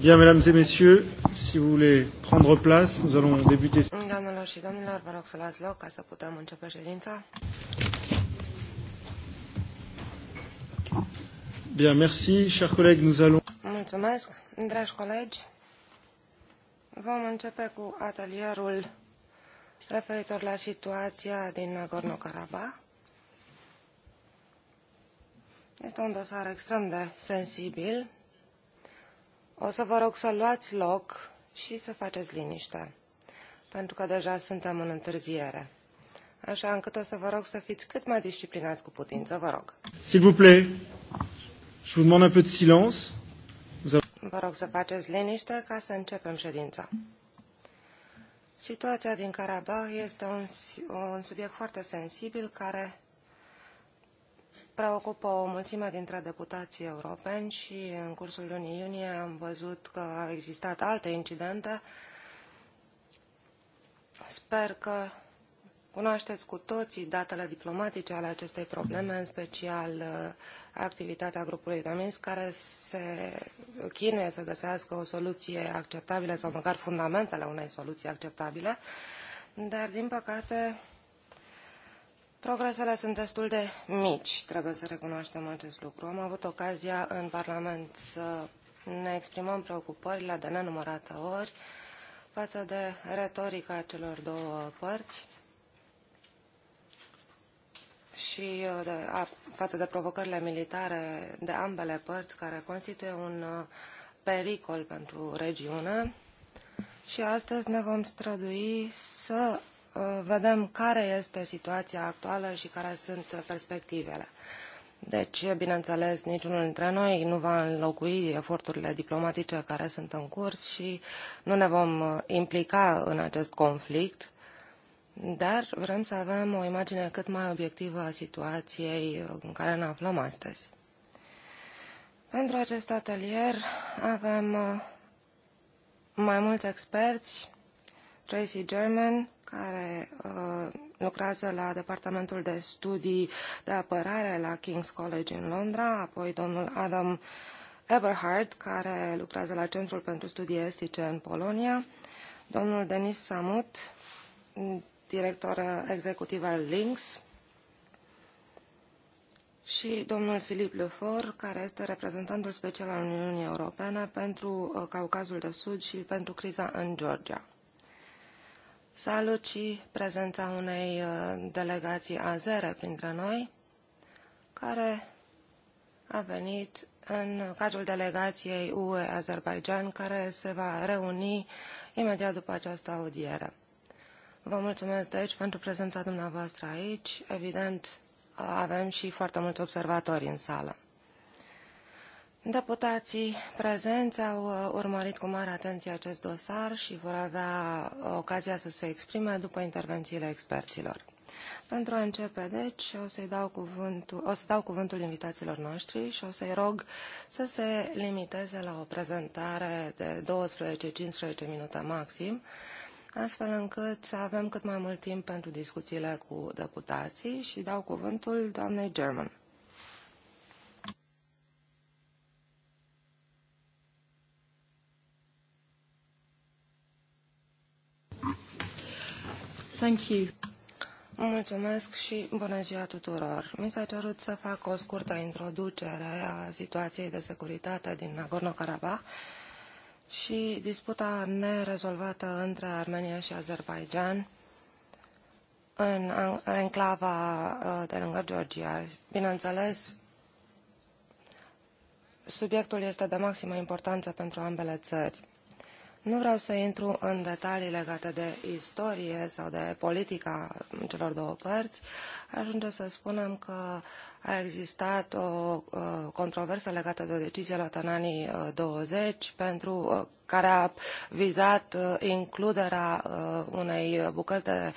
Bien, mesdames et messieurs, si vous voulez prendre place, nous allons débuter. și să luați loc începe Bien, merci, chers collègues, nous allons... Mulțumesc, dragi colegi. Vom începe cu atelierul referitor la situația din Nagorno-Karabakh. Este un dosar extrem de sensibil, o să vă rog să luați loc și să faceți liniște, pentru că deja suntem în întârziere. Așa încât o să vă rog să fiți cât mai disciplinați cu putință, vă rog. S'il vous plaît, je vous demande un peu de silence. Vă rog să faceți liniște ca să începem ședința. Situația din Karabakh este un, un subiect foarte sensibil care preocupă o mulțime dintre deputații europeni și în cursul lunii iunie am văzut că au existat alte incidente. Sper că cunoașteți cu toții datele diplomatice ale acestei probleme, în special uh, activitatea grupului de Minsk, care se chinuie să găsească o soluție acceptabilă sau măcar fundamentele unei soluții acceptabile, dar din păcate Progresele sunt destul de mici, trebuie să recunoaștem acest lucru. Am avut ocazia în Parlament să ne exprimăm preocupările de nenumărate ori față de retorica celor două părți și uh, de, a, față de provocările militare de ambele părți care constituie un uh, pericol pentru regiune. Și astăzi ne vom strădui să Uh, vedem care este situația actuală și care sunt perspectivele. Deci, bineînțeles, niciunul dintre noi nu va înlocui eforturile diplomatice care sunt în curs și nu ne vom uh, implica în acest conflict, dar vrem să avem o imagine cât mai obiectivă a situației în care ne aflăm astăzi. Pentru acest atelier avem uh, mai mulți experți Tracy German, care uh, lucrează la Departamentul de Studii de Apărare la King's College în Londra, apoi domnul Adam Eberhard, care lucrează la Centrul pentru Studii Estice în Polonia, domnul Denis Samut, director executiv al Links, și domnul Filip Lefor, care este reprezentantul special al Uniunii Europene pentru uh, Caucazul de Sud și pentru criza în Georgia. Salut și prezența unei uh, delegații azere printre noi, care a venit în cadrul delegației UE Azerbaijan, care se va reuni imediat după această audiere. Vă mulțumesc, deci, pentru prezența dumneavoastră aici. Evident, avem și foarte mulți observatori în sală. Deputații prezenți au uh, urmărit cu mare atenție acest dosar și vor avea uh, ocazia să se exprime după intervențiile experților. Pentru a începe, deci, o să-i dau cuvântul, o să dau cuvântul noștri și o să-i rog să se limiteze la o prezentare de 12-15 minute maxim, astfel încât să avem cât mai mult timp pentru discuțiile cu deputații și dau cuvântul doamnei German. Thank you. Mulțumesc și bună ziua tuturor. Mi s-a cerut să fac o scurtă introducere a situației de securitate din Nagorno-Karabakh și disputa nerezolvată între Armenia și Azerbaijan în enclava uh, de lângă Georgia. Bineînțeles, subiectul este de maximă importanță pentru ambele țări. Nu vreau să intru în detalii legate de istorie sau de politica celor două părți. Ajunge să spunem că a existat o uh, controversă legată de o decizie luată în anii 20 uh, pentru uh, care a vizat includerea unei bucăți de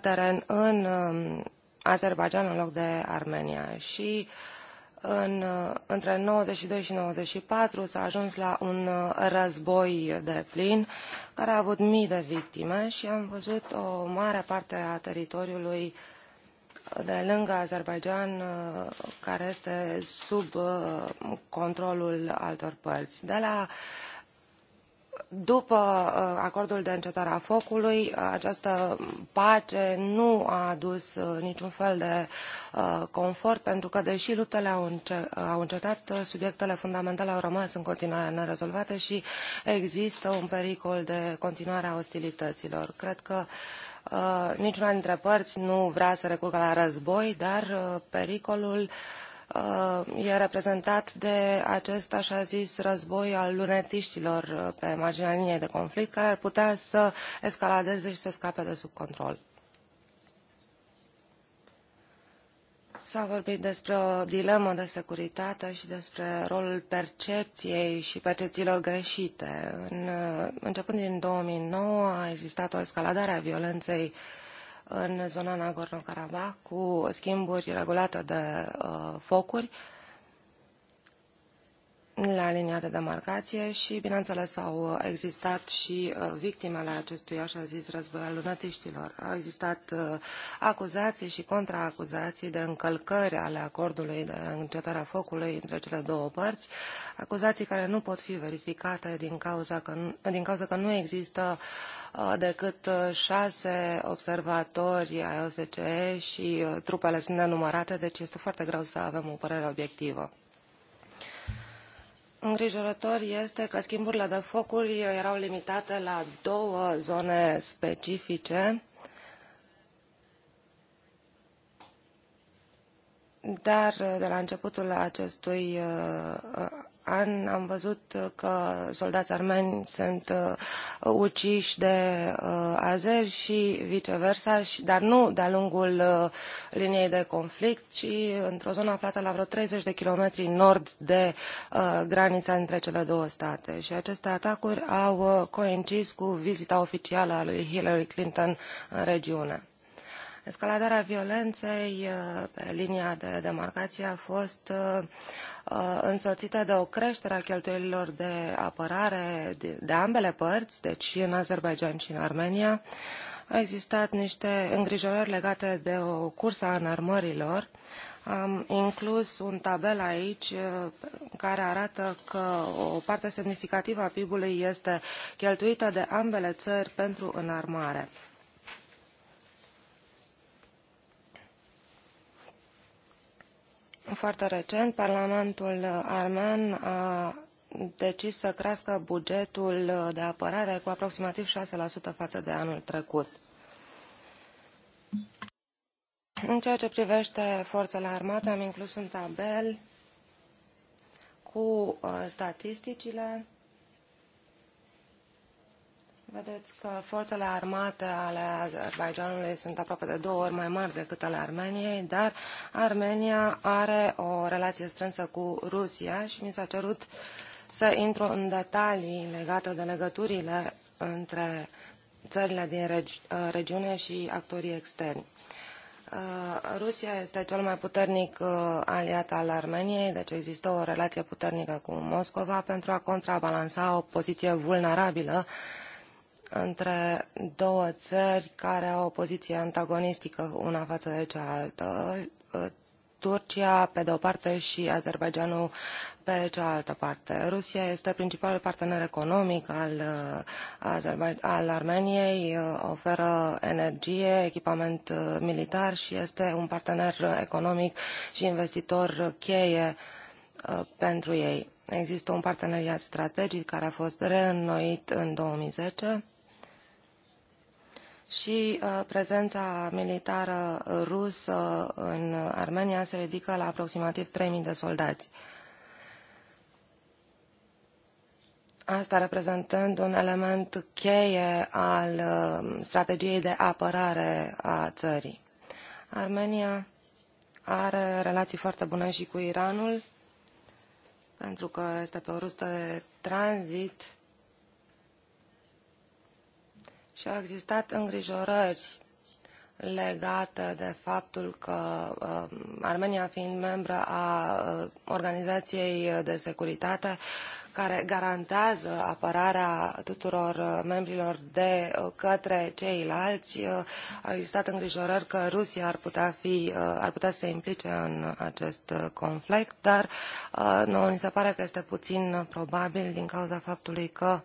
teren în um, Azerbaijan în loc de Armenia. Și uh, în, uh, între 92 și 94 s-a ajuns la un uh, război de plin care a avut mii de victime și am văzut o mare parte a teritoriului uh, de lângă Azerbaijan care este sub controlul altor părți. De la după uh, acordul de încetare a focului, uh, această pace nu a adus uh, niciun fel de confort, pentru că, deși luptele au încetat, subiectele fundamentale au rămas în continuare nerezolvate și există un pericol de continuare a ostilităților. Cred că niciuna dintre părți nu vrea să recurgă la război, dar pericolul Uh, e reprezentat de acest așa zis război al lunetiștilor uh, pe marginea liniei de conflict, care ar putea să escaladeze și să scape de sub control. S-a vorbit despre o dilemă de securitate și despre rolul percepției și percepțiilor greșite. În, uh, începând din 2009 a existat o escaladare a violenței uh, în zona Nagorno-Karabakh cu schimburi regulate de uh, focuri la linia de demarcație și, bineînțeles, au existat și uh, victimele acestui, așa zis, război al lunatiștilor. Au existat uh, acuzații și contraacuzații de încălcări ale acordului de încetare focului între cele două părți, acuzații care nu pot fi verificate din cauza că, din cauza că nu există uh, decât șase observatori ai OSCE și trupele sunt nenumărate, deci este foarte greu să avem o părere obiectivă îngrijorător este că schimburile de focuri erau limitate la două zone specifice, dar de la începutul acestui uh, an am văzut uh, că soldați armeni sunt uh, uciși de uh, azeri și viceversa, dar nu de-a lungul liniei de conflict, ci într-o zonă aflată la vreo 30 de kilometri nord de granița între cele două state. Și aceste atacuri au coincis cu vizita oficială a lui Hillary Clinton în regiune Escaladarea violenței uh, pe linia de demarcație a fost uh, uh, însoțită de o creștere a cheltuielilor de apărare de ambele părți, deci și în Azerbaijan și în Armenia. a existat niște îngrijorări legate de o cursă a înarmărilor. Am inclus un tabel aici care arată că o parte semnificativă a PIB-ului este cheltuită de ambele țări pentru înarmare. foarte recent, Parlamentul uh, armen a decis să crească bugetul uh, de apărare cu aproximativ 6% față de anul trecut. În ceea ce privește forțele armate, am inclus un tabel cu uh, statisticile Vedeți că forțele armate ale Azerbaijanului sunt aproape de două ori mai mari decât ale Armeniei, dar Armenia are o relație strânsă cu Rusia și mi s-a cerut să intru în detalii legate de legăturile între țările din regi ă, regiune și actorii externi. Ă, Rusia este cel mai puternic ă, aliat al Armeniei, deci există o relație puternică cu Moscova pentru a contrabalansa o poziție vulnerabilă între două țări care au o poziție antagonistică una față de cealaltă, ă, Turcia pe de o parte și Azerbaidjanul pe cealaltă parte. Rusia este principalul partener economic al, ă, al Armeniei, ă, oferă energie, echipament militar și este un partener economic și investitor cheie pentru ei. Există un parteneriat strategic care a fost reînnoit în 2010 și uh, prezența militară rusă în Armenia se ridică la aproximativ 3.000 de soldați. Asta reprezentând un element cheie al uh, strategiei de apărare a țării. Armenia are relații foarte bune și cu Iranul, pentru că este pe o rută de tranzit și au existat îngrijorări legate de faptul că um, Armenia fiind membră a uh, Organizației de Securitate care garantează apărarea tuturor uh, membrilor de uh, către ceilalți, au existat îngrijorări că Rusia ar putea, fi, ar putea să se implice în acest conflict, dar nouă ni se pare că este puțin probabil din cauza faptului că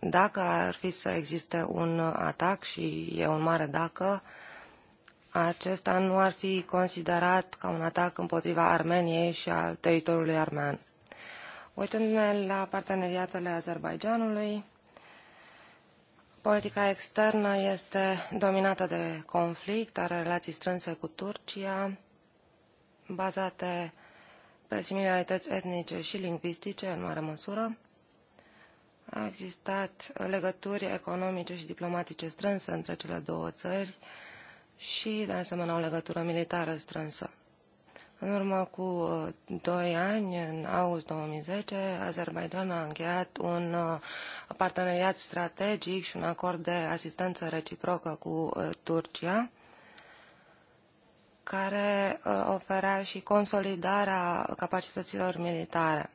dacă ar fi să existe un atac, și e un mare dacă, acesta nu ar fi considerat ca un atac împotriva Armeniei și al teritoriului armean. Uitându-ne la parteneriatele Azerbaidjanului, politica externă este dominată de conflict, are relații strânse cu Turcia, bazate pe similarități etnice și lingvistice în mare măsură, a existat legături economice și diplomatice strânse între cele două țări și, de asemenea, o legătură militară strânsă. În urmă cu uh, doi ani, în august 2010, Azerbaijan a încheiat un uh, parteneriat strategic și un acord de asistență reciprocă cu uh, Turcia, care oferea și consolidarea capacităților militare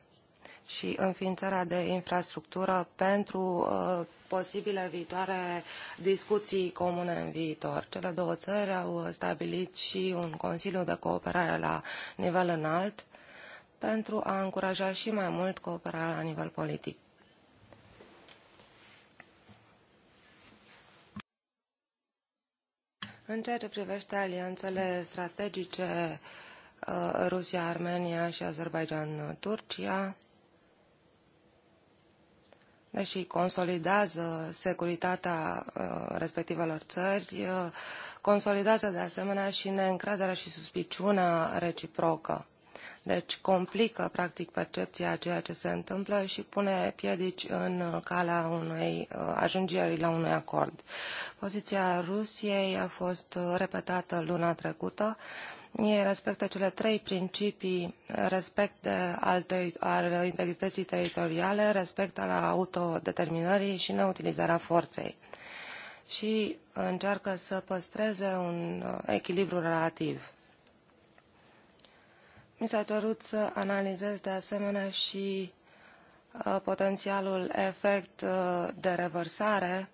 și înființarea de infrastructură pentru uh, posibile viitoare discuții comune în viitor. Cele două țări au stabilit și un Consiliu de Cooperare la nivel înalt pentru a încuraja și mai mult cooperarea la nivel politic. În ceea ce privește alianțele strategice uh, Rusia-Armenia și Azerbaijan-Turcia, deși consolidează securitatea uh, respectivelor țări, uh, consolidează de asemenea și neîncrederea și suspiciunea reciprocă. Deci complică, practic, percepția a ceea ce se întâmplă și pune piedici în calea unei uh, ajungeri la unui acord. Poziția Rusiei a fost repetată luna trecută ei respectă cele trei principii, respect al integrității teritoriale, respect al autodeterminării și neutilizarea forței. Și încearcă să păstreze un uh, echilibru relativ. Mi s-a cerut să analizez de asemenea și uh, potențialul efect uh, de revărsare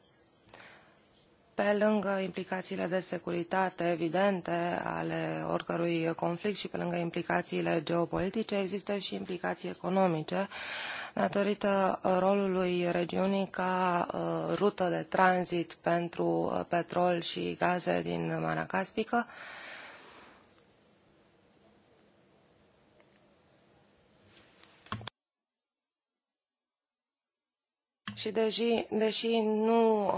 pe lângă implicațiile de securitate evidente ale oricărui conflict și pe lângă implicațiile geopolitice, există și implicații economice datorită rolului regiunii ca uh, rută de tranzit pentru uh, petrol și gaze din Marea Caspică Și deși, deși nu uh,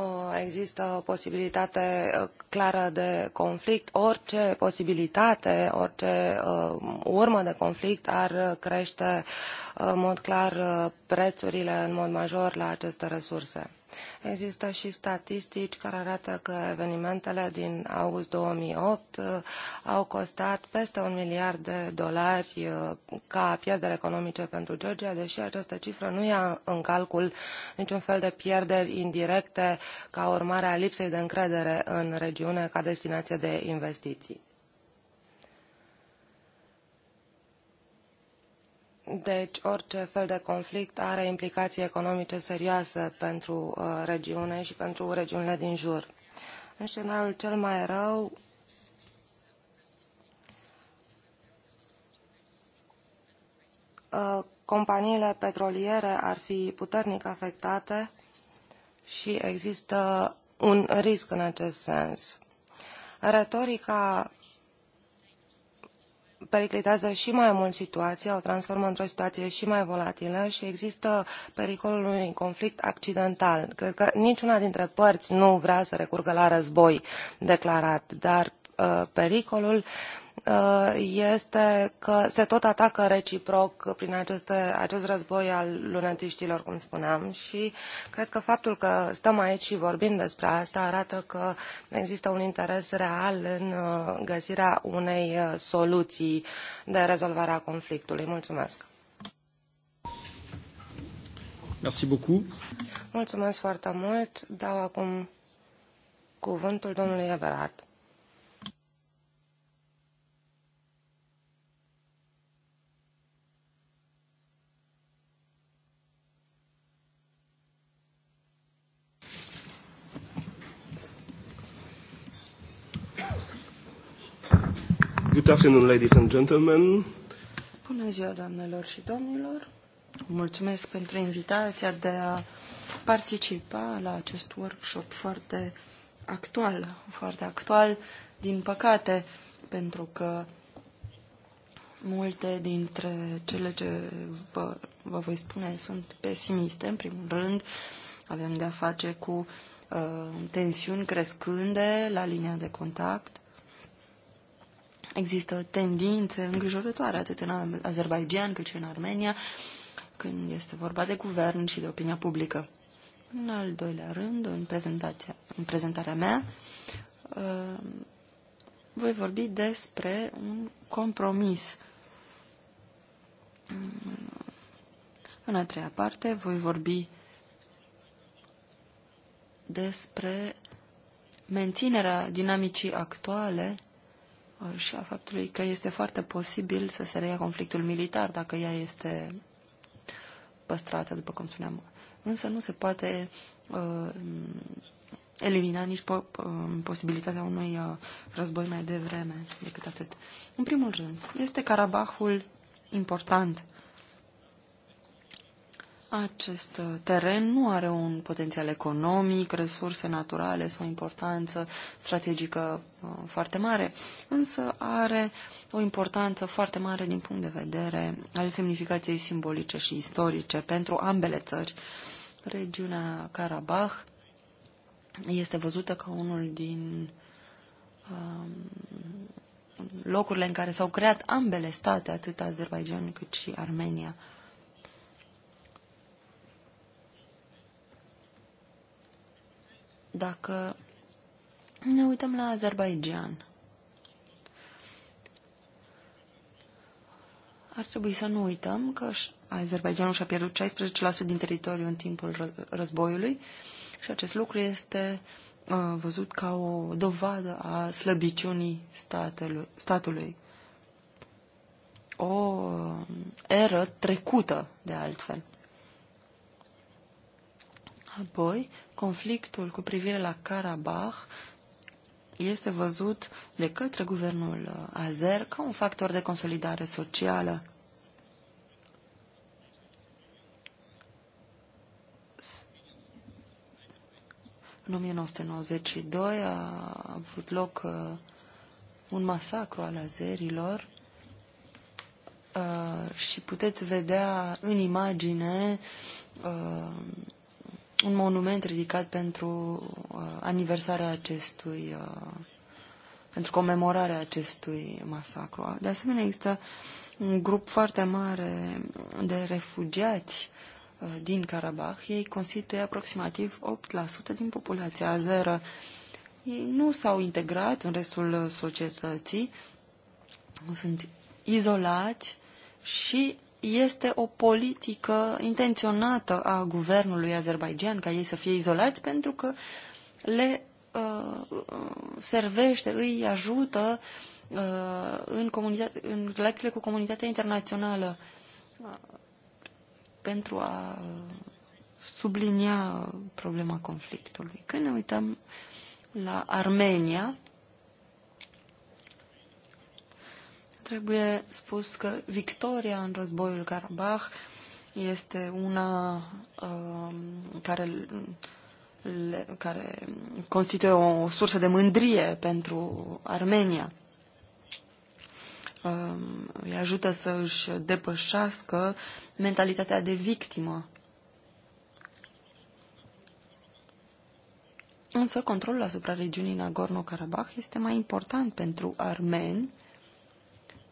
există posibilitate uh, clară de conflict, orice posibilitate, orice uh, urmă de conflict ar crește în mod clar prețurile în mod major la aceste resurse. Există și statistici care arată că evenimentele din august 2008 uh, au costat peste un miliard de dolari uh, ca pierderi economice pentru Georgia, deși această cifră nu ia în calcul niciun fel de pierderi indirecte ca urmare a lipsei de încredere în regiune ca destinație de investiții. Deci orice fel de conflict are implicații economice serioase pentru uh, regiune și pentru regiunile din jur. În scenariul cel mai rău, uh, companiile petroliere ar fi puternic afectate și există un risc în acest sens. Retorica periclitează și mai mult situația, o transformă într-o situație și mai volatilă și există pericolul unui conflict accidental. Cred că niciuna dintre părți nu vrea să recurgă la război declarat, dar uh, pericolul uh, Uh, este că se tot atacă reciproc prin aceste, acest război al lunatiștilor, cum spuneam, și cred că faptul că stăm aici și vorbim despre asta arată că există un interes real în uh, găsirea unei uh, soluții de rezolvare a conflictului. Mulțumesc! Merci beaucoup. Mulțumesc foarte mult. Dau acum cuvântul domnului Everard. Good afternoon, ladies and gentlemen. Bună ziua, doamnelor și domnilor. Mulțumesc pentru invitația de a participa la acest workshop foarte actual, foarte actual, din păcate, pentru că multe dintre cele ce vă, vă voi spune sunt pesimiste, în primul rând. Avem de-a face cu uh, tensiuni crescânde la linia de contact, Există tendințe îngrijorătoare atât în Azerbaijan cât și în Armenia când este vorba de guvern și de opinia publică. În al doilea rând, în, prezentația, în prezentarea mea, uh, voi vorbi despre un compromis. În a treia parte voi vorbi despre menținerea dinamicii actuale și a faptului că este foarte posibil să se reia conflictul militar dacă ea este păstrată, după cum spuneam. Însă nu se poate uh, elimina nici po- um, posibilitatea unui uh, război mai devreme decât atât. În primul rând, este Karabahul important acest uh, teren nu are un potențial economic, resurse naturale sau importanță strategică uh, foarte mare, însă are o importanță foarte mare din punct de vedere al semnificației simbolice și istorice pentru ambele țări. Regiunea Karabakh este văzută ca unul din um, locurile în care s-au creat ambele state, atât Azerbaijan cât și Armenia. Dacă ne uităm la Azerbaijan, ar trebui să nu uităm că Azerbaijanul și-a pierdut 16% din teritoriu în timpul războiului și acest lucru este uh, văzut ca o dovadă a slăbiciunii statelui, statului. O uh, eră trecută, de altfel. Apoi, conflictul cu privire la Karabakh este văzut de către guvernul uh, Azer ca un factor de consolidare socială. În 1992 a avut loc uh, un masacru al azerilor uh, și puteți vedea în imagine un monument ridicat pentru uh, aniversarea acestui, uh, pentru comemorarea acestui masacru. De asemenea, există un grup foarte mare de refugiați uh, din Karabakh. Ei constituie aproximativ 8% din populația azeră. Ei nu s-au integrat în restul societății, sunt izolați și este o politică intenționată a guvernului Azerbaijan ca ei să fie izolați pentru că le uh, servește, îi ajută uh, în, în relațiile cu comunitatea internațională uh, pentru a sublinia problema conflictului. Când ne uităm la Armenia, Trebuie spus că victoria în războiul Karabakh este una uh, care, le, care constituie o sursă de mândrie pentru Armenia. Uh, îi ajută să își depășească mentalitatea de victimă. Însă controlul asupra regiunii Nagorno-Karabakh este mai important pentru armeni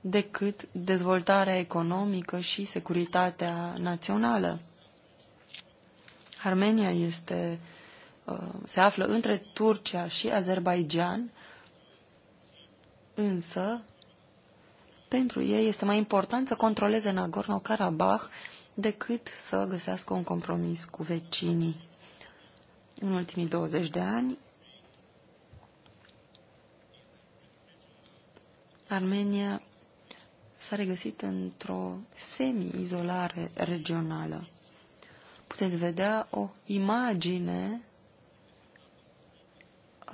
decât dezvoltarea economică și securitatea națională. Armenia este, uh, se află între Turcia și Azerbaijan, însă pentru ei este mai important să controleze Nagorno-Karabakh decât să găsească un compromis cu vecinii. În ultimii 20 de ani, Armenia s-a regăsit într-o semi-izolare regională. Puteți vedea o imagine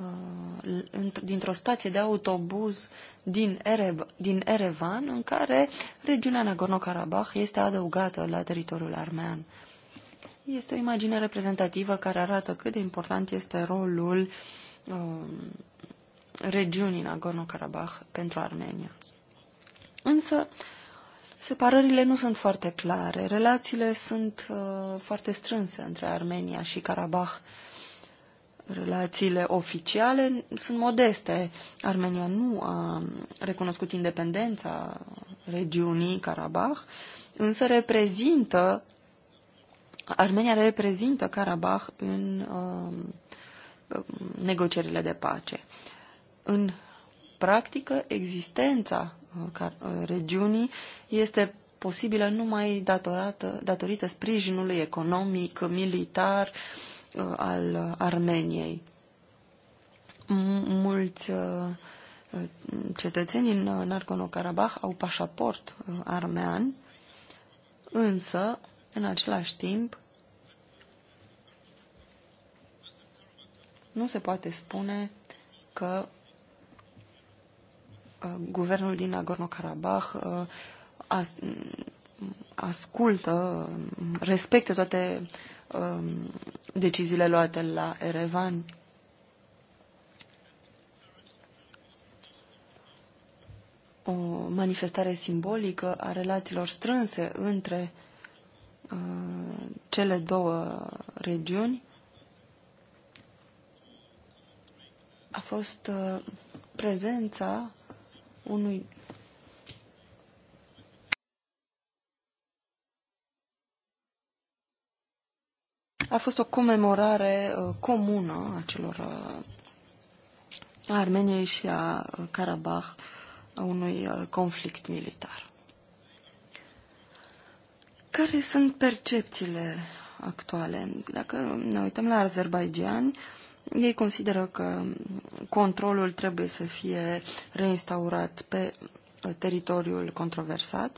uh, dintr-o stație de autobuz din, Ereb, din Erevan, în care regiunea Nagorno-Karabakh este adăugată la teritoriul armean. Este o imagine reprezentativă care arată cât de important este rolul uh, regiunii Nagorno-Karabakh pentru Armenia. Însă, separările nu sunt foarte clare. Relațiile sunt uh, foarte strânse între Armenia și Karabakh. Relațiile oficiale sunt modeste. Armenia nu a recunoscut independența regiunii Karabakh, însă reprezintă Armenia reprezintă Karabakh în uh, negocierile de pace. În practică, existența Uh, regiunii este posibilă numai datorată, datorită sprijinului economic, militar uh, al uh, Armeniei. Mulți cetățeni în Narcono-Karabakh au pașaport armean, însă, în același timp, nu se poate spune că Uh, guvernul din Nagorno-Karabakh uh, mm, ascultă, mm, respectă toate um, deciziile luate la Erevan. O manifestare simbolică a relațiilor strânse între uh, cele două regiuni a fost prezența unui A fost o comemorare uh, comună a celor uh, a Armeniei și a uh, Karabakh a unui conflict militar. Care sunt percepțiile actuale? Dacă ne uităm la Azerbaijan, uh, ei consideră că controlul trebuie să fie reinstaurat pe uh, teritoriul controversat.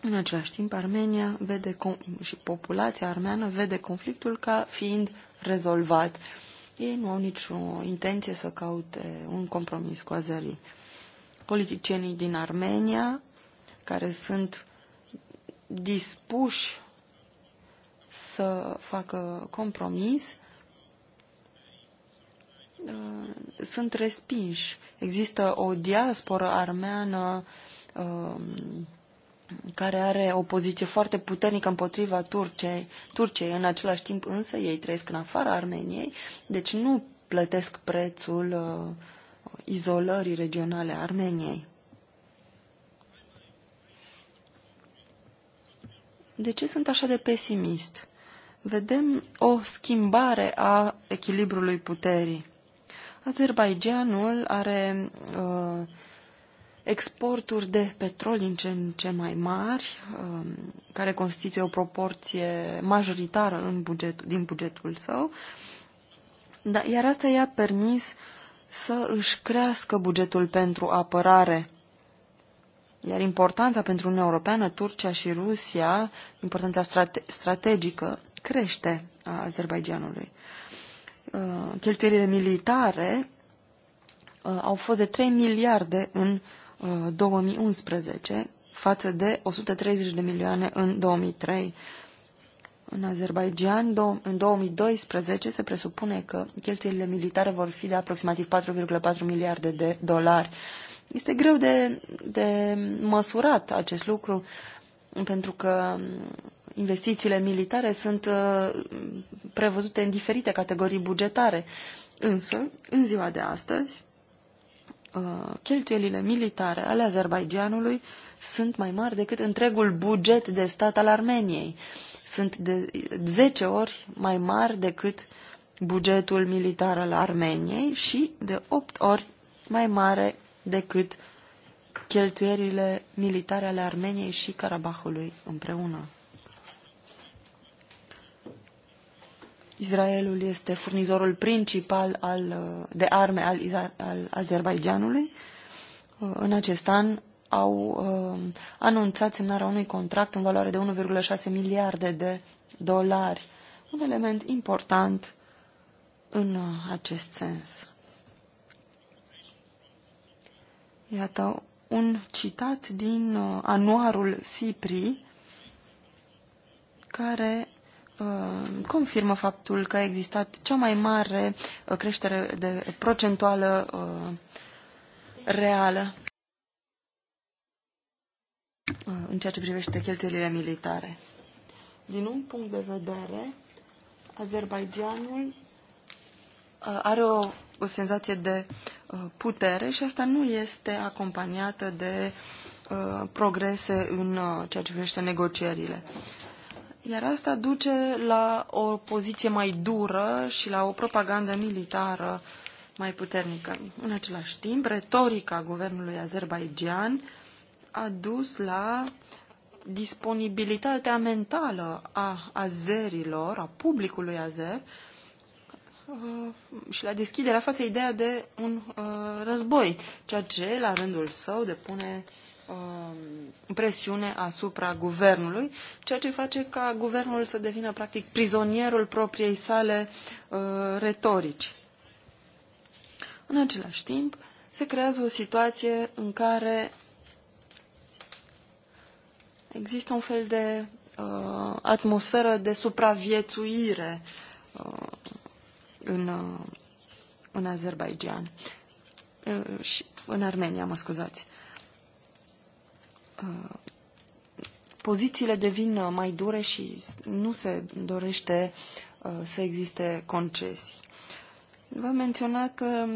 În același timp, Armenia vede și populația armeană vede conflictul ca fiind rezolvat. Ei nu au nicio intenție să caute un compromis cu azerii. Politicienii din Armenia, care sunt dispuși să facă compromis, Uh, sunt respinși. Există o diasporă armeană um, care are o poziție foarte puternică împotriva Turciei. Turciei, în același timp însă, ei trăiesc în afara Armeniei, deci nu plătesc prețul uh, izolării regionale a Armeniei. De ce sunt așa de pesimist? Vedem o schimbare a echilibrului puterii. Azerbaijanul are uh, exporturi de petrol din ce în ce mai mari, uh, care constituie o proporție majoritară în buget, din bugetul său, da, iar asta i-a permis să își crească bugetul pentru apărare. Iar importanța pentru Uniunea Europeană, Turcia și Rusia, importanța strate strategică, crește a Azerbaijanului. Uh, Uh, cheltuielile militare uh, au fost de 3 miliarde în 2011 uh, față de 130 de milioane în 2003. În Azerbaijan, în 2012, se presupune că cheltuielile militare vor fi de aproximativ 4,4 miliarde de dolari. Este greu de, de măsurat acest lucru, pentru că Investițiile militare sunt uh, prevăzute în diferite categorii bugetare, însă, în ziua de astăzi, uh, cheltuielile militare ale Azerbaijanului sunt mai mari decât întregul buget de stat al Armeniei. Sunt de 10 ori mai mari decât bugetul militar al Armeniei și de 8 ori mai mare decât cheltuierile militare ale Armeniei și Karabahului împreună. Israelul este furnizorul principal al, uh, de arme al, al Azerbaijanului. Uh, în acest an au uh, anunțat semnarea unui contract în valoare de 1,6 miliarde de dolari. Un element important în acest sens. Iată un citat din anuarul SIPRI, care Uh, confirmă faptul că a existat cea mai mare uh, creștere de procentuală uh, reală în ceea ce privește cheltuielile militare. Din un punct de vedere, Azerbaijanul are o, o senzație de putere și asta nu este acompaniată de progrese în ceea ce privește negocierile. Iar asta duce la o poziție mai dură și la o propagandă militară mai puternică. În același timp, retorica guvernului Azerbaijan a dus la disponibilitatea mentală a azerilor, a publicului azer, uh, și la deschiderea față ideea de un uh, război, ceea ce, la rândul său, depune uh, Um, presiune asupra guvernului, ceea ce face ca guvernul să devină practic prizonierul propriei sale uh, retorici. În același timp, se creează o situație în care există un fel de uh, atmosferă de supraviețuire uh, în, uh, în Azerbaijan uh, și în Armenia, mă scuzați. Uh, pozițiile devin uh, mai dure și nu se dorește uh, să existe concesii. V-am menționat um,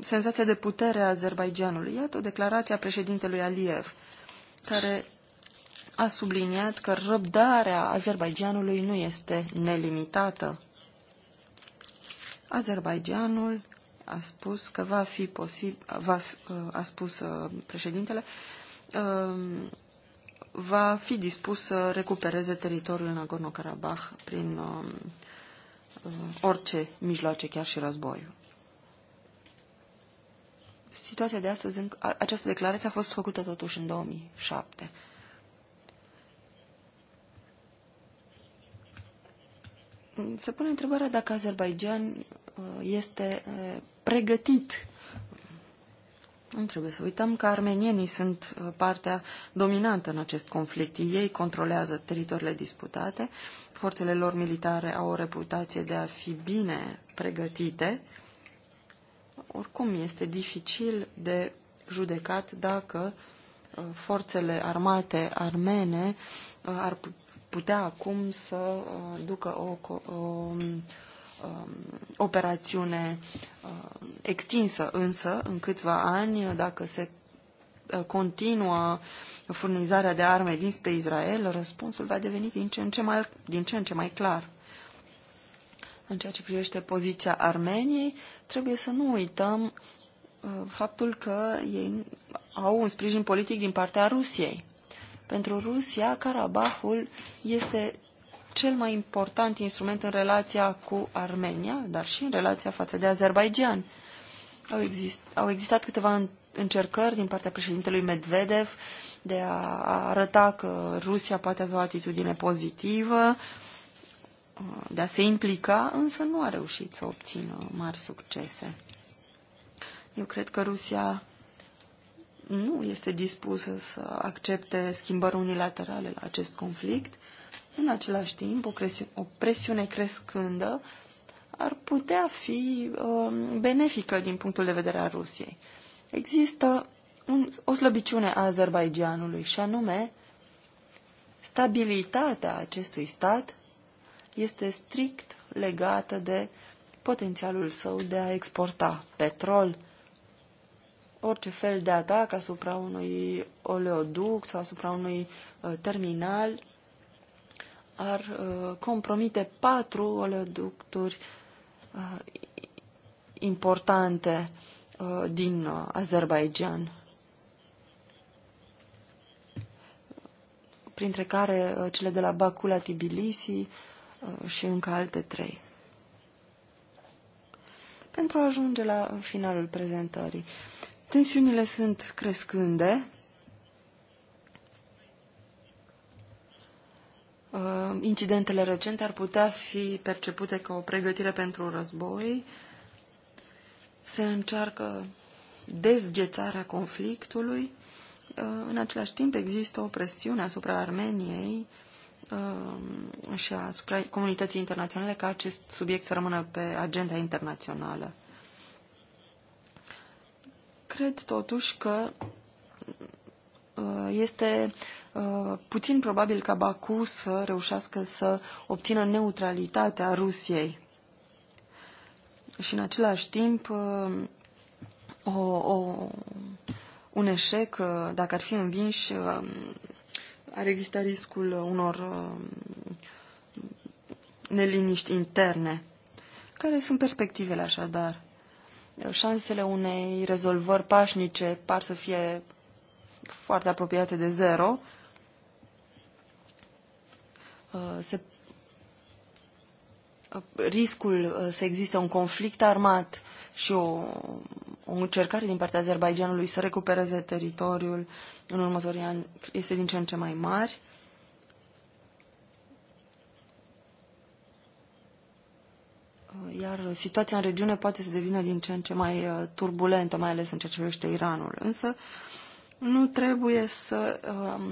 senzația de putere a Azerbaijanului. Iată o declarație a președintelui Aliyev, care a subliniat că răbdarea Azerbaijanului nu este nelimitată. Azerbaijanul a spus că va fi posibil, va a spus președintele, Um, va fi dispus să recupereze teritoriul Nagorno-Karabakh prin um, uh, orice mijloace, chiar și războiul. Situația de astăzi, această declarație a fost făcută totuși în 2007. Se pune întrebarea dacă Azerbaijan uh, este uh, pregătit nu trebuie să uităm că armenienii sunt uh, partea dominantă în acest conflict. Ei controlează teritoriile disputate, forțele lor militare au o reputație de a fi bine pregătite. Oricum, este dificil de judecat dacă uh, forțele armate armene uh, ar putea acum să ducă o, o um, Um, operațiune um, extinsă, însă în câțiva ani, dacă se uh, continuă furnizarea de arme dinspre Israel, răspunsul va deveni din ce în ce mai, din ce în ce mai clar. În ceea ce privește poziția Armeniei, trebuie să nu uităm uh, faptul că ei au un sprijin politic din partea Rusiei. Pentru Rusia, Karabahul este cel mai important instrument în relația cu Armenia, dar și în relația față de Azerbaijan. Au, exist, au existat câteva încercări din partea președintelui Medvedev de a arăta că Rusia poate avea o atitudine pozitivă, de a se implica, însă nu a reușit să obțină mari succese. Eu cred că Rusia nu este dispusă să accepte schimbări unilaterale la acest conflict în același timp, o, presiune, o presiune crescândă ar putea fi uh, benefică din punctul de vedere al Rusiei. Există un, o slăbiciune a Azerbaijanului și anume stabilitatea acestui stat este strict legată de potențialul său de a exporta petrol, orice fel de atac asupra unui oleoduct sau asupra unui uh, terminal ar uh, compromite patru oleoducturi uh, importante uh, din Azerbaijan, printre care cele de la Bakula Tbilisi Tbilisi și încă alte trei. Pentru a ajunge la finalul prezentării, tensiunile sunt crescânde Uh, incidentele recente ar putea fi percepute ca o pregătire pentru război. Se încearcă dezghețarea conflictului. Uh, în același timp există o presiune asupra Armeniei uh, și asupra comunității internaționale ca acest subiect să rămână pe agenda internațională. Cred totuși că este Uh, puțin probabil ca Baku să reușească să obțină neutralitatea Rusiei. Și în același timp, uh, o, o, un eșec, uh, dacă ar fi învinși, ar exista riscul unor neliniști interne. Care sunt perspectivele așadar? Șansele unei rezolvări pașnice par să fie foarte apropiate de zero, Uh, se, uh, riscul uh, să existe un conflict armat și o, o încercare din partea Azerbaijanului să recupereze teritoriul în următorii ani este din ce în ce mai mari. Iar situația în regiune poate să devină din ce în ce mai turbulentă, mai ales în ceea ce privește Iranul. Însă nu trebuie să uh,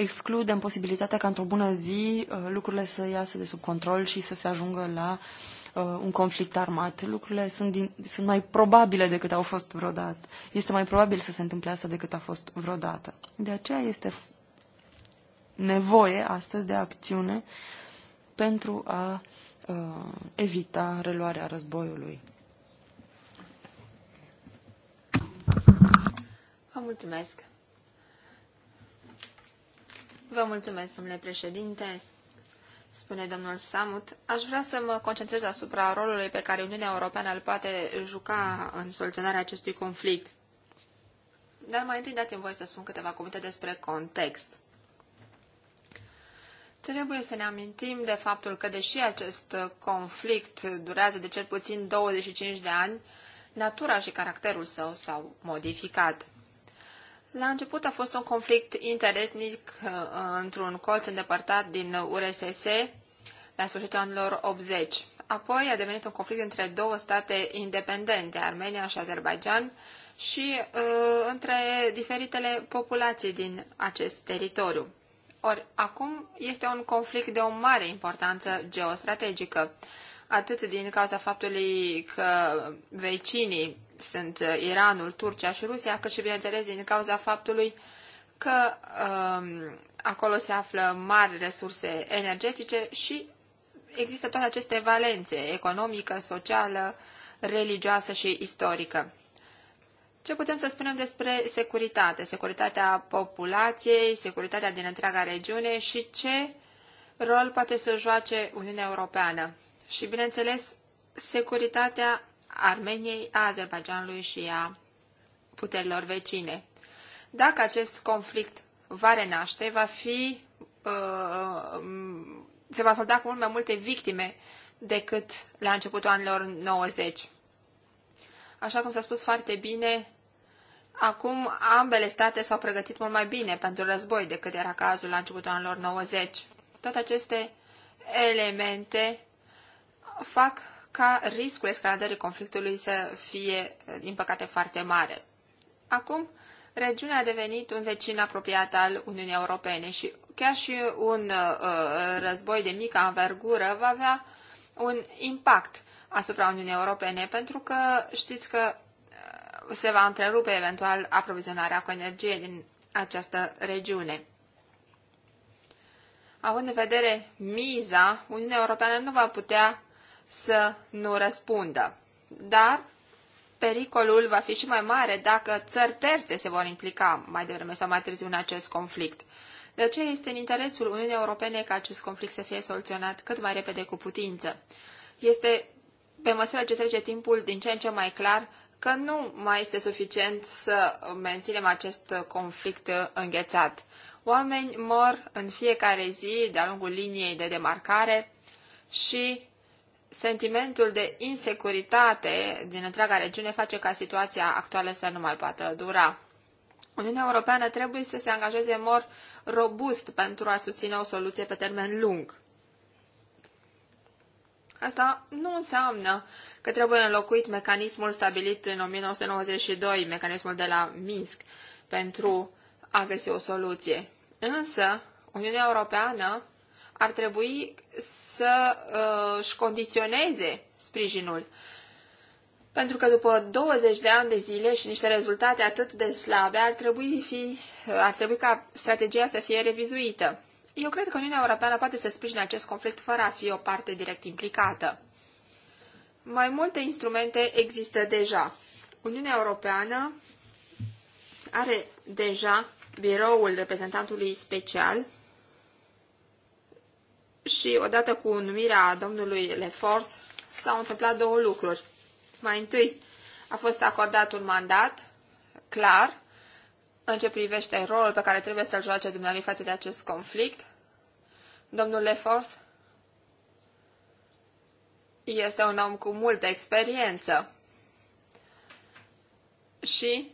excludem posibilitatea ca într-o bună zi uh, lucrurile să iasă de sub control și să se ajungă la uh, un conflict armat. Lucrurile sunt, din, sunt mai probabile decât au fost vreodată. Este mai probabil să se întâmple asta decât a fost vreodată. De aceea este nevoie astăzi de acțiune pentru a uh, evita reluarea războiului. Vă mulțumesc. Vă mulțumesc, domnule președinte. Spune domnul Samut, aș vrea să mă concentrez asupra rolului pe care Uniunea Europeană îl poate juca în soluționarea acestui conflict. Dar mai întâi dați-mi voie să spun câteva cuvinte despre context. Trebuie să ne amintim de faptul că, deși acest conflict durează de cel puțin 25 de ani, natura și caracterul său s-au modificat. La început a fost un conflict interetnic uh, într-un colț îndepărtat din URSS la sfârșitul anilor 80. Apoi a devenit un conflict între două state independente, Armenia și Azerbaijan, și uh, între diferitele populații din acest teritoriu. Ori acum este un conflict de o mare importanță geostrategică, atât din cauza faptului că vecinii sunt uh, Iranul, Turcia și Rusia, cât și, bineînțeles, din cauza faptului că um, acolo se află mari resurse energetice și există toate aceste valențe economică, socială, religioasă și istorică. Ce putem să spunem despre securitate? Securitatea populației, securitatea din întreaga regiune și ce rol poate să joace Uniunea Europeană? Și, bineînțeles, securitatea Armeniei, a Azerbaijanului și a puterilor vecine. Dacă acest conflict va renaște, va fi, uh, um, se va solda cu mult mai multe victime decât la începutul anilor 90. Așa cum s-a spus foarte bine, acum ambele state s-au pregătit mult mai bine pentru război decât era cazul la începutul anilor 90. Toate aceste elemente fac ca riscul escaladării conflictului să fie, din păcate, foarte mare. Acum, regiunea a devenit un vecin apropiat al Uniunii Europene și chiar și un uh, război de mică anvergură va avea un impact asupra Uniunii Europene, pentru că știți că uh, se va întrerupe eventual aprovizionarea cu energie din această regiune. Având în vedere miza, Uniunea Europeană nu va putea să nu răspundă. Dar pericolul va fi și mai mare dacă țări terțe se vor implica mai devreme sau mai târziu în acest conflict. De aceea este în interesul Uniunii Europene ca acest conflict să fie soluționat cât mai repede cu putință. Este, pe măsură ce trece timpul, din ce în ce mai clar că nu mai este suficient să menținem acest conflict înghețat. Oameni mor în fiecare zi de-a lungul liniei de demarcare și sentimentul de insecuritate din întreaga regiune face ca situația actuală să nu mai poată dura. Uniunea Europeană trebuie să se angajeze în robust pentru a susține o soluție pe termen lung. Asta nu înseamnă că trebuie înlocuit mecanismul stabilit în 1992, mecanismul de la Minsk, pentru a găsi o soluție. Însă, Uniunea Europeană ar trebui să uh, își condiționeze sprijinul. Pentru că după 20 de ani de zile și niște rezultate atât de slabe, ar trebui, fi, uh, ar trebui ca strategia să fie revizuită. Eu cred că Uniunea Europeană poate să sprijine acest conflict fără a fi o parte direct implicată. Mai multe instrumente există deja. Uniunea Europeană are deja biroul reprezentantului special și odată cu numirea domnului Lefort s-au întâmplat două lucruri. Mai întâi a fost acordat un mandat clar în ce privește rolul pe care trebuie să-l joace dumnealui față de acest conflict. Domnul Lefort este un om cu multă experiență și,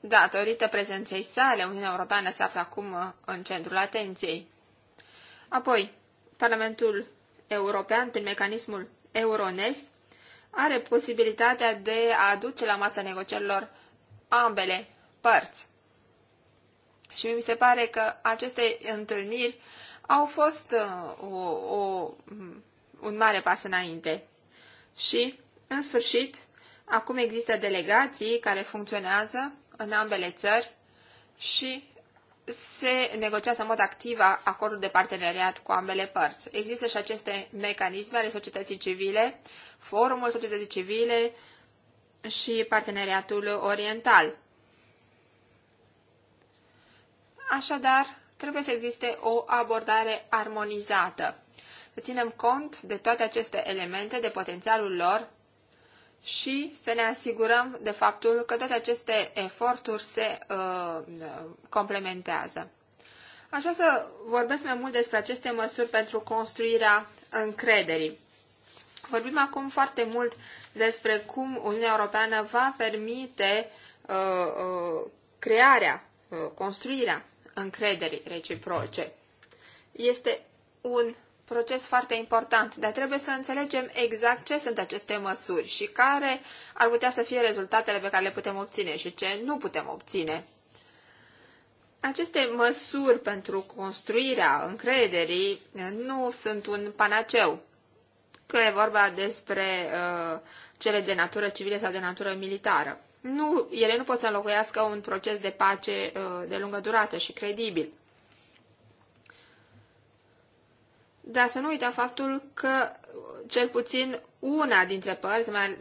datorită prezenței sale, Uniunea Europeană se află acum uh, în centrul atenției. Apoi, Parlamentul European, prin mecanismul Euronest, are posibilitatea de a aduce la masa negocierilor ambele părți. Și mi se pare că aceste întâlniri au fost uh, o, o, un mare pas înainte. Și, în sfârșit, acum există delegații care funcționează în ambele țări și se negociază în mod activ acordul de parteneriat cu ambele părți. Există și aceste mecanisme ale societății civile, forumul societății civile și parteneriatul oriental. Așadar, trebuie să existe o abordare armonizată. Să ținem cont de toate aceste elemente, de potențialul lor și să ne asigurăm de faptul că toate aceste eforturi se uh, complementează. Aș vrea să vorbesc mai mult despre aceste măsuri pentru construirea încrederii. Vorbim acum foarte mult despre cum Uniunea Europeană va permite uh, uh, crearea, uh, construirea încrederii reciproce. Este un proces foarte important, dar trebuie să înțelegem exact ce sunt aceste măsuri și care ar putea să fie rezultatele pe care le putem obține și ce nu putem obține. Aceste măsuri pentru construirea încrederii nu sunt un panaceu, că e vorba despre uh, cele de natură civilă sau de natură militară. Nu, ele nu pot să înlocuiască un proces de pace uh, de lungă durată și credibil. dar să nu uităm faptul că cel puțin una dintre părți, mai,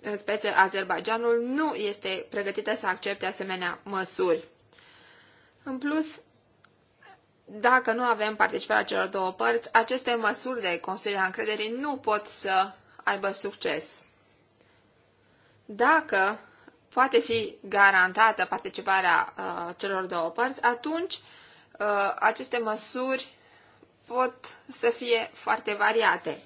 în speță Azerbaijanul, nu este pregătită să accepte asemenea măsuri. În plus, dacă nu avem participarea celor două părți, aceste măsuri de construire a încrederii nu pot să aibă succes. Dacă poate fi garantată participarea uh, celor două părți, atunci uh, aceste măsuri pot să fie foarte variate.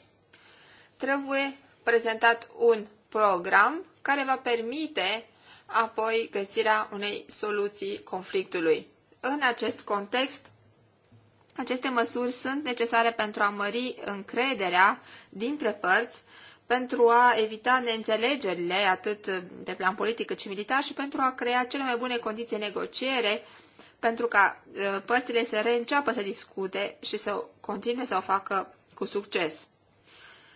Trebuie prezentat un program care va permite apoi găsirea unei soluții conflictului. În acest context, aceste măsuri sunt necesare pentru a mări încrederea dintre părți, pentru a evita neînțelegerile atât pe plan politic cât și militar și pentru a crea cele mai bune condiții negociere pentru ca uh, părțile să reînceapă să discute și să continue să o facă cu succes.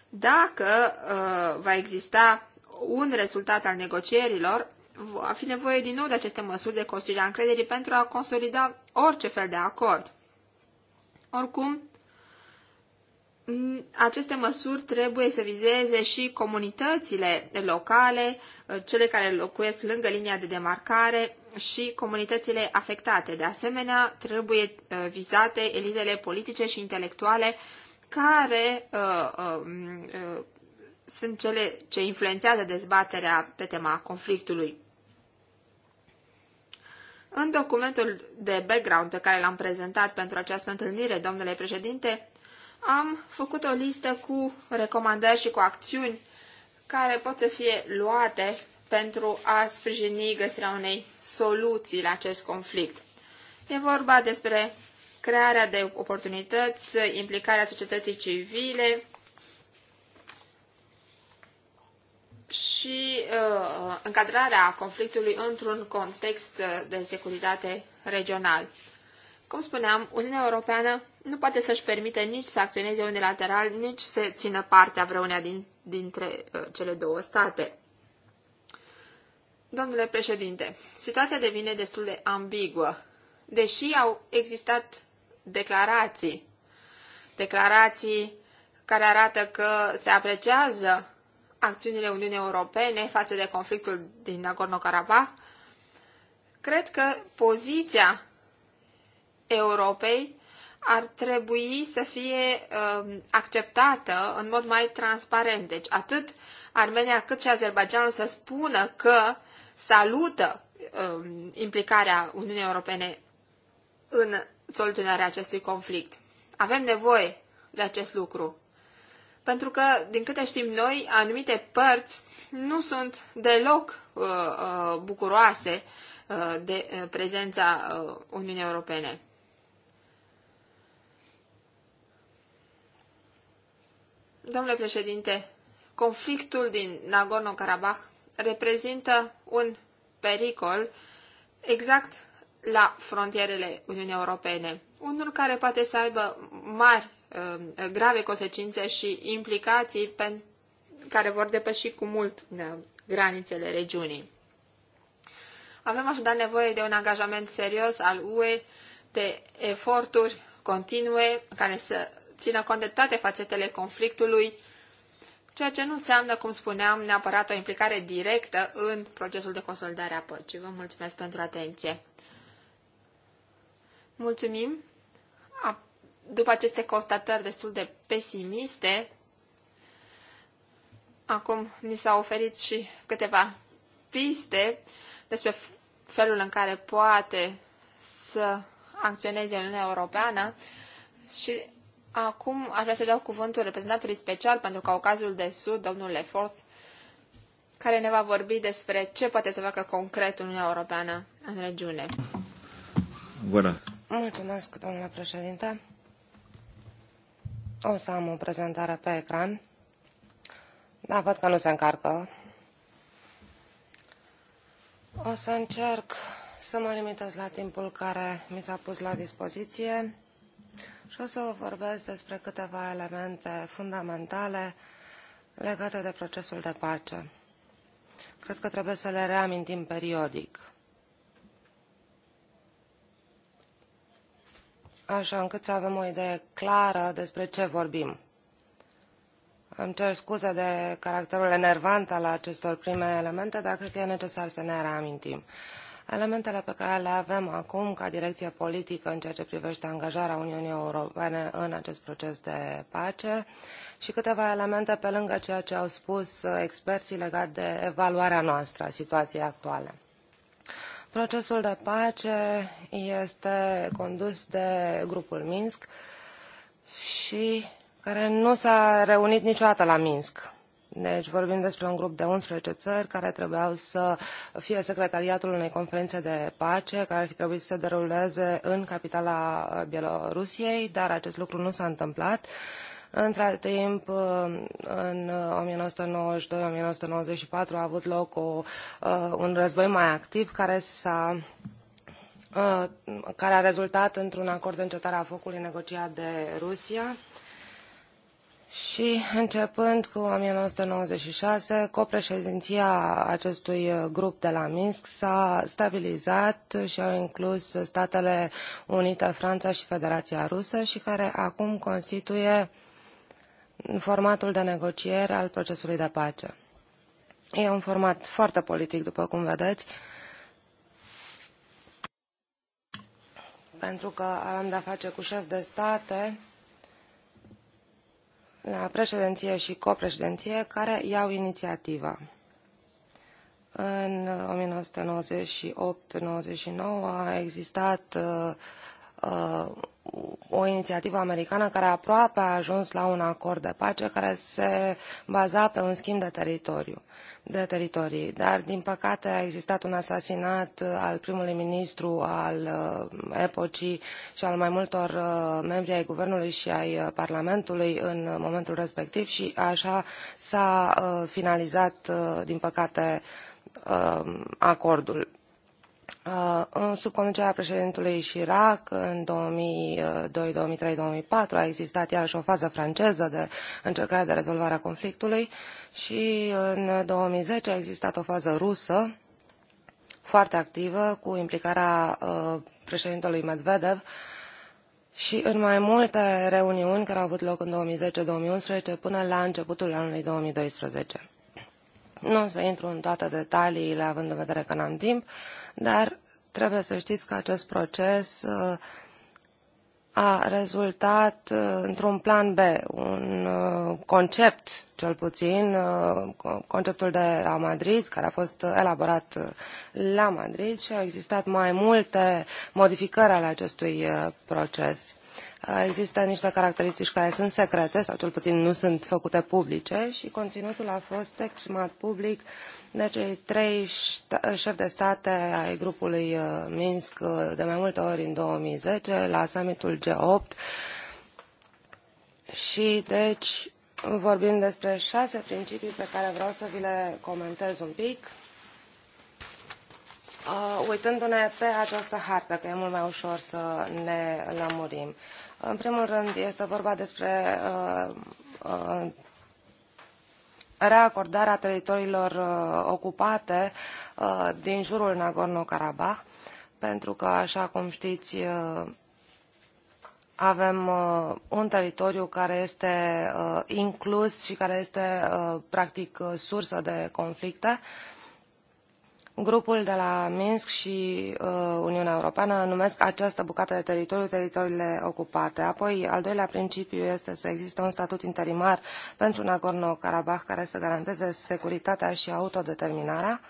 Dacă uh, va exista un rezultat al negocierilor, va fi nevoie din nou de aceste măsuri de construire a încrederii pentru a consolida orice fel de acord. Oricum, aceste măsuri trebuie să vizeze și comunitățile locale, uh, cele care locuiesc lângă linia de demarcare, și comunitățile afectate. De asemenea, trebuie uh, vizate elitele politice și intelectuale care uh, uh, uh, sunt cele ce influențează dezbaterea pe tema conflictului. În documentul de background pe care l-am prezentat pentru această întâlnire, domnule președinte, am făcut o listă cu recomandări și cu acțiuni care pot să fie luate pentru a sprijini găsirea unei soluții la acest conflict. E vorba despre crearea de oportunități, implicarea societății civile și uh, încadrarea conflictului într-un context de securitate regional. Cum spuneam, Uniunea Europeană nu poate să-și permite nici să acționeze unilateral, nici să țină partea vreunea din, dintre uh, cele două state. Domnule președinte, situația devine destul de ambiguă. Deși au existat declarații, declarații care arată că se apreciază acțiunile Uniunii Europene față de conflictul din Nagorno-Karabakh, cred că poziția Europei ar trebui să fie uh, acceptată în mod mai transparent. Deci atât Armenia cât și Azerbaijanul să spună că salută um, implicarea Uniunii Europene în soluționarea acestui conflict. Avem nevoie de acest lucru. Pentru că, din câte știm noi, anumite părți nu sunt deloc uh, uh, bucuroase uh, de uh, prezența uh, Uniunii Europene. Domnule președinte, conflictul din Nagorno-Karabakh reprezintă un pericol exact la frontierele Uniunii Europene. Unul care poate să aibă mari, uh, grave consecințe și implicații pe, care vor depăși cu mult uh, granițele regiunii. Avem așadar nevoie de un angajament serios al UE, de eforturi continue care să țină cont de toate fațetele conflictului, ceea ce nu înseamnă, cum spuneam, neapărat o implicare directă în procesul de consolidare a păcii. Vă mulțumesc pentru atenție. Mulțumim. După aceste constatări destul de pesimiste, acum ni s-au oferit și câteva piste despre felul în care poate să acționeze Uniunea Europeană și Acum aș vrea să dau cuvântul reprezentantului special pentru Caucazul de Sud, domnul Leforth, care ne va vorbi despre ce poate să facă concret Uniunea Europeană în regiune. Bună! Mulțumesc, domnule președinte. O să am o prezentare pe ecran. Da, văd că nu se încarcă. O să încerc să mă limitez la timpul care mi s-a pus la dispoziție și o să vă vorbesc despre câteva elemente fundamentale legate de procesul de pace. Cred că trebuie să le reamintim periodic. așa încât să avem o idee clară despre ce vorbim. Îmi cer scuze de caracterul enervant al acestor prime elemente, dar cred că e necesar să ne reamintim. Uh, Elementele pe care le avem acum ca direcție politică în ceea ce privește angajarea Uniunii Europene în acest proces de pace și câteva elemente pe lângă ceea ce au spus experții legat de evaluarea noastră a situației actuale. Procesul de pace este condus de grupul Minsk și care nu s-a reunit niciodată la Minsk deci vorbim despre un grup de 11 țări care trebuiau să fie secretariatul unei conferințe de pace care ar fi trebuit să se deruleze în capitala uh, Bielorusiei, dar acest lucru nu s-a întâmplat. Între timp, uh, în 1992-1994 uh, a avut loc o, un război mai activ care s-a care a rezultat într-un acord de încetare a focului negociat de Rusia și începând cu 1996, copreședinția acestui uh, grup de la Minsk s-a stabilizat și au inclus Statele Unite, Franța și Federația Rusă și care acum constituie formatul de negociere al procesului de pace. E un format foarte politic, după cum vedeți, pentru că avem de-a face cu șef de state la președinție și copreședinție care iau inițiativa. În 1998-99 a existat uh, uh o inițiativă americană care aproape a ajuns la un acord de pace care se baza pe un schimb de teritoriu de teritorii, dar din păcate a existat un asasinat uh, al primului ministru al uh, epocii și al mai multor uh, membri ai guvernului și ai Parlamentului în momentul respectiv și așa s-a finalizat din păcate acordul Uh, sub conducerea președintelui Chirac în 2002, 2003, 2004 a existat iarăși o fază franceză de încercare de rezolvare a conflictului și în 2010 a existat o fază rusă foarte activă cu implicarea uh, președintelui Medvedev și în mai multe reuniuni care au avut loc în 2010-2011 până la începutul anului 2012. Nu o să intru în toate detaliile având în vedere că n-am timp, uh, dar trebuie să știți că acest proces uh, a rezultat uh, într-un plan B, un uh, concept, cel puțin, conceptul de la Madrid, care a fost elaborat la Madrid și au existat mai multe modificări ale acestui proces există niște caracteristici care sunt secrete sau cel puțin nu sunt făcute publice și conținutul a fost exprimat public de cei trei șefi de state ai grupului uh, Minsk uh, de mai multe ori în 2010 la summitul G8 și deci vorbim despre șase principii pe care vreau să vi le comentez un pic. Uh, uitându-ne pe această hartă, că e mult mai ușor să ne lămurim. Uh, în primul rând, este vorba despre uh, uh, reacordarea teritoriilor uh, ocupate din jurul Nagorno-Karabakh, pentru că, așa cum știți, avem un teritoriu care este inclus și care este, practic, sursă de conflicte. Uh, grupul de la Minsk și uh, Uniunea Europeană numesc această bucată de teritoriu teritoriile ocupate. Apoi, al doilea principiu este să existe un statut interimar pentru Nagorno-Karabakh care să garanteze securitatea și autodeterminarea.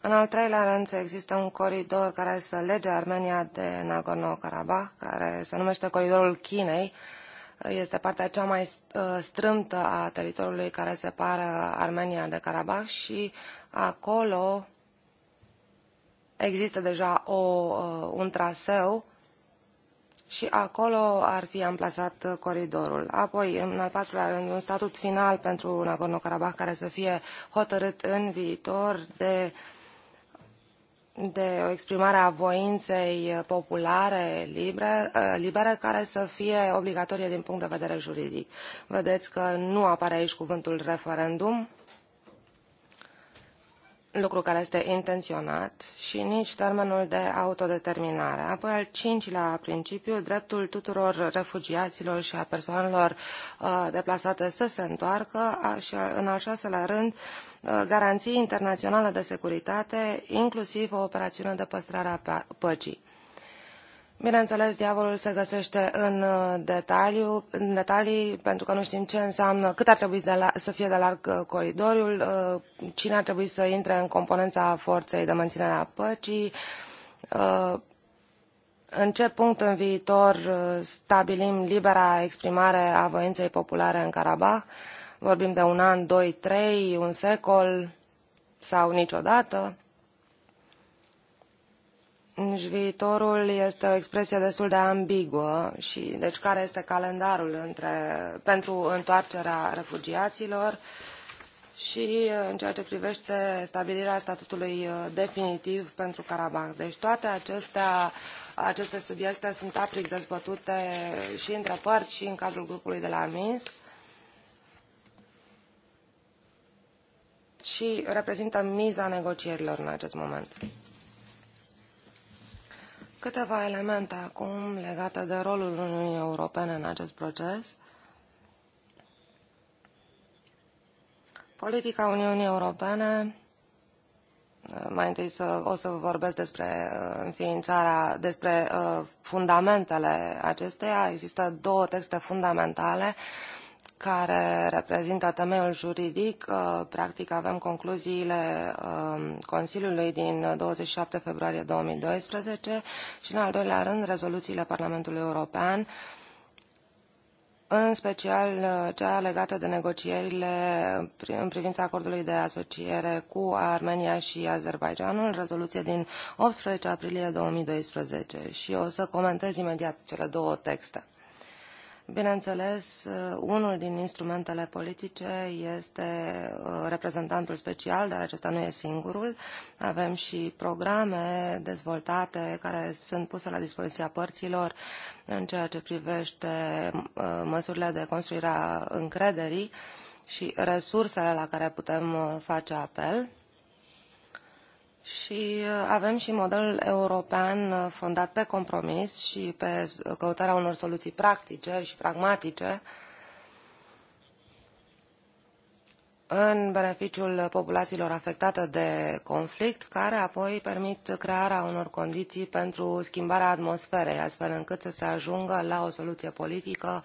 În al treilea rând, să existe un coridor care să lege Armenia de Nagorno-Karabakh, care se numește Coridorul Chinei, uh, este partea cea mai uh, strâmtă a teritoriului care separă Armenia de Karabakh și acolo există deja o, uh, un traseu și acolo ar fi amplasat coridorul. Apoi, în al patrulea rând, un statut final pentru Nagorno-Karabakh care să fie hotărât în viitor de de o exprimare a voinței eh, populare libere, eh, libere care să fie obligatorie din punct de vedere juridic. Vedeți că nu apare aici cuvântul referendum, lucru care este intenționat, și nici termenul de autodeterminare. Apoi, al cincilea principiu, dreptul tuturor refugiaților și a persoanelor eh, deplasate să se întoarcă și, în al șaselea rând, Uh, garanții internaționale de securitate, inclusiv o operațiune de păstrare a păcii. Bineînțeles, diavolul se găsește în, uh, detaliu, în detalii, pentru că nu știm ce înseamnă, cât ar trebui să fie de larg uh, coridorul, cine ar trebui să intre în componența forței de menținere a păcii, în ce punct în viitor stabilim libera exprimare a voinței populare în Karabakh, Vorbim de un an, doi, trei, un secol sau niciodată. Nici viitorul este o expresie destul de ambiguă și deci care este calendarul între, pentru întoarcerea refugiaților și în ceea ce privește stabilirea statutului uh, definitiv pentru Karabakh. Deci toate acestea, aceste subiecte sunt aplic dezbătute și între părți și în cadrul grupului de la Minsk și reprezintă miza negocierilor în acest moment. Câteva elemente acum legate de rolul Uniunii Europene în acest proces. Politica Uniunii Europene, mai întâi să, o să vorbesc despre uh, înființarea, despre uh, fundamentele acesteia. Există două texte fundamentale care reprezintă temeiul juridic. Uh, practic avem concluziile um, Consiliului din 27 februarie 2012 și, în al doilea rând, rezoluțiile Parlamentului European, în special uh, cea legată de negocierile în privința acordului de asociere cu Armenia și Azerbaijanul, rezoluție din 18 aprilie 2012 și o să comentez imediat cele două texte. Bineînțeles, uh, unul din instrumentele politice este uh, reprezentantul special, dar acesta nu e singurul. Avem și programe dezvoltate care sunt puse la dispoziția părților în ceea ce privește uh, măsurile de construire a încrederii și resursele la care putem face apel. Și uh, avem și modelul european uh, fondat pe compromis și pe uh, căutarea unor soluții practice și pragmatice în beneficiul populațiilor afectate de conflict, care apoi permit crearea unor condiții pentru schimbarea atmosferei, astfel încât să se ajungă la o soluție politică,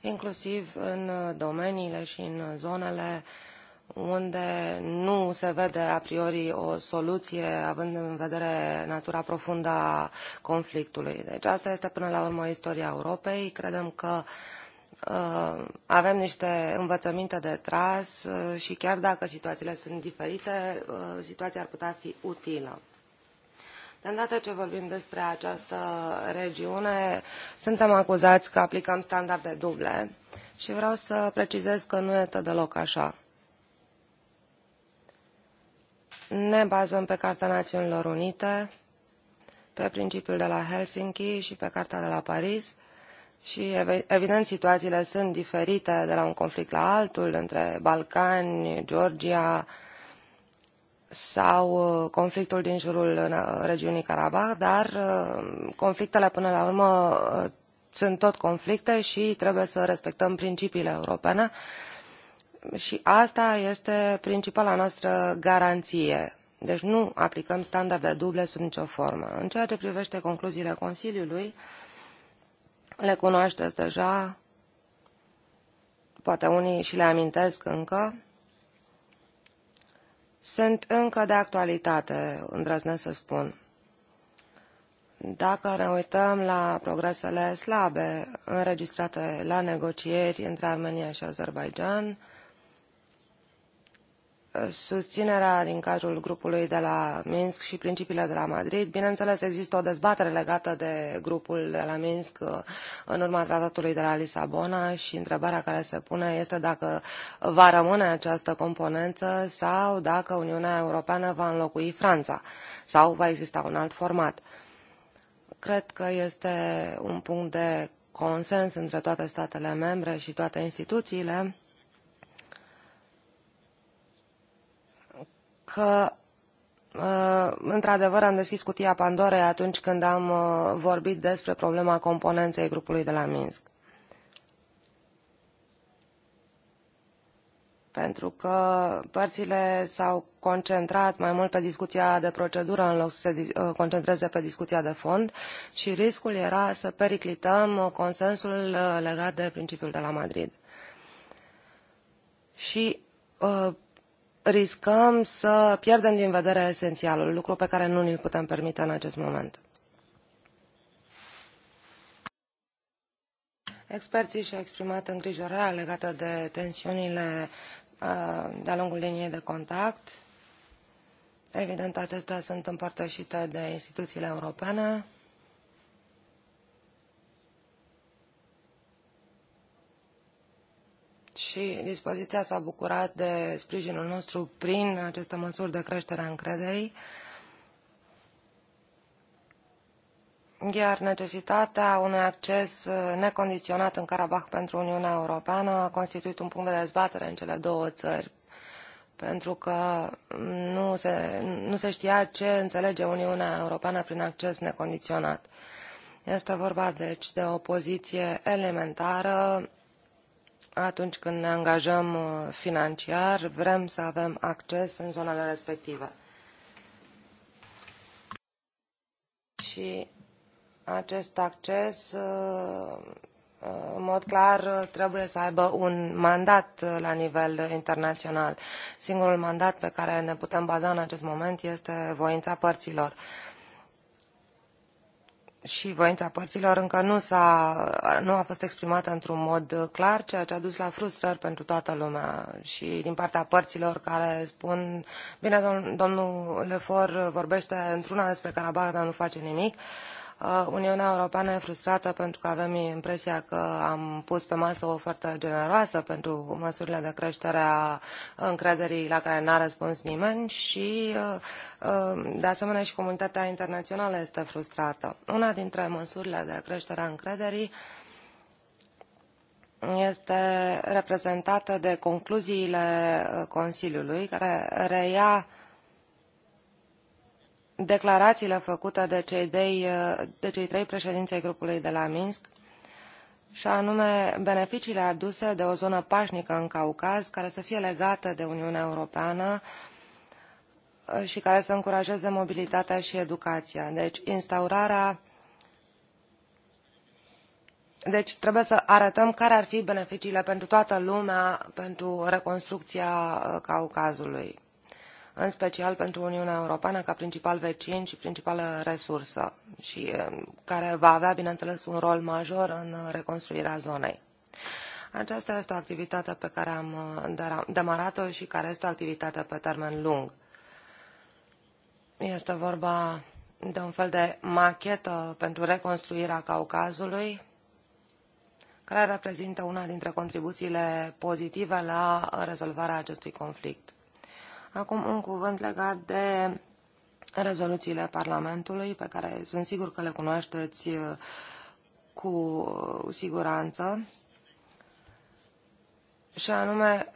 inclusiv în domeniile și în zonele uh, unde nu se vede a priori o soluție, având în vedere natura profundă a conflictului. Deci asta este până la urmă istoria Europei. Credem că uh, avem niște învățăminte de tras uh, și chiar dacă situațiile sunt diferite, uh, situația ar putea fi utilă. De îndată ce vorbim despre această regiune, suntem acuzați că aplicăm standarde duble și vreau să precizez că nu este deloc așa ne bazăm pe Carta Națiunilor Unite, pe principiul de la Helsinki și pe Carta de la Paris și evident situațiile sunt diferite de la un conflict la altul, între Balcani, Georgia sau uh, conflictul din jurul uh, regiunii Karabakh, dar uh, conflictele până la urmă sunt tot conflicte și trebuie să respectăm principiile europene și asta este principala noastră garanție. Deci nu aplicăm standarde duble sub nicio formă. În ceea ce privește concluziile Consiliului, le cunoașteți deja, poate unii și le amintesc încă, sunt încă de actualitate, îndrăznesc să spun. Dacă ne uităm la progresele slabe înregistrate la negocieri între Armenia și Azerbaijan, susținerea din cadrul grupului de la Minsk și principiile de la Madrid. Bineînțeles, există o dezbatere legată de grupul de la Minsk uh, în urma tratatului de la Lisabona și întrebarea care se pune este dacă va rămâne această componență sau dacă Uniunea Europeană va înlocui Franța sau va exista un alt format. Cred că este un punct de consens între toate statele membre și toate instituțiile că uh, într-adevăr am deschis cutia Pandorei atunci când am uh, vorbit despre problema componenței grupului de la Minsk. Pentru că părțile s-au concentrat mai mult pe discuția de procedură în loc să se uh, concentreze pe discuția de fond și riscul era să periclităm consensul legat de principiul de la Madrid. Și riscăm să pierdem din vedere esențialul, lucru pe care nu ni-l putem permite în acest moment. Experții și-au exprimat îngrijorarea legată de tensiunile uh, de-a lungul liniei de contact. Evident, acestea sunt împărtășite de instituțiile europene. și dispoziția s-a bucurat de sprijinul nostru prin aceste măsuri de creștere a încrederii, iar necesitatea unui acces uh, necondiționat în Karabakh pentru Uniunea Europeană a constituit un punct de dezbatere în cele două țări pentru că nu se, nu se știa ce înțelege Uniunea Europeană prin acces necondiționat. Este vorba, deci, de o poziție elementară atunci când ne angajăm uh, financiar, vrem să avem acces în zonele respective. Și acest acces, uh, uh, în mod clar, trebuie să aibă un mandat la nivel internațional. Singurul mandat pe care ne putem baza în acest moment este voința părților și voința părților încă nu, s-a, nu a fost exprimată într-un mod clar, ceea ce a dus la frustrări pentru toată lumea și din partea părților care spun, bine, domn, domnul Lefor vorbește într-una despre Karabakh, dar nu face nimic. Uh, Uh, Uniunea Europeană e frustrată pentru că avem impresia că am pus pe masă o ofertă generoasă pentru măsurile de creștere a încrederii la care n-a răspuns nimeni și, uh, uh, de asemenea, și comunitatea internațională este frustrată. Una dintre măsurile de creștere a încrederii este reprezentată de concluziile Consiliului, care reia declarațiile făcute de cei, uh, de cei trei președinți ai grupului de la Minsk, și anume beneficiile aduse de o zonă pașnică în Caucaz, care să fie legată de Uniunea Europeană uh, și care să încurajeze mobilitatea și educația. Deci, instaurarea deci trebuie să arătăm care ar fi beneficiile pentru toată lumea pentru reconstrucția uh, Caucazului în special pentru Uniunea Europeană ca principal vecin și principală resursă și care va avea, bineînțeles, un rol major în reconstruirea zonei. Aceasta este o activitate pe care am uh, demarat-o și care este o activitate pe termen lung. Este vorba de un fel de machetă pentru reconstruirea Caucazului, care reprezintă una dintre contribuțiile pozitive la rezolvarea acestui conflict. Acum un cuvânt legat de rezoluțiile Parlamentului, pe care sunt sigur că le cunoașteți uh, cu siguranță, și anume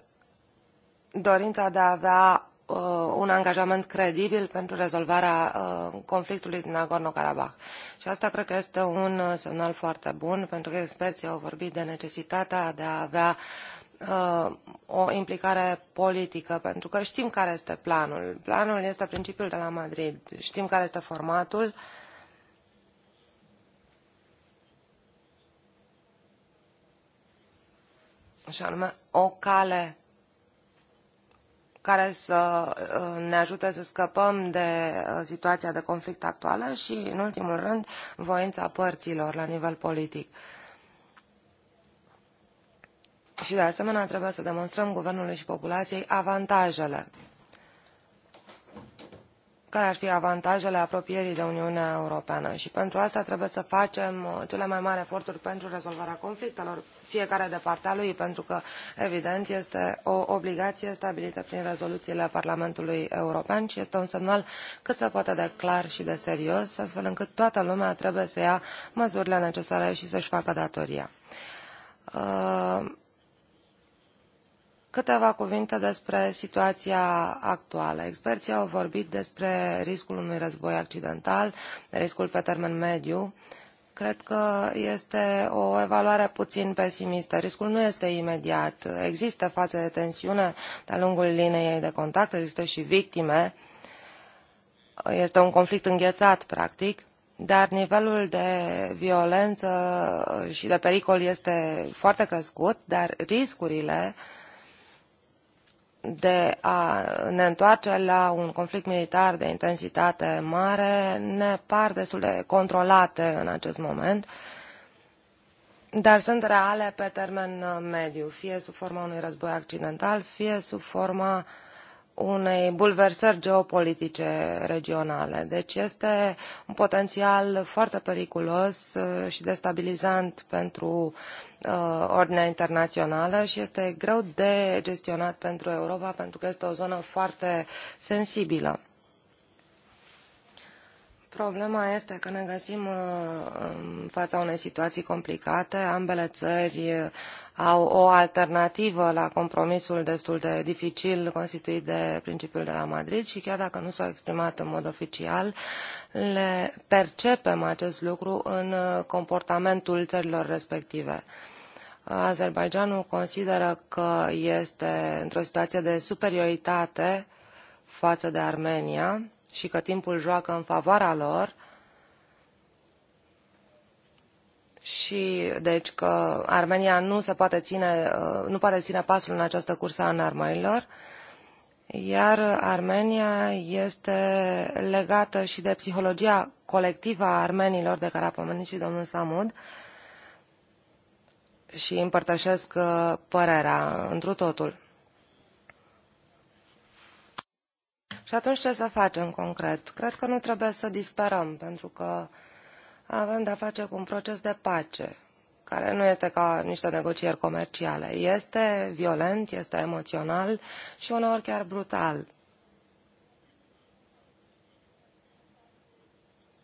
dorința de a avea uh, un angajament credibil pentru rezolvarea uh, conflictului din Nagorno-Karabakh. Și asta cred că este un uh, semnal foarte bun, pentru că experții au vorbit de necesitatea de a avea uh, uh, o implicare politică, pentru că știm care este planul. Planul este principiul de la Madrid, știm care este formatul. Și anume, o cale care să uh, ne ajute să scăpăm de uh, situația de conflict actuală și, în ultimul rând, voința părților la nivel politic și de asemenea trebuie să demonstrăm guvernului și populației avantajele care ar fi avantajele apropierii de Uniunea Europeană. Și pentru asta trebuie să facem uh, cele mai mari eforturi pentru rezolvarea conflictelor, fiecare de partea lui, pentru că, evident, este o obligație stabilită prin rezoluțiile Parlamentului European și este un semnal cât se poate de clar și de serios, astfel încât toată lumea trebuie să ia măsurile necesare și să-și facă datoria. Uh câteva cuvinte despre situația actuală. Experții au vorbit despre riscul unui război accidental, riscul pe termen mediu. Cred că este o evaluare puțin pesimistă. Riscul nu este imediat. Există fațe de tensiune de-a lungul liniei de contact, există și victime. Este un conflict înghețat, practic dar nivelul de violență și de pericol este foarte crescut, dar riscurile uh, de a ne întoarce la un conflict militar de intensitate mare ne par destul de controlate în acest moment, dar sunt reale pe termen uh, mediu, fie sub forma unui război accidental, fie sub forma uh, unei bulversări geopolitice regionale. Deci este un potențial foarte periculos uh, și destabilizant pentru uh, ordinea internațională și este greu de gestionat pentru Europa pentru că este o zonă foarte sensibilă. Problema este că ne găsim uh, în fața unei situații complicate. Ambele țări au o alternativă la compromisul destul de dificil constituit de principiul de la Madrid și chiar dacă nu s-au exprimat în mod oficial, le percepem acest lucru în uh, comportamentul țărilor respective. Azerbaijanul consideră că este într-o situație de superioritate față de Armenia și că timpul joacă în favoarea lor, și deci că Armenia nu se poate ține, uh, nu poate ține pasul în această cursă a înarmărilor, iar Armenia este legată și de psihologia colectivă a armenilor, de care a pomenit și domnul Samud, și împărtășesc uh, părerea întru totul. Și atunci ce să facem concret? Cred că nu trebuie să disperăm, pentru că avem de-a face cu un proces de pace, care nu este ca niște negocieri comerciale. Este violent, este emoțional și uneori chiar brutal.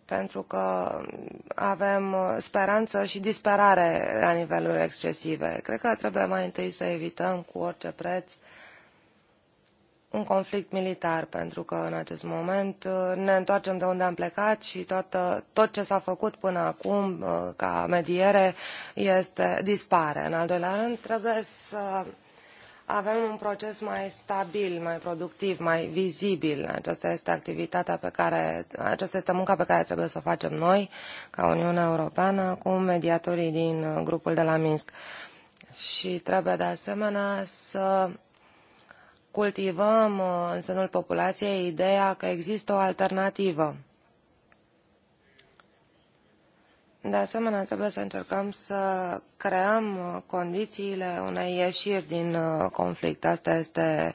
pentru că avem speranță și disperare la niveluri excesive. Cred că trebuie mai întâi să evităm cu orice preț uh, un conflict militar, pentru că în acest moment uh, ne întoarcem de unde am plecat și toată, tot ce s-a făcut până acum uh, ca mediere este, dispare. În al doilea rând, trebuie să avem un proces mai stabil, mai productiv, mai vizibil. Aceasta este activitatea pe care, aceasta este munca pe care trebuie să o facem noi, ca Uniunea Europeană, cu mediatorii din uh, grupul de la Minsk. Și trebuie de asemenea să cultivăm uh, în sânul populației ideea că există o alternativă. De asemenea, trebuie să încercăm să creăm uh, condițiile unei ieșiri din uh, conflict. Asta este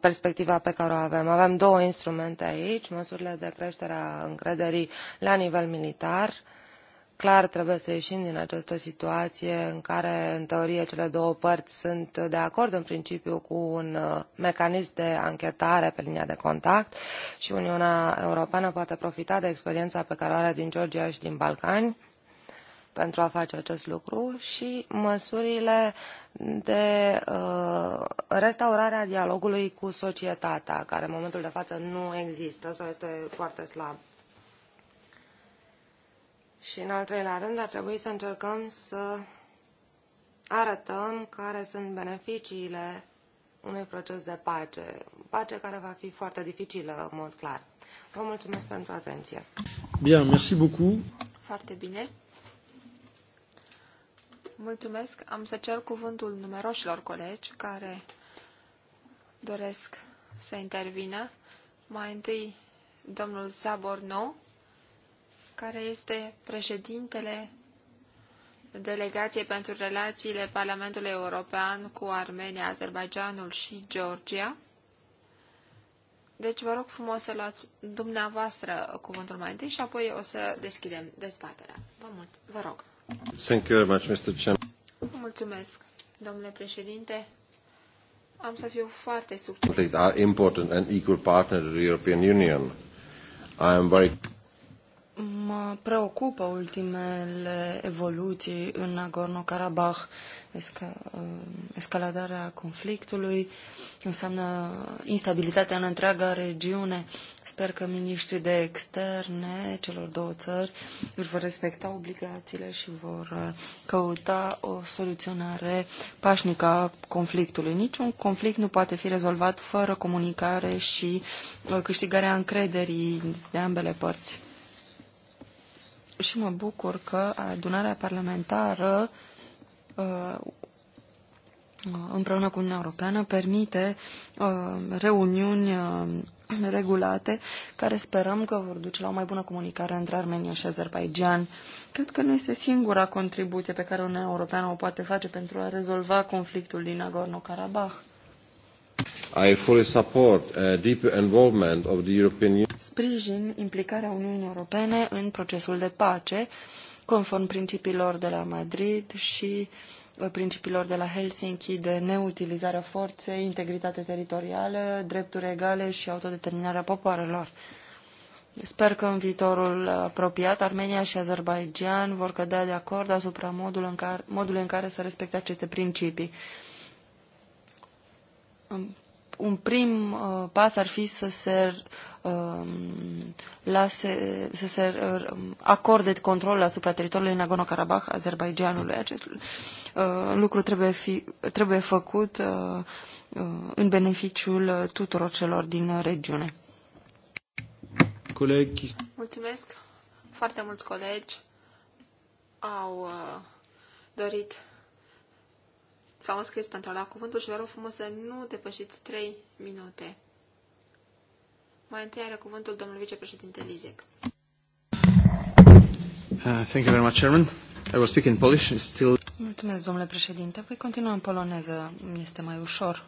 perspectiva pe care o avem. Avem două instrumente aici, măsurile de creștere a încrederii la nivel militar Clar trebuie să ieșim din această situație în care, în teorie, cele două părți sunt de acord în principiu cu un uh, mecanism de anchetare pe linia de contact și Uniunea Europeană poate profita de experiența pe care o are din Georgia și din Balcani pentru a face acest lucru și măsurile de uh, restaurarea dialogului cu societatea, care în momentul de față nu există sau este foarte slab și în al treilea rând ar trebui să încercăm să arătăm care sunt beneficiile unui proces de pace. Pace care va fi foarte dificilă, în mod clar. Vă mulțumesc pentru atenție. Bine, merci beaucoup. Foarte bine. Mulțumesc. Am să cer cuvântul numeroșilor colegi care doresc să intervină. Mai întâi, domnul Nou, care este președintele delegației pentru relațiile Parlamentului European cu Armenia, Azerbaijanul și Georgia. Deci vă rog frumos să luați dumneavoastră cuvântul mai întâi și apoi o să deschidem dezbaterea. Vă, mult, vă rog. Thank you very much, Mr. Chairman. Mulțumesc, domnule președinte. Am să fiu foarte succes. Important and equal partner to the European Union. I am very Mă preocupă ultimele evoluții în Nagorno-Karabakh. Esca, uh, escaladarea conflictului înseamnă instabilitatea în întreaga regiune. Sper că miniștrii de externe celor două țări își vor respecta obligațiile și vor uh, căuta o soluționare pașnică a conflictului. Niciun conflict nu poate fi rezolvat fără comunicare și uh, câștigarea încrederii de ambele părți și mă bucur că adunarea parlamentară uh, împreună cu Uniunea Europeană permite uh, reuniuni uh, regulate care sperăm că vor duce la o mai bună comunicare între Armenia și Azerbaijan. Cred că nu este singura contribuție pe care Uniunea Europeană o poate face pentru a rezolva conflictul din Nagorno-Karabakh. I fully support a uh, deep involvement of the European Union. Sprijin implicarea Uniunii Europene în procesul de pace, conform principiilor de la Madrid și uh, principiilor de la Helsinki de neutilizarea forței, integritate teritorială, drepturi egale și autodeterminarea popoarelor. Sper că în viitorul apropiat Armenia și Azerbaijan vor cădea de acord asupra modul în care, modului în care să respecte aceste principii un prim uh, pas ar fi să se um, lase, să se uh, acorde controlul asupra teritoriului Nagorno-Karabakh, Azerbaijanului. Acest uh, lucru trebuie, fi, trebuie făcut uh, în beneficiul tuturor celor din regiune. Colegi. Mulțumesc. Foarte mulți colegi au dorit s-au înscris pentru a lua cuvântul și vă rog frumos să nu depășiți 3 minute. Mai întâi are cuvântul domnul vicepreședinte Lizek. Uh, thank you very much, Chairman. I will speak in Polish. It's still... Mulțumesc, domnule președinte. Voi continua în poloneză. Este mai ușor.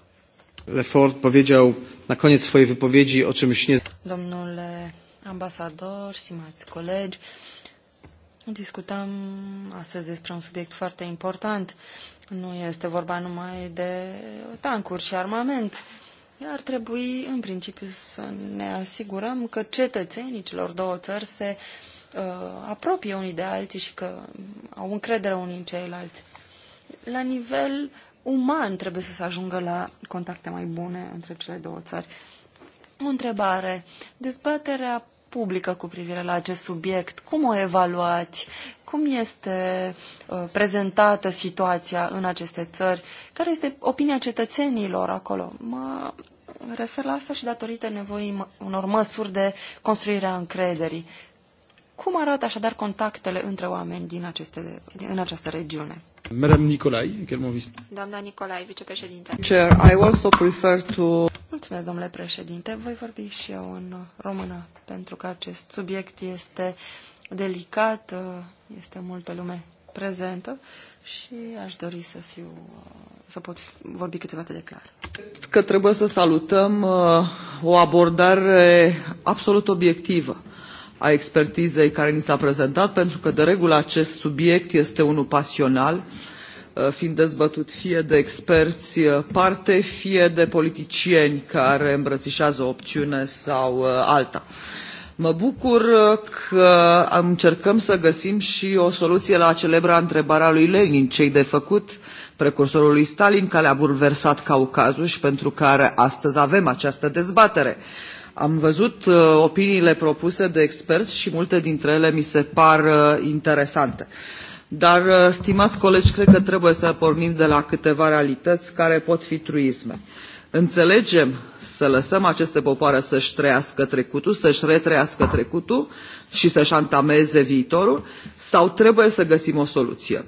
Lefort la na koniec swojej wypowiedzi o czymś nie... Domnule ambasador, simați colegi, discutăm astăzi despre un subiect foarte important nu este vorba numai de tancuri și armament. Ar trebui, în principiu, să ne asigurăm că cetățenii celor două țări se uh, apropie unii de alții și că au încredere unii în ceilalți. La nivel uman trebuie să se ajungă la contacte mai bune între cele două țări. O întrebare. Dezbaterea publică cu privire la acest subiect? Cum o evaluați? Cum este uh, prezentată situația în aceste țări? Care este opinia cetățenilor acolo? Mă refer la asta și datorită nevoii unor măsuri de construire a încrederii. Cum arată așadar contactele între oameni din, aceste, în această regiune? Madame Nicolai, Doamna Nicolai, vicepreședinte. Chair, I also prefer to... Mulțumesc, domnule președinte. Voi vorbi și eu în română, pentru că acest subiect este delicat, este multă lume prezentă și aș dori să fiu să pot vorbi câteva de clar. Cred că trebuie să salutăm uh, o abordare absolut obiectivă a expertizei care ni s-a prezentat, pentru că de regulă acest subiect este unul pasional, uh, fiind dezbătut fie de experți uh, parte, fie de politicieni care îmbrățișează o opțiune sau uh, alta. Mă bucur că încercăm să găsim și o soluție la celebra întrebare a lui Lenin, ce de făcut precursorul lui Stalin, care a bulversat Caucazul și pentru care astăzi avem această dezbatere. Uh, am văzut uh, opiniile propuse de experți și multe dintre ele mi se par uh, interesante. Dar, uh, stimați colegi, cred că trebuie să pornim de la câteva realități care pot fi truisme. Înțelegem să lăsăm aceste popoare să-și trăiască trecutul, să-și retrăiască trecutul și să-și antameze viitorul sau trebuie să găsim o soluție?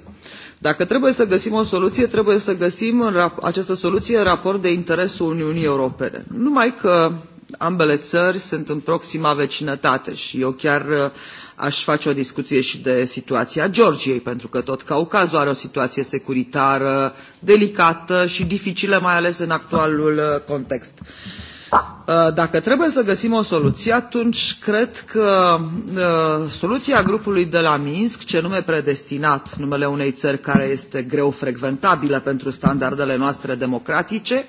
Dacă trebuie să găsim o soluție, trebuie să găsim această soluție în raport de interesul Uniunii Europene. Numai că ambele țări sunt în proxima vecinătate și eu chiar uh, aș face o discuție și de situația Georgiei, pentru că tot Caucazul are o situație securitară delicată și dificilă, mai ales în actualul uh, context. Uh, dacă trebuie să găsim o soluție, atunci cred că soluția grupului de la Minsk, ce nume predestinat, numele unei țări care este greu frecventabilă pentru standardele noastre democratice,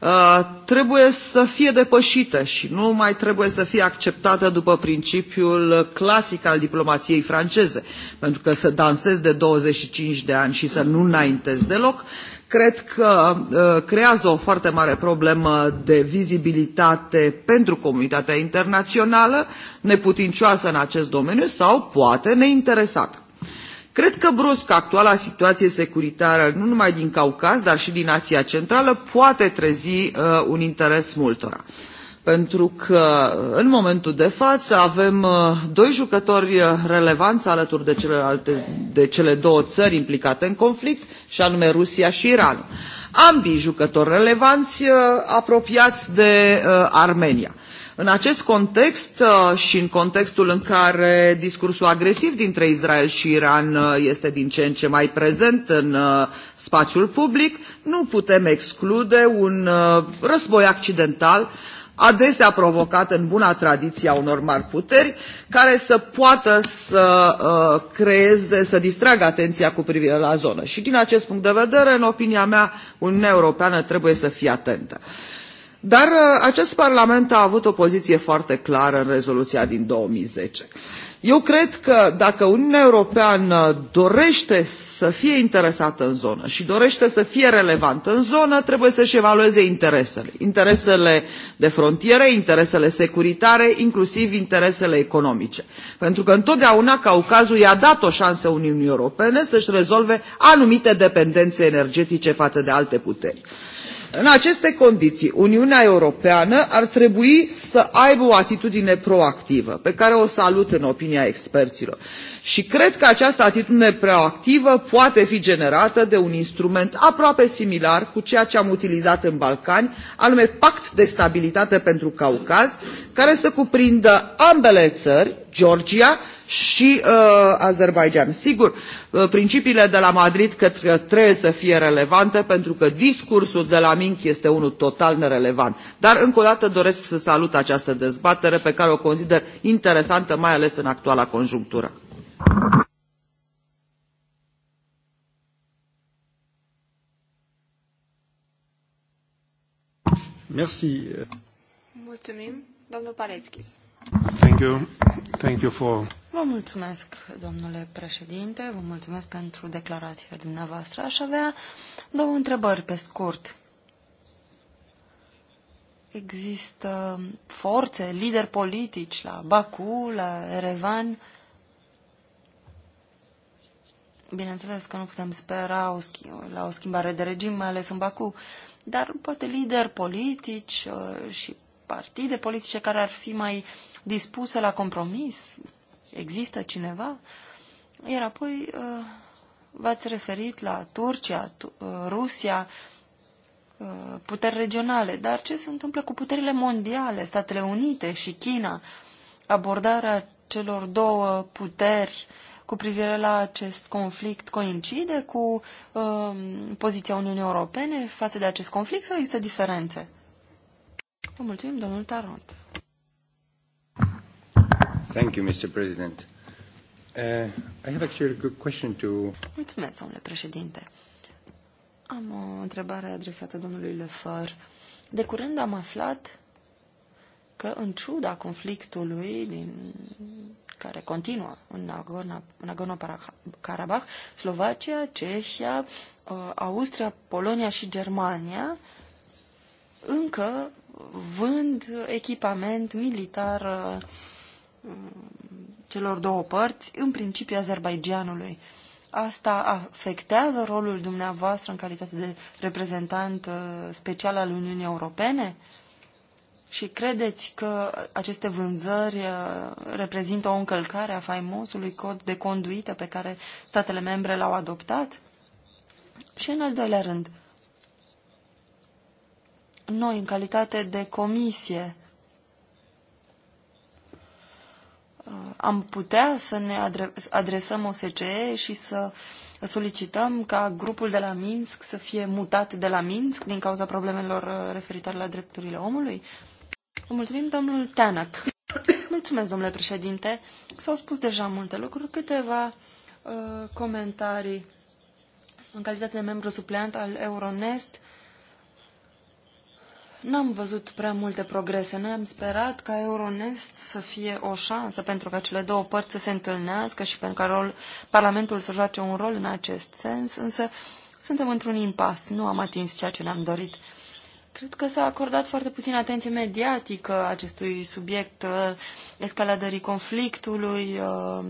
Uh, trebuie să fie depășită și nu mai trebuie să fie acceptată după principiul clasic al diplomației franceze, pentru că să dansezi de 25 de ani și să nu înaintezi deloc, cred că uh, creează o foarte mare problemă de vizibilitate pentru comunitatea internațională, neputincioasă în acest domeniu sau poate neinteresată Cred că brusc actuala situație securitară, nu numai din Caucaz, dar și din Asia Centrală, poate trezi uh, un interes multora. Pentru că uh, în momentul de față avem uh, doi jucători uh, relevanți alături de, celelalte, de cele două țări implicate în conflict, și anume Rusia și Iranul. Ambii jucători relevanți uh, apropiați de uh, Armenia. Uh, în acest context uh, și în contextul în care discursul agresiv dintre Israel și Iran uh, este din ce în ce mai prezent în uh, spațiul public, nu putem exclude un război accidental adesea provocat în buna tradiție a unor mari puteri, care să poată să uh, creeze, să distragă atenția cu privire la zonă. Și din acest punct de vedere, în opinia mea, Uniunea Europeană trebuie să fie atentă. Uh, dar uh, acest Parlament a avut o poziție foarte clară în rezoluția din 2010. Eu cred că dacă Uniunea Europeană dorește să fie interesată în zonă și dorește să fie relevantă în zonă, trebuie să-și evalueze interesele. Interesele de frontiere, interesele securitare, inclusiv interesele economice. Pentru că întotdeauna Caucazul i-a dat o șansă Uniunii Europene să-și rezolve anumite dependențe energetice față de alte puteri. În aceste condiții, Uniunea Europeană ar trebui să aibă o atitudine proactivă, pe care o salut în opinia experților. Și cred că această atitudine proactivă poate fi generată de un instrument aproape similar cu ceea ce am utilizat în Balcani, anume Pact de Stabilitate pentru Caucaz, care să cuprindă ambele țări, Georgia și uh, Azerbaijan. Sigur, uh, principiile de la Madrid că trebuie să fie relevante pentru că discursul de la Minsk este unul total nerelevant. Dar încă o dată doresc să salut această dezbatere pe care o consider interesantă, mai ales în actuala conjunctură. Merci. Mulțumim, domnul Paleckis. Thank you. Thank you for... Vă mulțumesc, domnule președinte, vă mulțumesc pentru declarațiile dumneavoastră. Aș avea două întrebări pe scurt. Există forțe, lideri politici la Baku, la Erevan, Bineînțeles că nu putem spera o la o schimbare de regim, mai ales în Baku, dar poate lideri politici uh, și partide politice care ar fi mai dispuse la compromis? Există cineva? Iar apoi uh, v-ați referit la Turcia, uh, Rusia, puteri regionale, dar ce se întâmplă cu puterile mondiale, Statele Unite și China? Abordarea celor două puteri uh, cu privire la acest conflict coincide cu uh, poziția Uniunii Europene față de acest conflict sau există diferențe? Vă mulțumim, domnul Tarot. Thank you, Mr. President. Uh, I have actually a good question to... Mulțumesc, domnule președinte. Am o întrebare adresată domnului Lefer. De curând am aflat că, în ciuda conflictului din care continuă în Nagorno-Karabakh, Slovacia, Cehia, uh, Austria, Polonia și Germania încă vând echipament militar uh, celor două părți, în principiu Azerbaijanului. Asta afectează rolul dumneavoastră în calitate de reprezentant uh, special al Uniunii Europene? Și credeți că aceste vânzări uh, reprezintă o încălcare a faimosului cod de conduită pe care statele membre l-au adoptat? Și în al doilea rând, noi, în calitate de comisie, uh, am putea să ne adresăm OSCE și să solicităm ca grupul de la Minsk să fie mutat de la Minsk din cauza problemelor uh, referitoare la drepturile omului? Mulțumim, domnul Teanac. Mulțumesc, domnule președinte. S-au spus deja multe lucruri, câteva uh, comentarii. În calitate de membru supleant al Euronest, n-am văzut prea multe progrese. Noi am sperat ca Euronest să fie o șansă pentru ca cele două părți să se întâlnească și pentru ca rol, Parlamentul să joace un rol în acest sens, însă suntem într-un impas. Nu am atins ceea ce ne-am dorit. Cred că s-a acordat foarte puțin atenție mediatică acestui subiect uh, escaladării conflictului. Uh,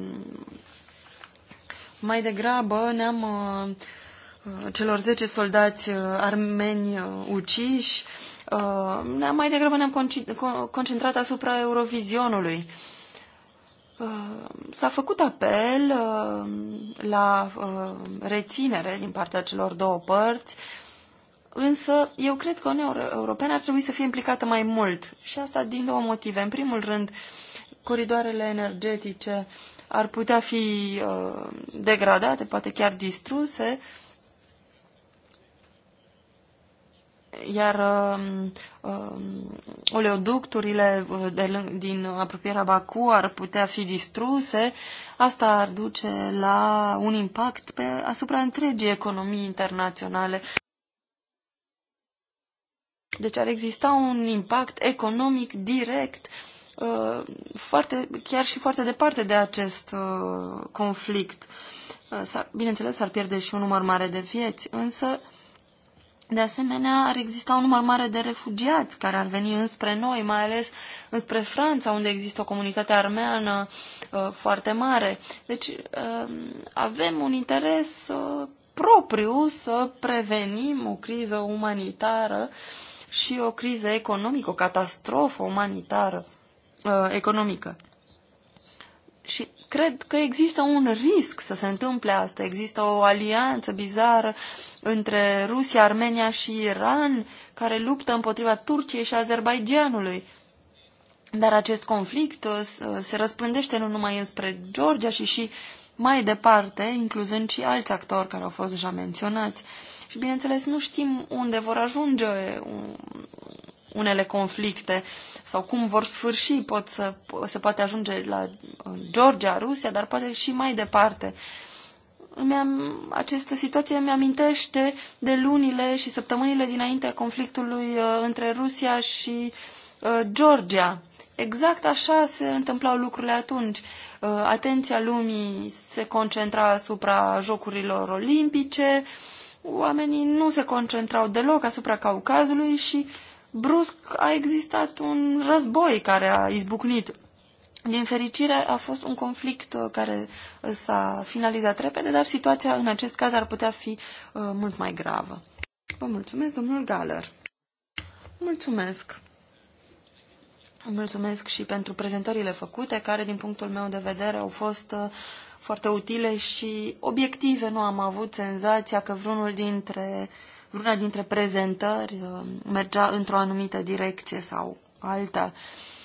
mai degrabă ne-am uh, celor 10 soldați armeni uciși, ne-am mai degrabă ne-am concentrat asupra Eurovizionului. S-a făcut apel la reținere din partea celor două părți, Însă, eu cred că Uniunea Europeană ar trebui să fie implicată mai mult. Și asta din două motive. În primul rând, coridoarele energetice ar putea fi uh, degradate, poate chiar distruse, iar um, um, uh, uh, oleoducturile de, din apropierea Baku ar putea fi distruse. Asta ar duce la un impact pe, asupra întregii economii internaționale. Deci ar exista un impact economic direct uh, foarte, chiar și foarte departe de acest uh, conflict. Uh, bineînțeles, ar pierde și un număr mare de vieți, însă de asemenea, ar exista un număr mare de refugiați care ar veni înspre noi, mai ales înspre Franța, unde există o comunitate armeană uh, foarte mare. Deci uh, avem un interes uh, propriu să prevenim o criză umanitară uh, și o criză economică, o catastrofă umanitară uh, economică. Și cred că există un risc să se întâmple asta. Există o alianță bizară între Rusia, Armenia și Iran care luptă împotriva Turciei și Azerbaijanului. Dar acest conflict uh, uh, se răspândește nu numai înspre Georgia, ci și mai departe, incluzând și alți actori care au fost deja menționați. Uh, și, bineînțeles, nu știm unde vor ajunge um, unele conflicte sau cum vor sfârși. Pot să, se poate ajunge la uh, Georgia, Rusia, dar poate și mai departe. Mi-am, această situație mi-amintește de lunile și săptămânile dinainte conflictului uh, între Rusia și uh, Georgia. Exact așa se întâmplau lucrurile atunci. Atenția lumii se concentra asupra jocurilor olimpice, uh, oamenii nu se concentrau deloc asupra Caucazului și brusc a existat un război care a izbucnit. Din fericire a fost un conflict uh, care uh, s-a finalizat repede, dar situația în acest caz ar putea fi uh, mult mai gravă. Vă mulțumesc, domnul Galer. Mulțumesc. Mulțumesc și pentru prezentările făcute, care din punctul meu de vedere au fost uh, foarte utile și obiective. Nu am avut senzația că vreunul dintre, vreuna dintre prezentări uh, mergea într-o anumită direcție sau alta.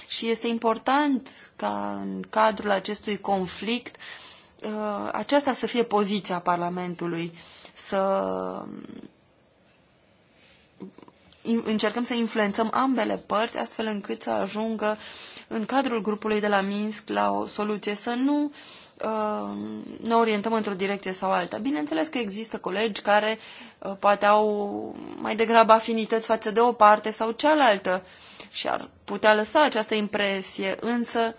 Și este important ca în cadrul acestui conflict uh, aceasta să fie poziția Parlamentului, să încercăm să influențăm ambele părți astfel încât să ajungă în cadrul grupului de la Minsk la o soluție, să nu uh, Uh, ne orientăm într-o direcție sau alta. Bineînțeles că există colegi care uh, poate au mai degrabă afinități față de o parte sau cealaltă și ar putea lăsa această impresie, însă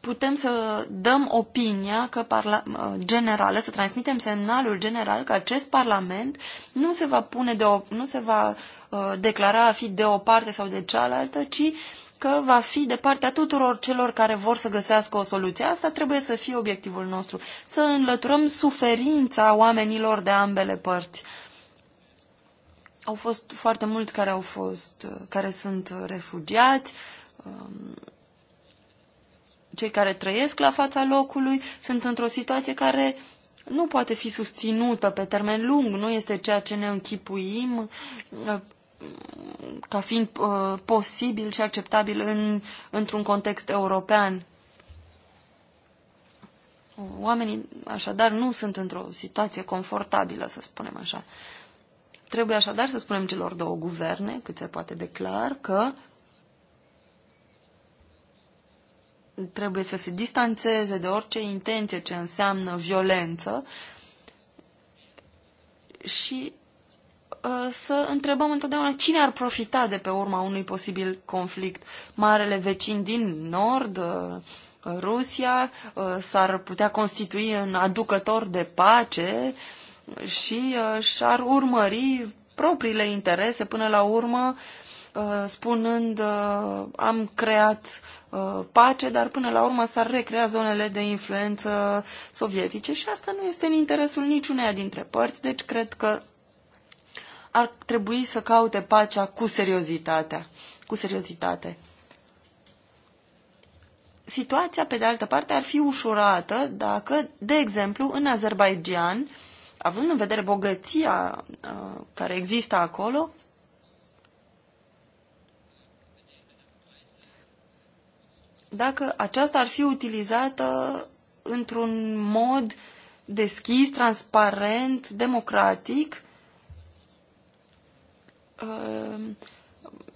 putem să dăm opinia că parla- uh, generală, să transmitem semnalul general că acest Parlament nu se va pune de o, nu se va uh, declara a fi de o parte sau de cealaltă, ci uh, că va fi de partea tuturor celor care vor să găsească o soluție. Asta trebuie să fie obiectivul nostru, să înlăturăm suferința oamenilor de ambele părți. Au fost foarte mulți care au fost, care sunt refugiați, um, cei care trăiesc la fața locului sunt într-o situație care nu poate fi susținută pe termen lung, nu este ceea ce ne închipuim ca fiind uh, posibil și acceptabil în, într-un context european. Oamenii, așadar, nu sunt într-o situație confortabilă, să spunem așa. Trebuie așadar să spunem celor două guverne, cât se poate declar, că trebuie să se distanțeze de orice intenție ce înseamnă violență și Uh, să întrebăm întotdeauna cine ar profita de pe urma unui posibil conflict. Marele vecin din nord, uh, Rusia, uh, s-ar putea constitui un aducător de pace și și-ar urmări propriile interese până la urmă, spunând am creat pace, dar până la urmă s-ar recrea zonele de influență sovietice și asta nu este în interesul niciuneia dintre părți, deci cred că ar trebui să caute pacea cu seriozitatea, cu seriozitate. Situația, pe de altă parte, ar fi ușurată dacă, de exemplu, în Azerbaijan, având în vedere bogăția uh, care există acolo, dacă aceasta ar fi utilizată într-un mod deschis, transparent, democratic, Ehm,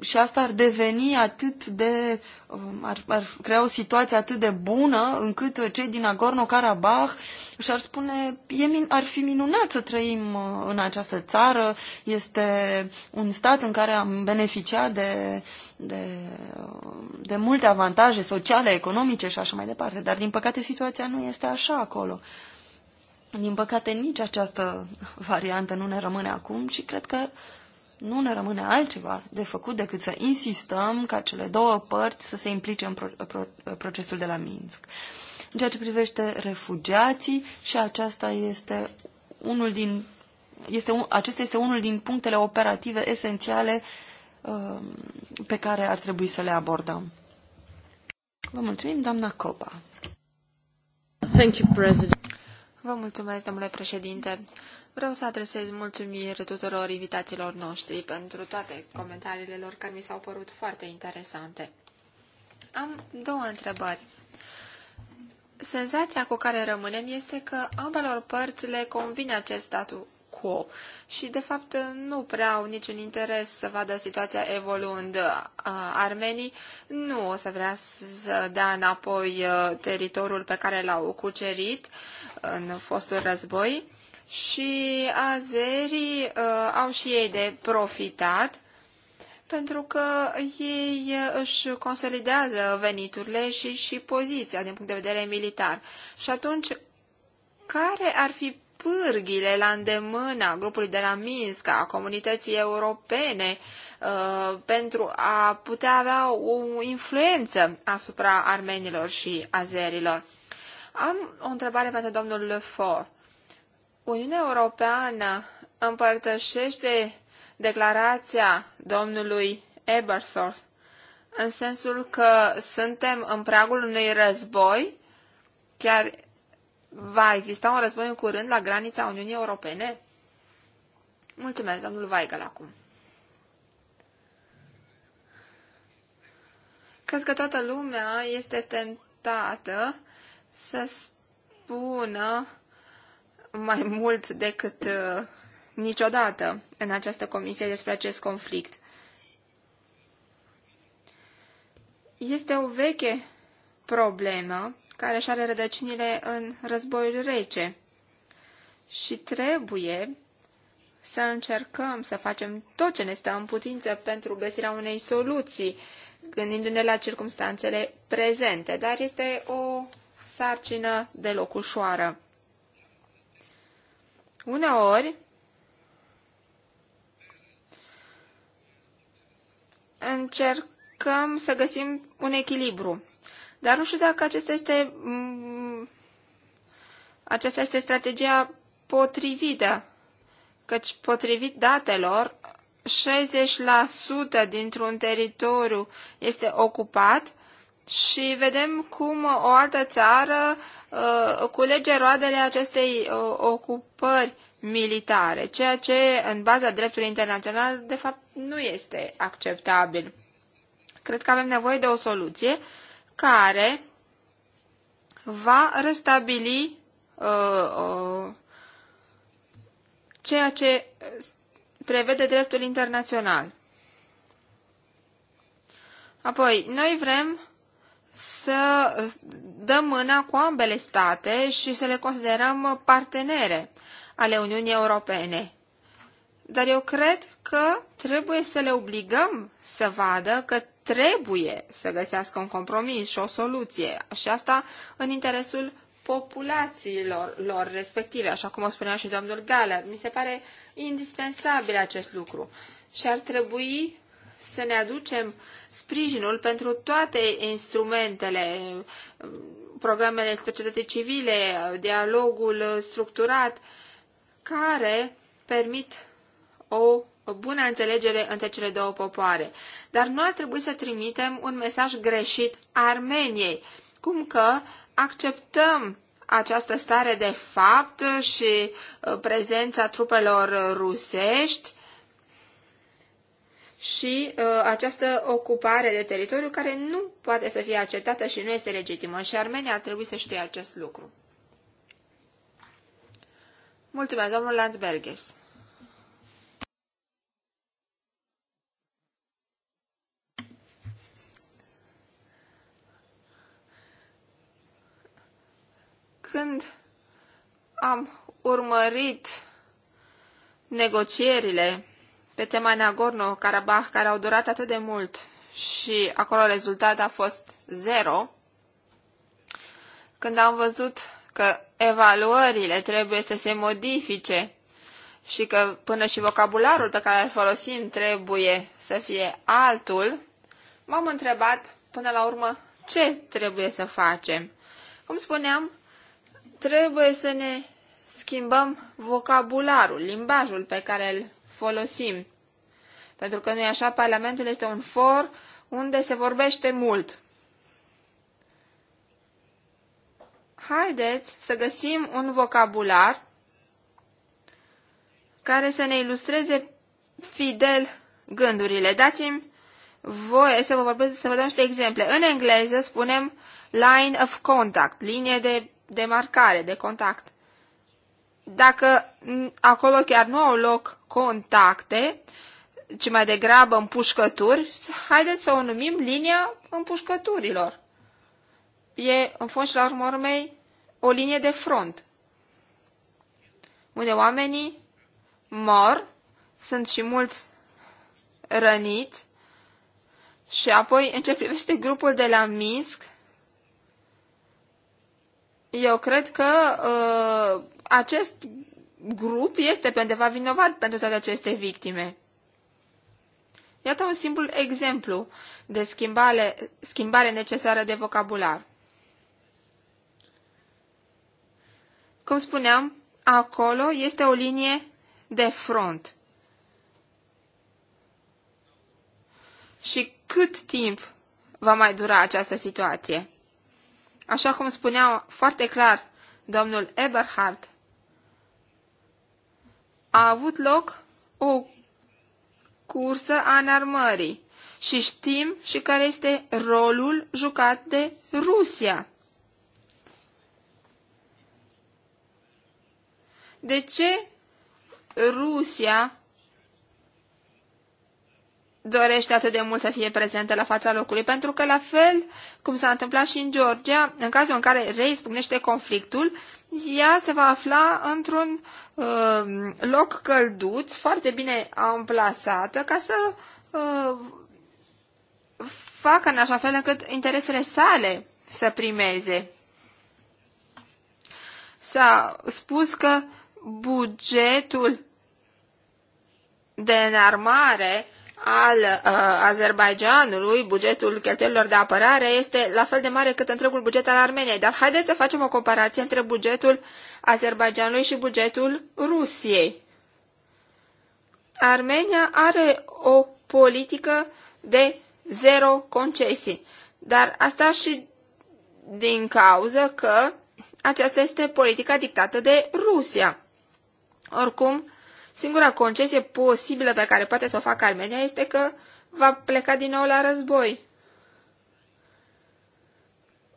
și asta ar deveni atât de, um, ar, ar crea o situație atât de bună încât cei din Nagorno-Karabakh și-ar spune, e, ar fi minunat să trăim uh, în această țară, este un stat în care am beneficiat de, de, de multe avantaje sociale, economice și așa mai departe, dar din păcate situația nu este așa acolo. Din păcate nici această variantă nu ne rămâne acum și cred că uh, nu ne rămâne altceva de făcut decât să insistăm ca cele două părți să se implice în pro pro procesul de la Minsk. În ceea ce privește refugiații, și aceasta este unul din, este un, acesta este unul din punctele operative esențiale uh, pe care ar trebui să le abordăm. Vă mulțumim, doamna Copa. Thank you, President. Vă mulțumesc, domnule președinte. Vreau să adresez mulțumiri tuturor invitațiilor noștri pentru toate comentariile lor care mi s-au părut foarte interesante. Am două întrebări. Senzația cu care rămânem este că ambelor părți le convine acest statu quo și, de fapt, nu prea au niciun interes să vadă situația evoluând. Armenii nu o să vrea să dea înapoi uh, teritoriul pe care l-au cucerit în fostul război și azerii uh, au și ei de profitat pentru că ei uh, își consolidează veniturile și, și poziția din punct de vedere militar. Și atunci, care ar fi pârghile la îndemâna grupului de la Minsk, a comunității europene, uh, pentru a putea avea o influență asupra armenilor și azerilor? Am o întrebare pentru domnul Lefort. Uniunea Europeană împărtășește declarația domnului Eberthorpe în sensul că suntem în pragul unui război, chiar va exista un război în curând la granița Uniunii Europene? Mulțumesc, domnul Weigel, acum. Cred că toată lumea este tentată să spună mai mult decât uh, niciodată în această comisie despre acest conflict. Este o veche problemă care își are rădăcinile în războiul rece și trebuie să încercăm să facem tot ce ne stă în putință pentru găsirea unei soluții, gândindu-ne la circumstanțele prezente, dar este o sarcină deloc ușoară. Uneori, încercăm să găsim un echilibru. Dar nu știu dacă acesta este, mm, aceasta este strategia potrivită, căci potrivit datelor, 60% dintr-un teritoriu este ocupat și vedem cum o altă țară uh, culege roadele acestei uh, ocupări militare, ceea ce în baza dreptului internațional de fapt nu este acceptabil. Cred că avem nevoie de o soluție care va restabili uh, uh, ceea ce prevede dreptul internațional. Apoi, noi vrem să uh, dăm mâna cu ambele state și să le considerăm partenere ale Uniunii Europene. Dar eu cred că trebuie să le obligăm să vadă că trebuie să găsească un compromis și o soluție și asta în interesul populațiilor lor respective, așa cum o spunea și domnul Galler. Mi se pare indispensabil acest lucru și ar trebui să ne aducem sprijinul pentru toate instrumentele, programele societății civile, dialogul structurat, care permit o bună înțelegere între cele două popoare. Dar nu ar trebui să trimitem un mesaj greșit Armeniei, cum că acceptăm această stare de fapt și uh, prezența trupelor rusești și uh, această ocupare de teritoriu care nu poate să fie acceptată și nu este legitimă. Și Armenia ar trebui să știe acest lucru. Mulțumesc, domnul Lanzberges. Când am urmărit negocierile pe tema Nagorno-Karabakh, care au durat atât de mult și acolo rezultatul a fost zero, când am văzut că evaluările trebuie să se modifice și că până și vocabularul pe care îl folosim trebuie să fie altul, m-am întrebat până la urmă ce trebuie să facem. Cum spuneam, trebuie să ne schimbăm vocabularul, limbajul pe care îl folosim. Pentru că nu e așa, Parlamentul este un for unde se vorbește mult. Haideți să găsim un vocabular care să ne ilustreze fidel gândurile. Dați-mi voie să vă vorbesc, să vă dau niște exemple. În engleză spunem line of contact, linie de demarcare, de contact dacă acolo chiar nu au loc contacte, ci mai degrabă împușcături, haideți să o numim linia împușcăturilor. E, în fond și la urmă urmei, o linie de front, unde oamenii mor, sunt și mulți răniți, și apoi, în ce privește grupul de la Minsk, eu cred că uh, acest grup este pe undeva vinovat pentru toate aceste victime. Iată un simplu exemplu de schimbare, schimbare necesară de vocabular. Cum spuneam, acolo este o linie de front. Și cât timp va mai dura această situație? Așa cum spunea foarte clar domnul Eberhard, a avut loc o cursă a înarmării și știm și care este rolul jucat de Rusia. De ce Rusia dorește atât de mult să fie prezentă la fața locului, pentru că la fel cum s-a întâmplat și în Georgia, în cazul în care reizbucnește conflictul, ea se va afla într-un uh, loc călduț, foarte bine amplasată, ca să uh, facă în așa fel încât interesele sale să primeze. S-a spus că bugetul de înarmare al uh, Azerbaijanului, bugetul cheltuielilor de apărare, este la fel de mare cât întregul buget al Armeniei. Dar haideți să facem o comparație între bugetul Azerbaijanului și bugetul Rusiei. Armenia are o politică de zero concesii, dar asta și din cauza că aceasta este politica dictată de Rusia. Oricum, Singura concesie posibilă pe care poate să o facă Armenia este că va pleca din nou la război.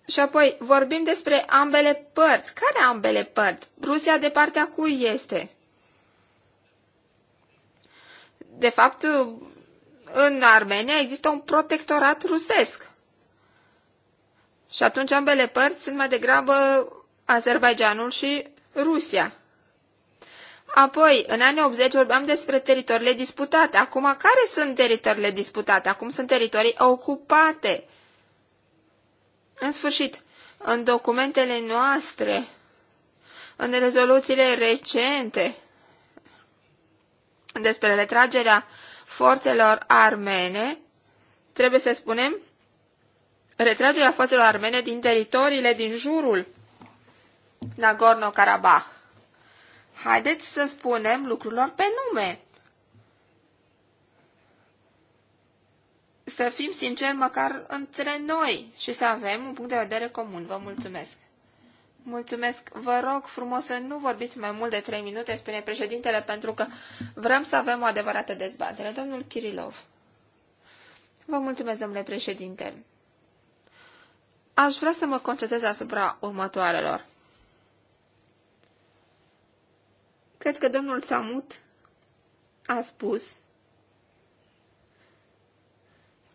Și apoi vorbim despre ambele părți. Care ambele părți? Rusia de partea cui este? De fapt, în Armenia există un protectorat rusesc. Și atunci ambele părți sunt mai degrabă Azerbaijanul și Rusia. Apoi, în anii 80 vorbeam despre teritoriile disputate. Acum, care sunt teritoriile disputate? Acum sunt teritorii ocupate. În sfârșit, în documentele noastre, în rezoluțiile recente despre retragerea forțelor armene, trebuie să spunem, retragerea forțelor armene din teritoriile din jurul Nagorno-Karabakh. Haideți să spunem lucrurilor pe nume. Să fim sinceri măcar între noi și să avem un punct de vedere comun. Vă mulțumesc! Mulțumesc. Vă rog frumos să nu vorbiți mai mult de trei minute, spune președintele, pentru că vrem să avem o adevărată dezbatere. Domnul Kirilov. Vă mulțumesc, domnule președinte. Aș vrea să mă concentrez asupra următoarelor. Cred că domnul Samut a spus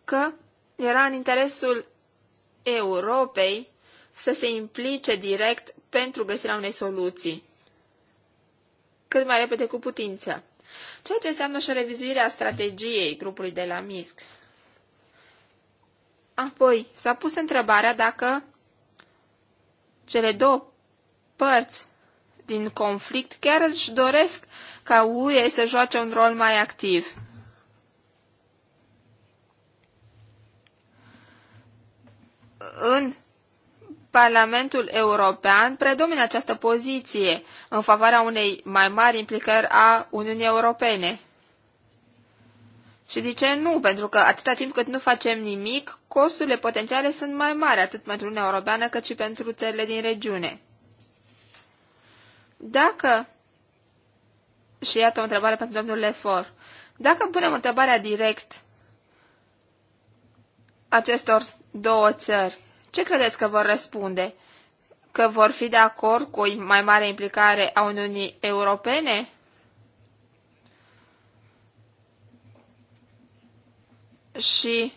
că era în interesul Europei să se implice direct pentru găsirea unei soluții, cât mai repede cu putință, ceea ce înseamnă și revizuirea strategiei grupului de la MISC. Apoi, s-a pus întrebarea dacă cele două părți din conflict chiar își doresc ca UE să joace un rol mai activ. În Parlamentul European predomină această poziție în favoarea unei mai mari implicări a Uniunii Europene. Și de ce nu? Pentru că atâta timp cât nu facem nimic, costurile potențiale sunt mai mari, atât pentru Uniunea Europeană cât și pentru țările din regiune. Dacă, și iată o întrebare pentru domnul Lefort. dacă punem întrebarea direct acestor două țări, ce credeți că vor răspunde? Că vor fi de acord cu o mai mare implicare a Uniunii Europene? Și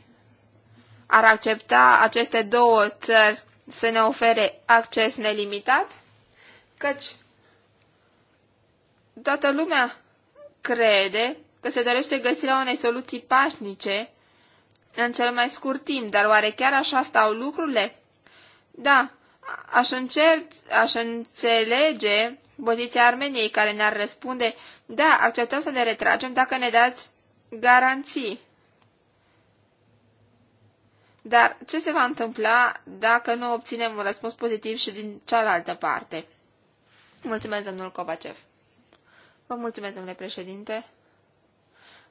ar accepta aceste două țări să ne ofere acces nelimitat? Căci toată lumea crede că se dorește găsirea unei soluții pașnice în cel mai scurt timp, dar oare chiar așa stau lucrurile? Da, aș, încerc, aș înțelege poziția Armeniei care ne-ar răspunde, da, acceptăm să ne retragem dacă ne dați garanții. Dar ce se va întâmpla dacă nu obținem un răspuns pozitiv și din cealaltă parte? Mulțumesc, domnul Kovacev. Vă mulțumesc, domnule președinte.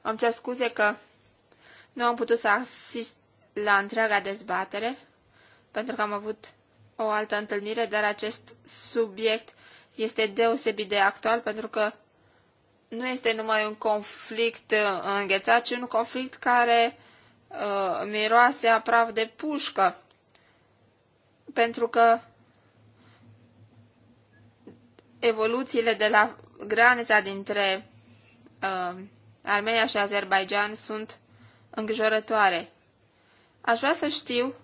Am cer scuze că nu am putut să asist la întreaga dezbatere, pentru că am avut o altă întâlnire, dar acest subiect este deosebit de actual, pentru că nu este numai un conflict uh, înghețat, ci un conflict care uh, miroase aproape de pușcă, pentru că evoluțiile de la granița dintre uh, Armenia și Azerbaijan sunt îngrijorătoare. Aș vrea să știu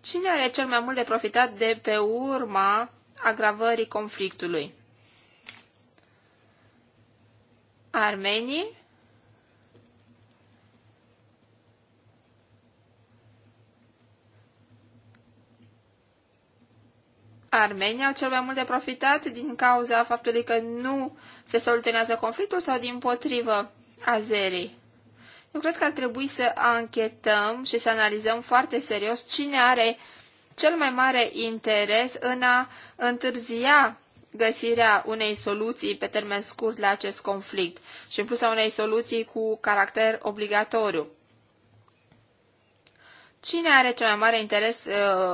cine are cel mai mult de profitat de pe urma agravării conflictului. Armenii Armenia au cel mai mult de profitat din cauza faptului că nu se soluționează conflictul sau din potrivă azerii? Eu cred că ar trebui să anchetăm și să analizăm foarte serios cine are cel mai mare interes în a întârzia găsirea unei soluții pe termen scurt la acest conflict și în plus a unei soluții cu caracter obligatoriu. Cine are cel mai mare interes uh,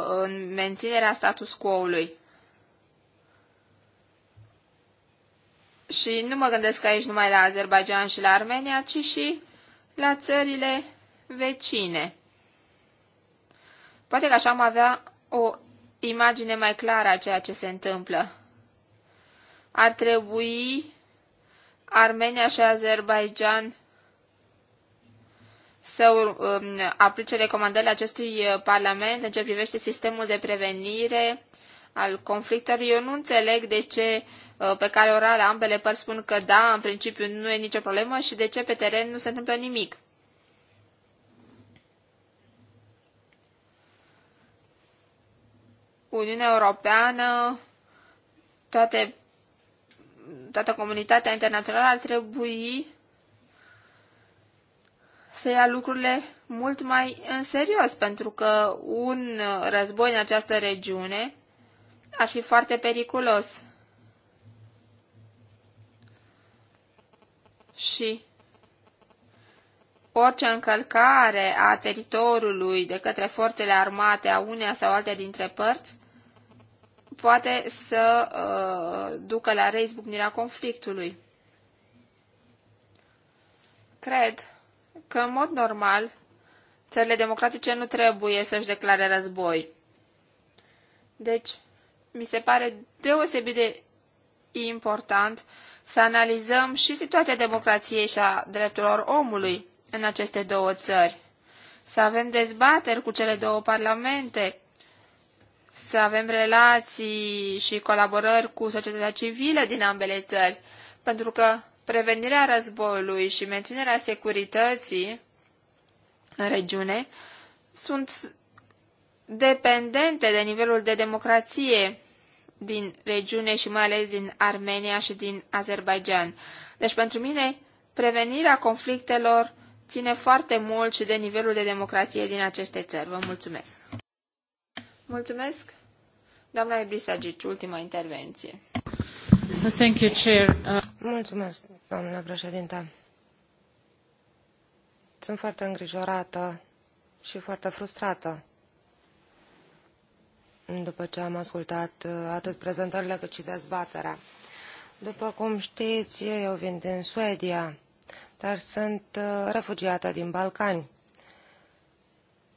în menținerea status quo-ului? Și nu mă gândesc aici numai la Azerbaijan și la Armenia, ci și la țările vecine. Poate că așa am avea o imagine mai clară a ceea ce se întâmplă. Ar trebui Armenia și Azerbaijan să um, aplice recomandările acestui uh, Parlament în ce privește sistemul de prevenire al conflictelor. Eu nu înțeleg de ce uh, pe care orală ambele părți spun că da, în principiu nu e nicio problemă și de ce pe teren nu se întâmplă nimic. Uniunea Europeană, toate, toată comunitatea internațională ar trebui să ia lucrurile mult mai în serios, pentru că un război în această regiune ar fi foarte periculos. Și orice încălcare a teritoriului de către forțele armate a uneia sau alte dintre părți poate să uh, ducă la reizbucnirea conflictului. Cred că, în mod normal, țările democratice nu trebuie să-și declare război. Deci, mi se pare deosebit de important să analizăm și situația democrației și a drepturilor omului în aceste două țări, să avem dezbateri cu cele două parlamente, să avem relații și colaborări cu societatea civilă din ambele țări, pentru că prevenirea războiului și menținerea securității în regiune sunt dependente de nivelul de democrație din regiune și mai ales din Armenia și din Azerbaijan. Deci pentru mine prevenirea conflictelor ține foarte mult și de nivelul de democrație din aceste țări. Vă mulțumesc! Mulțumesc, doamna Ibrisagici, ultima intervenție. Mulțumesc, domnule președinte. Sunt foarte îngrijorată și foarte frustrată după ce am ascultat uh, atât prezentările cât și dezbaterea. După cum știți, eu vin din Suedia, dar sunt uh, refugiată din Balcani,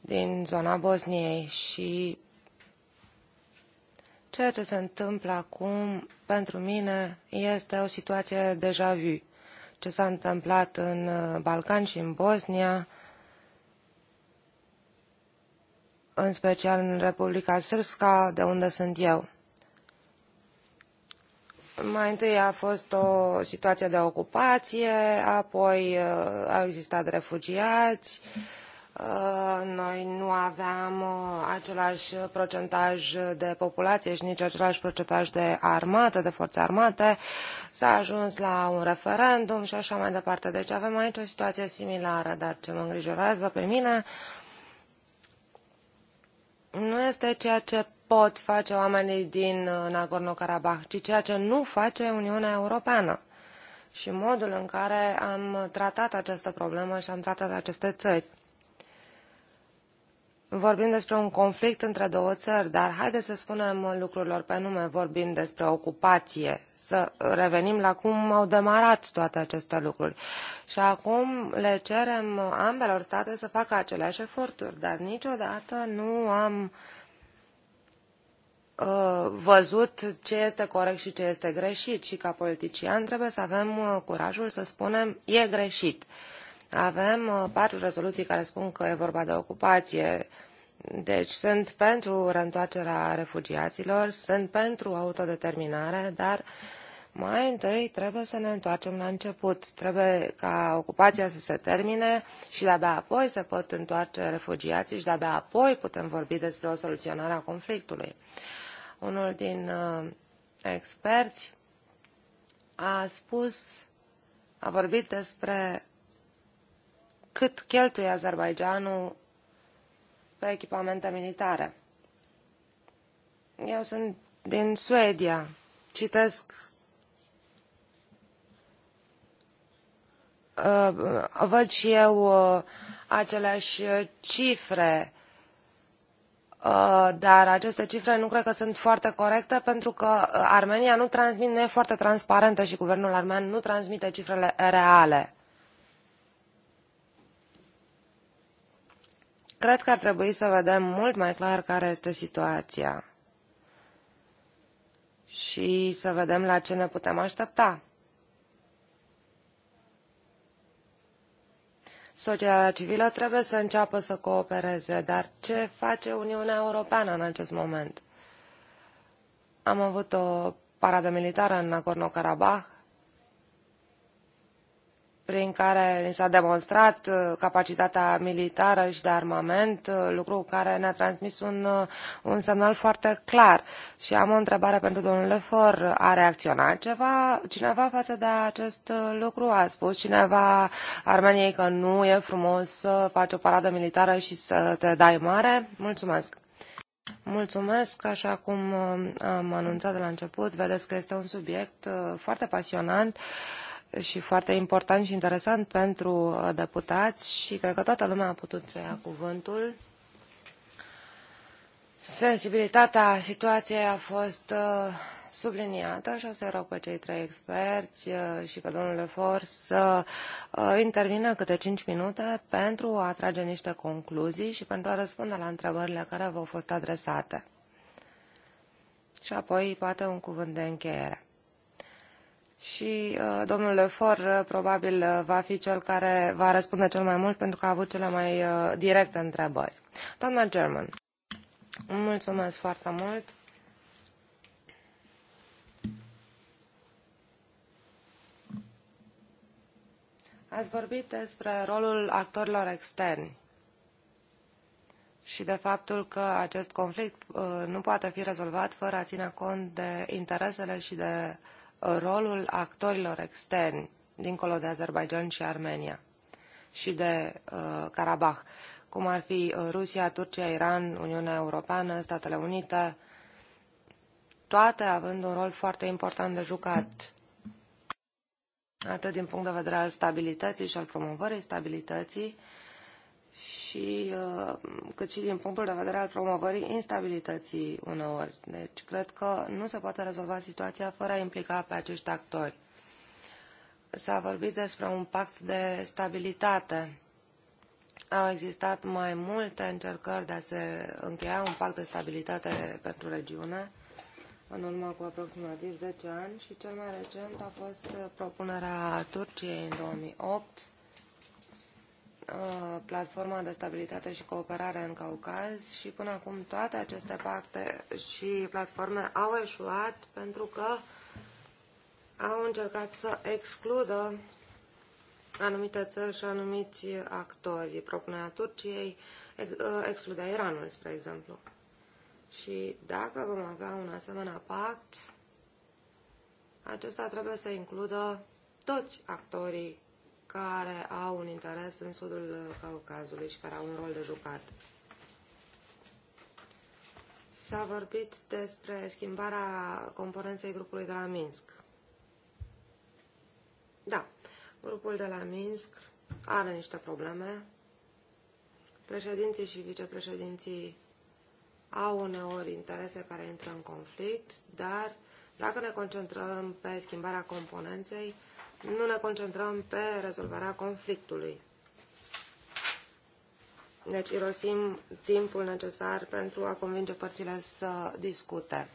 din zona Bosniei și ceea ce se întâmplă acum pentru mine este o situație deja vu. Ce s-a întâmplat în uh, Balcan și în Bosnia, în special în Republica Srpska, de unde sunt eu. Mai întâi a fost o situație de ocupație, apoi uh, au existat refugiați, Uh, noi nu aveam uh, același procentaj de populație și nici același procentaj de armată, de forțe armate. S-a ajuns la un referendum și așa mai departe. Deci avem aici o situație similară, dar ce mă îngrijorează pe mine nu este ceea ce pot face oamenii din uh, Nagorno-Karabakh, ci ceea ce nu face Uniunea Europeană și modul în care am tratat această problemă și am tratat aceste țări vorbim despre un conflict între două țări, dar haideți să spunem lucrurilor pe nume, vorbim despre ocupație, să revenim la cum au demarat toate aceste lucruri. Și acum le cerem ambelor state să facă aceleași eforturi, dar niciodată nu am uh, văzut ce este corect și ce este greșit și ca politician trebuie să avem uh, curajul să spunem e greșit. Uh, avem uh, patru rezoluții care spun că e vorba de ocupație, deci sunt pentru reîntoarcerea refugiaților, sunt pentru autodeterminare, dar mai întâi trebuie să ne întoarcem la început. Trebuie ca ocupația să se termine și de-abia apoi se pot întoarce refugiații și de-abia apoi putem vorbi despre o soluționare a conflictului. Unul din uh, experți a spus, a vorbit despre cât cheltuie Azerbaijanul pe echipamente militare. Eu sunt din Suedia, citesc uh, văd și eu uh, aceleași cifre, uh, dar aceste cifre nu cred că sunt foarte corecte pentru că Armenia nu transmit, nu e foarte transparentă și guvernul armean nu transmite cifrele reale. Cred că ar trebui să vedem mult mai clar care este situația și să vedem la ce ne putem aștepta. Societatea civilă trebuie să înceapă să coopereze, dar ce face Uniunea Europeană în acest moment? Am avut o paradă militară în Nagorno-Karabakh prin care ni s-a demonstrat uh, capacitatea militară și de armament, uh, lucru care ne-a transmis un, uh, un semnal foarte clar. Și am o întrebare pentru domnul Lefor. A reacționat ceva, cineva față de acest lucru? A spus cineva Armeniei că nu e frumos să faci o paradă militară și să te dai mare? Mulțumesc! Mulțumesc, așa cum am anunțat de la început, vedeți că este un subiect foarte pasionant și foarte important și interesant pentru uh, deputați și cred că toată lumea a putut să ia cuvântul. Sensibilitatea situației a fost uh, subliniată și o să rog pe cei trei experți uh, și pe domnul Lefor să intervină câte cinci minute pentru a trage niște concluzii și pentru a răspunde la întrebările care v-au fost adresate. Și apoi poate un cuvânt de încheiere și uh, domnul Lefor uh, probabil uh, va fi cel care va răspunde cel mai mult pentru că a avut cele mai uh, directe întrebări. Doamna German, mulțumesc foarte mult. Ați vorbit despre rolul actorilor externi și de faptul că acest conflict uh, nu poate fi rezolvat fără a ține cont de interesele și de uh, rolul actorilor externi dincolo de Azerbaijan și Armenia și de uh, Karabakh, cum ar fi uh, Rusia, Turcia, Iran, Uniunea Europeană, Statele Unite, toate având un rol foarte important de jucat, atât din punct de vedere al stabilității și al promovării stabilității, și uh, cât și din punctul de vedere al promovării instabilității uneori. Deci cred că nu se poate rezolva situația fără a implica pe acești actori. S-a vorbit despre un pact de stabilitate. Au existat mai multe încercări de a se încheia un pact de stabilitate pentru regiune în urmă cu aproximativ 10 ani și cel mai recent a fost propunerea Turciei în 2008 Uh, platforma de stabilitate și cooperare în Caucaz și până acum toate aceste pacte și platforme au eșuat pentru că au încercat să excludă anumite țări și anumiți actori. Propunerea Turciei uh, excludea Iranul, spre exemplu. Și dacă vom avea un asemenea pact, acesta trebuie să includă toți actorii care au un interes în sudul Caucazului și care au un rol de jucat. S-a vorbit despre schimbarea componenței grupului de la Minsk. Da, grupul de la Minsk are niște probleme. Președinții și vicepreședinții au uneori interese care intră în conflict, dar dacă ne concentrăm pe schimbarea componenței, nu ne concentrăm pe rezolvarea conflictului. Deci irosim timpul necesar pentru a convinge părțile să discute.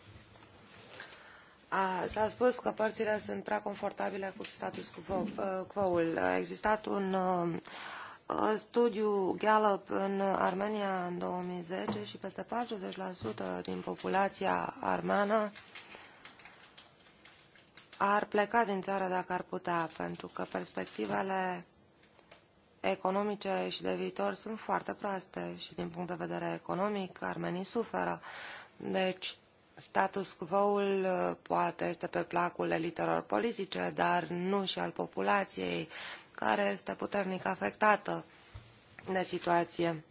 S-a spus că părțile sunt prea confortabile cu status ă, quo-ul. A existat un ă, ă, studiu Gallup în Armenia în 2010 și peste 40% din populația armeană ar pleca din țară dacă ar putea, pentru că perspectivele economice și de viitor sunt foarte proaste și din punct de vedere economic armenii suferă. Deci status quo-ul uh, poate este pe placul elitelor politice, dar nu și al populației care este puternic afectată de situație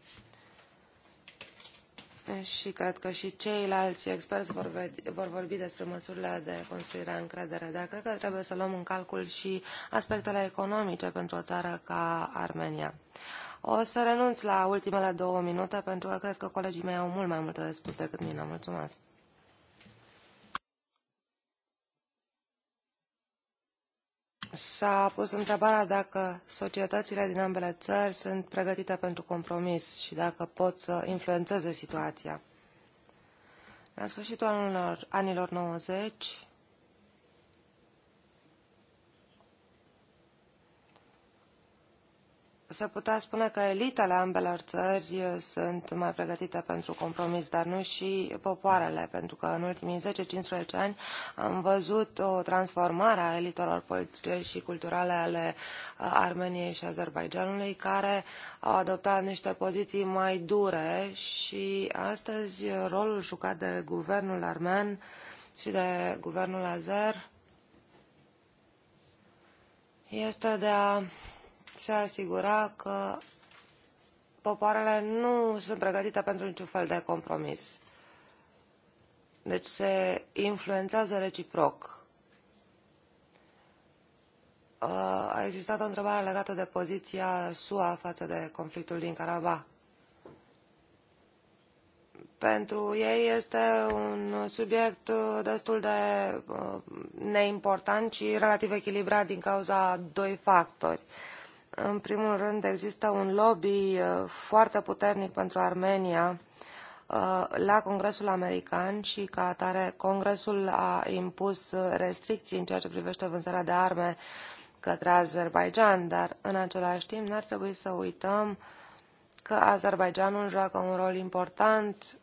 și cred că și ceilalți experți vor, vor vorbi despre măsurile de construire a încredere, dar cred că trebuie să luăm în calcul și aspectele economice pentru o țară ca Armenia. O să renunț la ultimele două minute pentru că cred că colegii mei au mult mai multe de spus decât mine. Mulțumesc! S-a pus întrebarea dacă societățile din ambele țări sunt pregătite pentru compromis și dacă pot să influențeze situația. La sfârșitul anilor, anilor 90, se putea spune că elitele ambelor țări eh, sunt mai pregătite pentru compromis, dar nu și popoarele, pentru că în ultimii zece cincisprezece ani am văzut o transformare a elitelor politice și culturale ale eh, Armeniei și Azerbaijanului, care au adoptat niște poziții mai dure și astăzi rolul jucat de guvernul armen și de guvernul azer este de a se asigura că popoarele nu sunt pregătite pentru niciun fel de compromis. Deci se influențează reciproc. Uh, a existat o întrebare legată de poziția SUA față de conflictul din Caraba. Pentru ei este un subiect uh, destul de uh, neimportant și relativ echilibrat din cauza doi factori. În primul rând, există un lobby uh, foarte puternic pentru Armenia uh, la Congresul American și ca atare Congresul a impus uh, restricții în ceea ce privește vânzarea de arme către Azerbaijan, dar în același timp n-ar trebui să uităm că Azerbaijanul joacă un rol important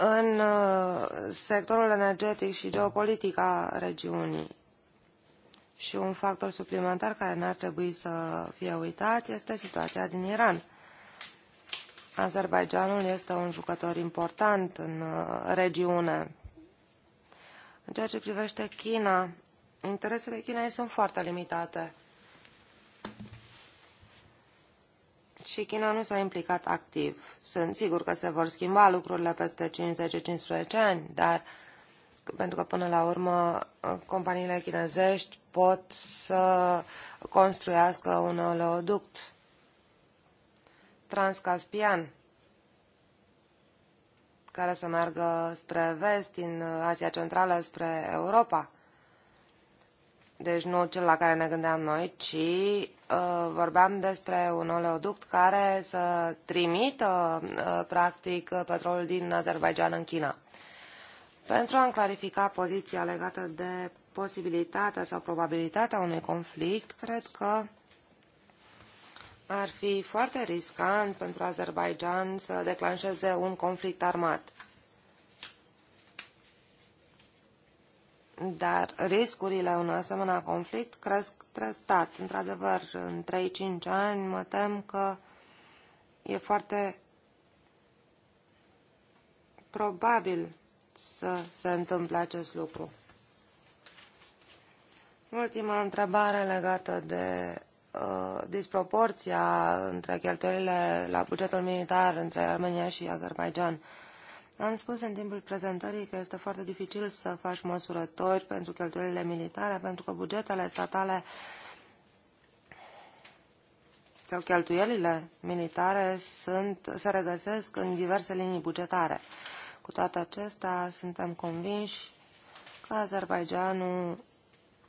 în uh, sectorul energetic și al regiunii. Și un factor suplimentar care n-ar trebui să fie uitat este situația din Iran. Azerbaijanul este un jucător important în uh, regiune. În ceea ce privește China, interesele Chinei sunt foarte limitate. și China nu s-a implicat activ. Sunt sigur că se vor schimba lucrurile peste 50 15 ani, dar pentru că până la urmă uh, companiile chinezești pot să construiască un oleoduct transcaspian care să meargă spre vest, din Asia Centrală, spre Europa. Deci nu cel la care ne gândeam noi, ci Uh, vorbeam despre un oleoduct care să trimită, uh, practic, petrolul din Azerbaijan în China. Pentru a-mi clarifica poziția legată de posibilitatea sau probabilitatea unui conflict, cred că ar fi foarte riscant pentru Azerbaijan să declanșeze un conflict armat Dar riscurile unui asemenea conflict cresc treptat. Într-adevăr, în 3-5 ani mă tem că e foarte probabil să se întâmple acest lucru. Ultima întrebare legată de uh, disproporția între cheltuielile la bugetul militar între Armenia și Azerbaijan. Am spus în timpul prezentării că este foarte dificil să faci măsurători pentru cheltuielile militare, pentru că bugetele statale sau cheltuielile militare sunt, se regăsesc în diverse linii bugetare. Cu toate acestea, suntem convinși că Azerbaijanul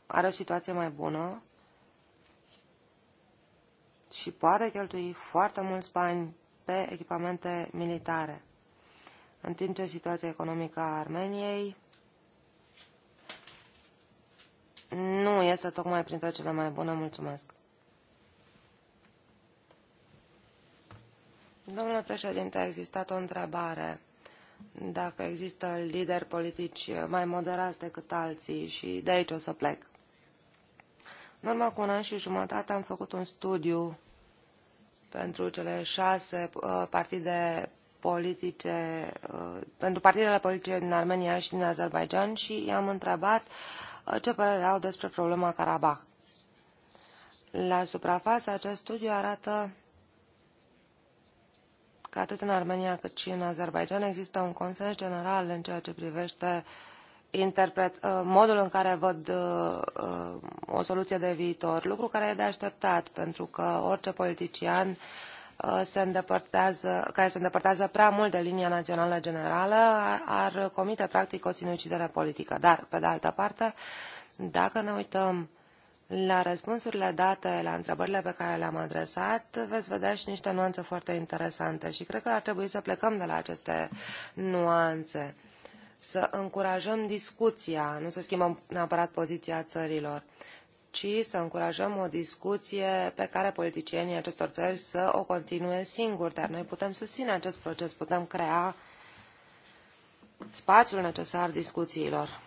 are o situație mai bună și poate cheltui foarte mulți bani pe echipamente militare în timp ce situația economică a Armeniei nu este tocmai printre cele mai bune. Mulțumesc! Domnule președinte, a existat o întrebare dacă există lideri politici mai moderați decât alții și de aici o să plec. În urmă cu un an și jumătate am făcut un studiu pentru cele șase uh, partide politice, uh, pentru partidele politice din Armenia și din Azerbaijan și i-am întrebat uh, ce părere au despre problema Karabakh. La suprafață, acest studiu arată că atât în Armenia cât și în Azerbaijan există un consens general în ceea ce privește interpret, uh, modul în care văd o soluție de viitor, lucru care e de așteptat, pentru că orice politician Uh, se care se îndepărtează prea mult de linia națională generală ar comite practic o sinucidere politică. Dar, pe de altă parte, dacă ne uităm la răspunsurile date la întrebările pe care le-am adresat, veți vedea și niște nuanțe foarte interesante și cred că ar trebui să plecăm de la aceste nuanțe, să încurajăm discuția, nu să schimbăm neapărat poziția țărilor ci să încurajăm o discuție pe care politicienii acestor țări să o continue singuri. Dar noi putem susține acest proces, putem crea spațiul necesar discuțiilor.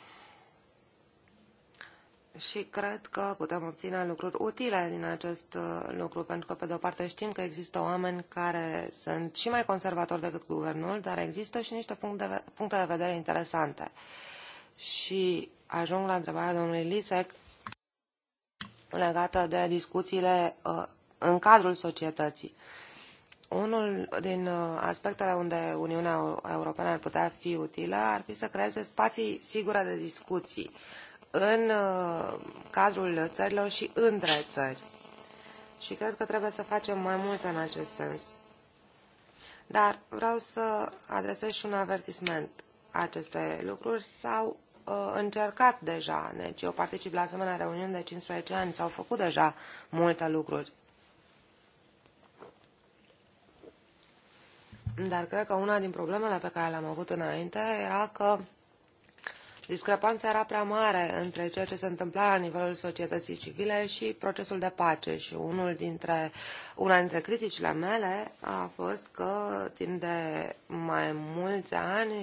Și cred că putem obține lucruri utile din acest uh, lucru, pentru că, pe de o parte, știm că există oameni care sunt și mai conservatori decât guvernul, dar există și niște puncte de vedere interesante. Și ajung la întrebarea domnului Lisek legată de discuțiile uh, în cadrul societății. Unul din uh, aspectele unde Uniunea Europeană ar putea fi utilă ar fi să creeze spații sigure de discuții în uh, cadrul țărilor și între țări. Și cred că trebuie să facem mai mult în acest sens. Dar vreau să adresez și un avertisment. Aceste lucruri s-au Uh, încercat deja, deci eu particip la asemenea reuniuni de 15 ani, s-au făcut deja multe lucruri. Dar cred că una din problemele pe care le-am avut înainte era că discrepanța era prea mare între ceea ce se întâmpla la nivelul societății civile și procesul de pace și unul dintre, una dintre criticile mele a fost că timp de mai mulți ani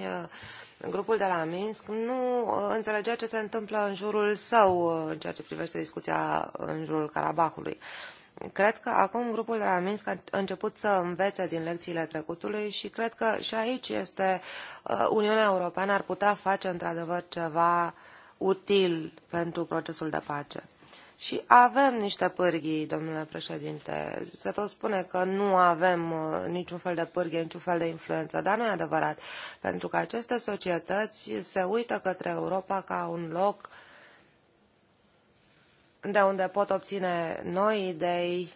grupul de la Minsk nu uh, înțelegea ce se întâmplă în jurul său uh, în ceea ce privește discuția în jurul Carabahului. Cred că acum grupul de la Minsk a început să învețe din lecțiile trecutului și cred că și aici este uh, Uniunea Europeană ar putea face într-adevăr ceva util pentru procesul de pace. Și avem niște pârghii, domnule președinte. Se tot spune că nu avem uh, niciun fel de pârghie, niciun fel de influență, dar nu e adevărat. Pentru că aceste societăți se uită către Europa ca un loc de unde pot obține noi idei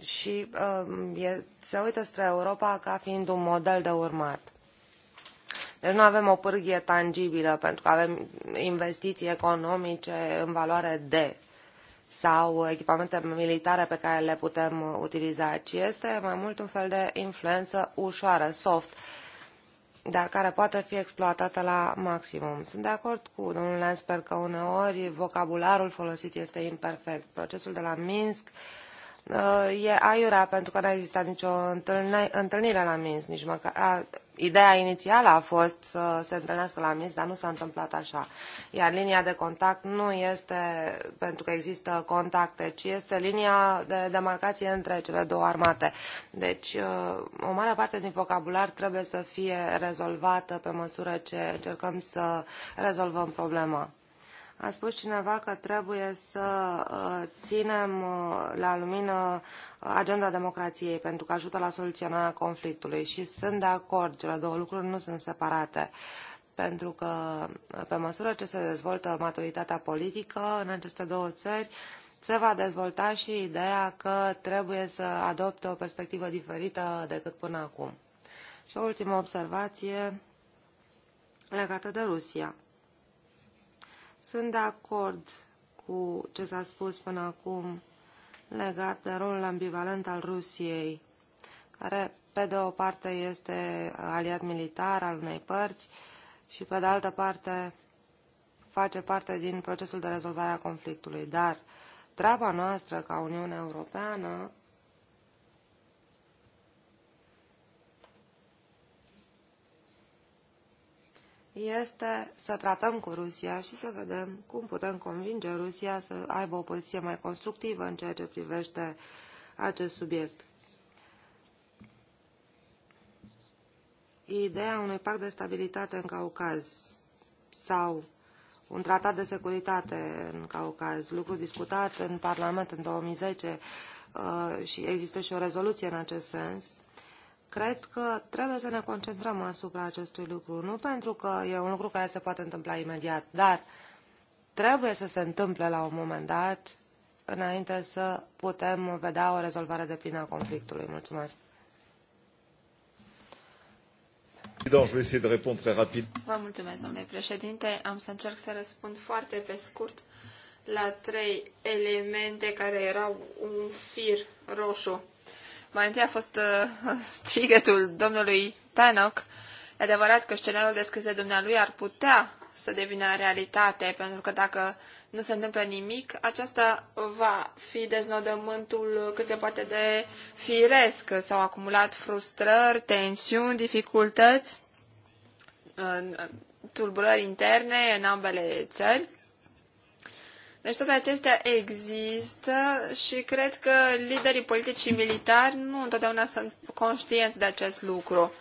și uh, e, se uită spre Europa ca fiind un model de urmat. Deci nu avem o pârghie tangibilă pentru că avem investiții economice în valoare de sau echipamente militare pe care le putem utiliza, ci este mai mult un fel de influență ușoară, soft, dar care poate fi exploatată la maximum. Sunt de acord cu domnul Lansper că uneori vocabularul folosit este imperfect. Procesul de la Minsk Uh, e aiurea pentru că n-a existat nicio întâlnire la Minsk, nici măcar... A, ideea inițială a fost să se întâlnească la Minsk, dar nu s-a întâmplat așa. Iar linia de contact nu este pentru că există contacte, ci este linia de demarcație între cele două armate. Deci, uh, o mare parte din vocabular trebuie să fie rezolvată pe măsură ce încercăm să rezolvăm problema. A spus cineva că trebuie să uh, ținem uh, la lumină uh, agenda democrației pentru că ajută la soluționarea conflictului și sunt de acord, cele două lucruri nu sunt separate pentru că pe măsură ce se dezvoltă maturitatea politică în aceste două țări, se va dezvolta și ideea că trebuie să adopte o perspectivă diferită decât până acum. Și o ultimă observație legată de Rusia. Sunt de acord cu ce s-a spus până acum legat de rolul ambivalent al Rusiei, care pe de o parte este aliat militar al unei părți și pe de altă parte face parte din procesul de rezolvare a conflictului. Dar treaba noastră ca Uniune Europeană este să tratăm cu Rusia și să vedem cum putem convinge Rusia să aibă o poziție mai constructivă în ceea ce privește acest subiect. Ideea unui pact de stabilitate în Caucaz sau un tratat de securitate în Caucaz, lucru discutat în Parlament în 2010 uh, și există și o rezoluție în acest sens, Cred că trebuie să ne concentrăm asupra acestui lucru, nu pentru că e un lucru care se poate întâmpla imediat, dar trebuie să se întâmple la un moment dat înainte să putem vedea o rezolvare de plină a conflictului. Mulțumesc. Vă mulțumesc, domnule președinte. Am să încerc să răspund foarte pe scurt la trei elemente care erau un fir roșu mai întâi a fost uh, strigătul domnului Tanok. E adevărat că scenariul descris de dumnealui ar putea să devină realitate, pentru că dacă nu se întâmplă nimic, aceasta va fi deznodământul cât se poate de firesc. S-au acumulat frustrări, tensiuni, dificultăți, tulburări interne în ambele țări deci toate acestea există și cred că liderii politici și militari nu întotdeauna sunt conștienți de acest lucru.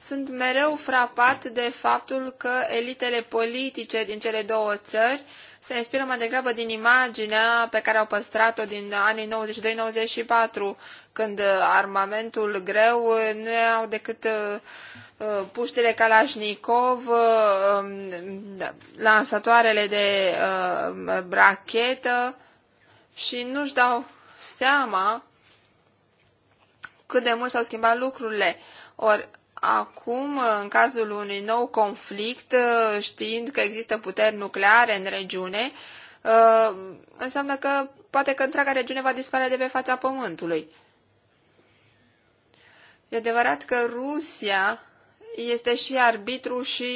Sunt mereu frapat de faptul că elitele politice din cele două țări se inspiră mai degrabă din imaginea pe care au păstrat-o din anii 92-94, când armamentul greu nu erau decât uh, Uh, puștile Kalashnikov, uh, um, da, lansatoarele de uh, brachetă și nu-și dau seama cât de mult s-au schimbat lucrurile. Or acum, în cazul unui nou conflict, știind că există puteri nucleare în regiune, înseamnă că poate că întreaga regiune va dispare de pe fața pământului. E adevărat că Rusia este și arbitru și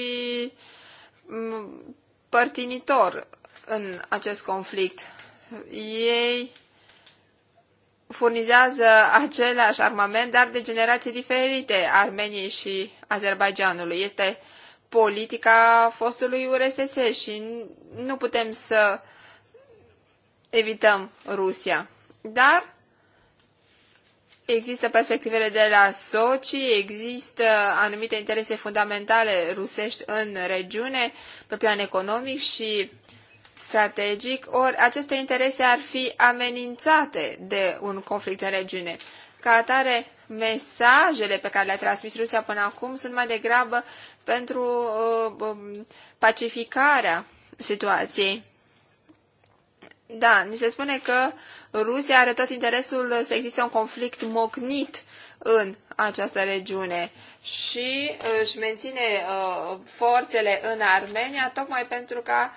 mm, părtinitor în acest conflict. Ei furnizează același armament, dar de generații diferite Armeniei și Azerbaijanului. Este politica fostului URSS și nu putem să evităm Rusia. Dar Există perspectivele de la Sochi, există anumite interese fundamentale rusești în regiune, pe plan economic și strategic, ori aceste interese ar fi amenințate de un conflict în regiune. Ca atare, mesajele pe care le-a transmis Rusia până acum sunt mai degrabă pentru uh, um, pacificarea situației. Da, ni se spune că Rusia are tot interesul să existe un conflict mocnit în această regiune și uh, își menține uh, forțele în Armenia tocmai pentru ca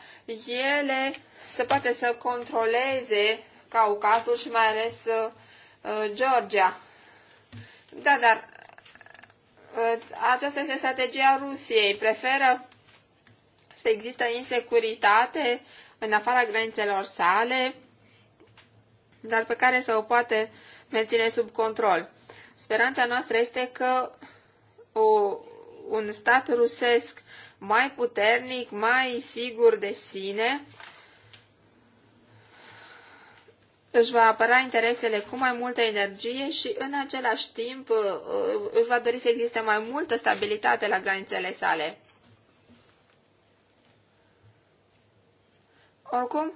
ele să poate să controleze Caucasul și mai ales uh, uh, Georgia. Da, dar uh, aceasta este strategia Rusiei. Preferă să există insecuritate în afara granițelor sale, dar pe care să o poate menține sub control. Speranța noastră este că o, un stat rusesc mai puternic, mai sigur de sine, își va apăra interesele cu mai multă energie și în același timp își va dori să existe mai multă stabilitate la granițele sale. Oricum,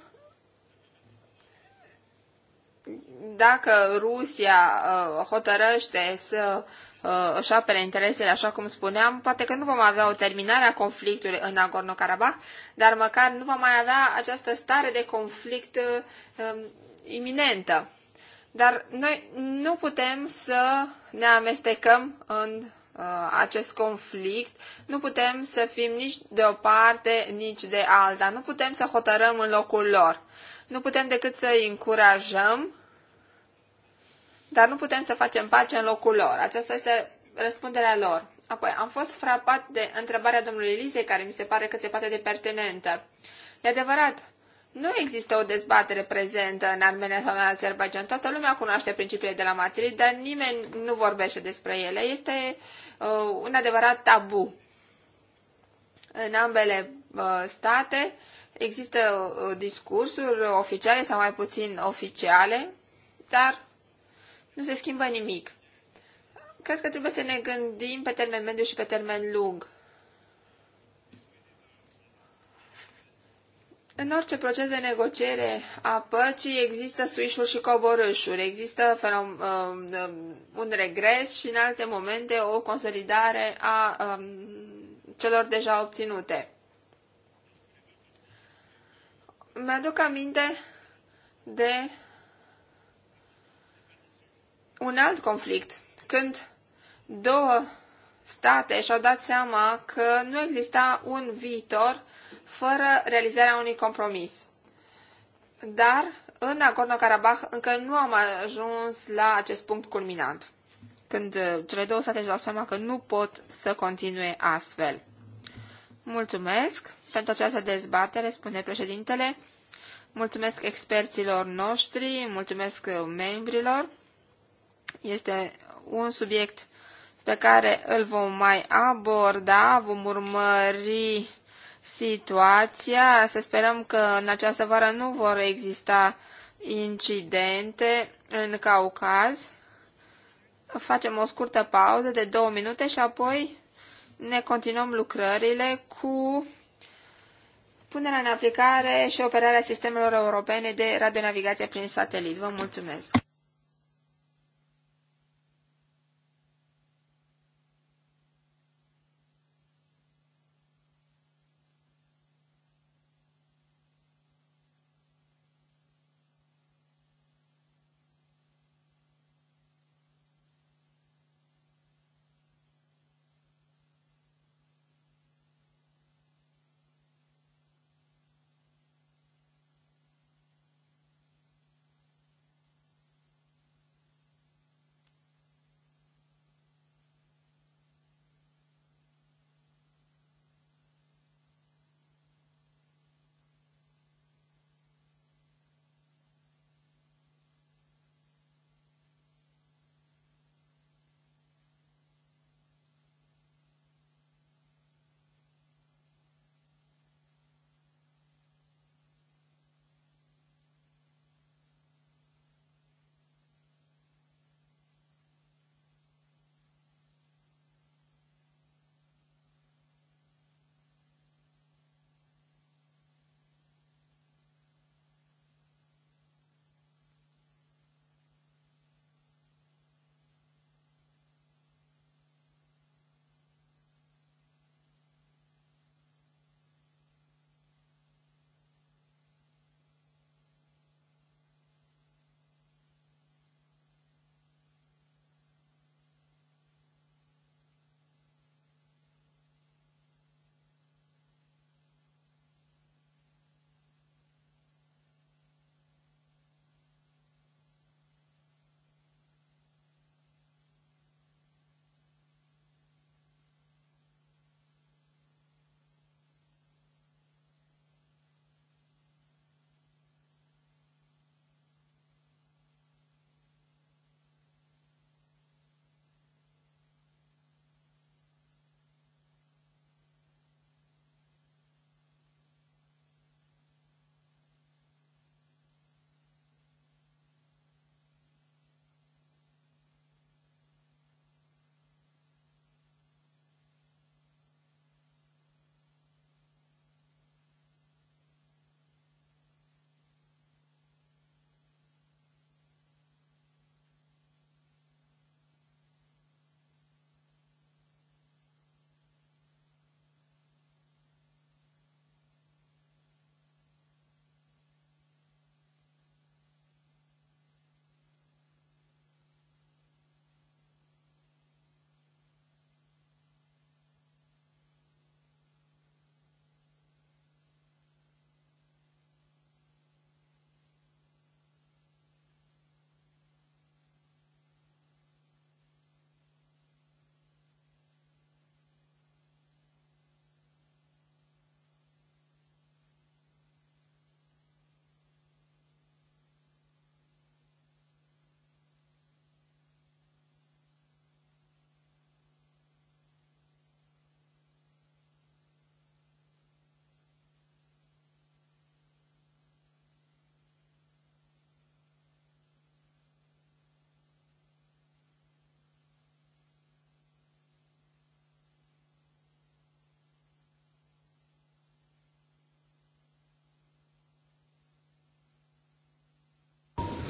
dacă Rusia uh, hotărăște să uh, își apere interesele, așa cum spuneam, poate că nu vom avea o terminare a conflictului în Nagorno-Karabakh, dar măcar nu vom mai avea această stare de conflict uh, um, iminentă. Dar noi nu putem să ne amestecăm în Uh, acest conflict, nu putem să fim nici de o parte, nici de alta. Nu putem să hotărâm în locul lor. Nu putem decât să îi încurajăm, dar nu putem să facem pace în locul lor. Aceasta este răspunderea lor. Apoi, am fost frapat de întrebarea domnului Elise, care mi se pare că se poate de pertinentă. E adevărat, nu există o dezbatere prezentă în Armenia sau în Azerbaijan. Toată lumea cunoaște principiile de la Madrid, dar nimeni nu vorbește despre ele. Este uh, un adevărat tabu. În ambele uh, state există uh, discursuri oficiale sau mai puțin oficiale, dar nu se schimbă nimic. Cred că trebuie să ne gândim pe termen mediu și pe termen lung În orice proces de negociere a păcii există suișuri și coborâșuri, există um, um, un regres și în alte momente o consolidare a um, celor deja obținute. Mi-aduc aminte de un alt conflict, când două state și-au dat seama că nu exista un viitor fără realizarea unui compromis. Dar în Nagorno-Karabakh încă nu am ajuns la acest punct culminant, când uh, cele două state își dau seama că nu pot să continue astfel. Mulțumesc pentru această dezbatere, spune președintele. Mulțumesc experților noștri, mulțumesc uh, membrilor. Este un subiect pe care îl vom mai aborda, vom urmări situația. Să sperăm că în această vară nu vor exista incidente în Caucaz. Facem o scurtă pauză de două minute și apoi ne continuăm lucrările cu punerea în aplicare și operarea sistemelor europene de radionavigație prin satelit. Vă mulțumesc!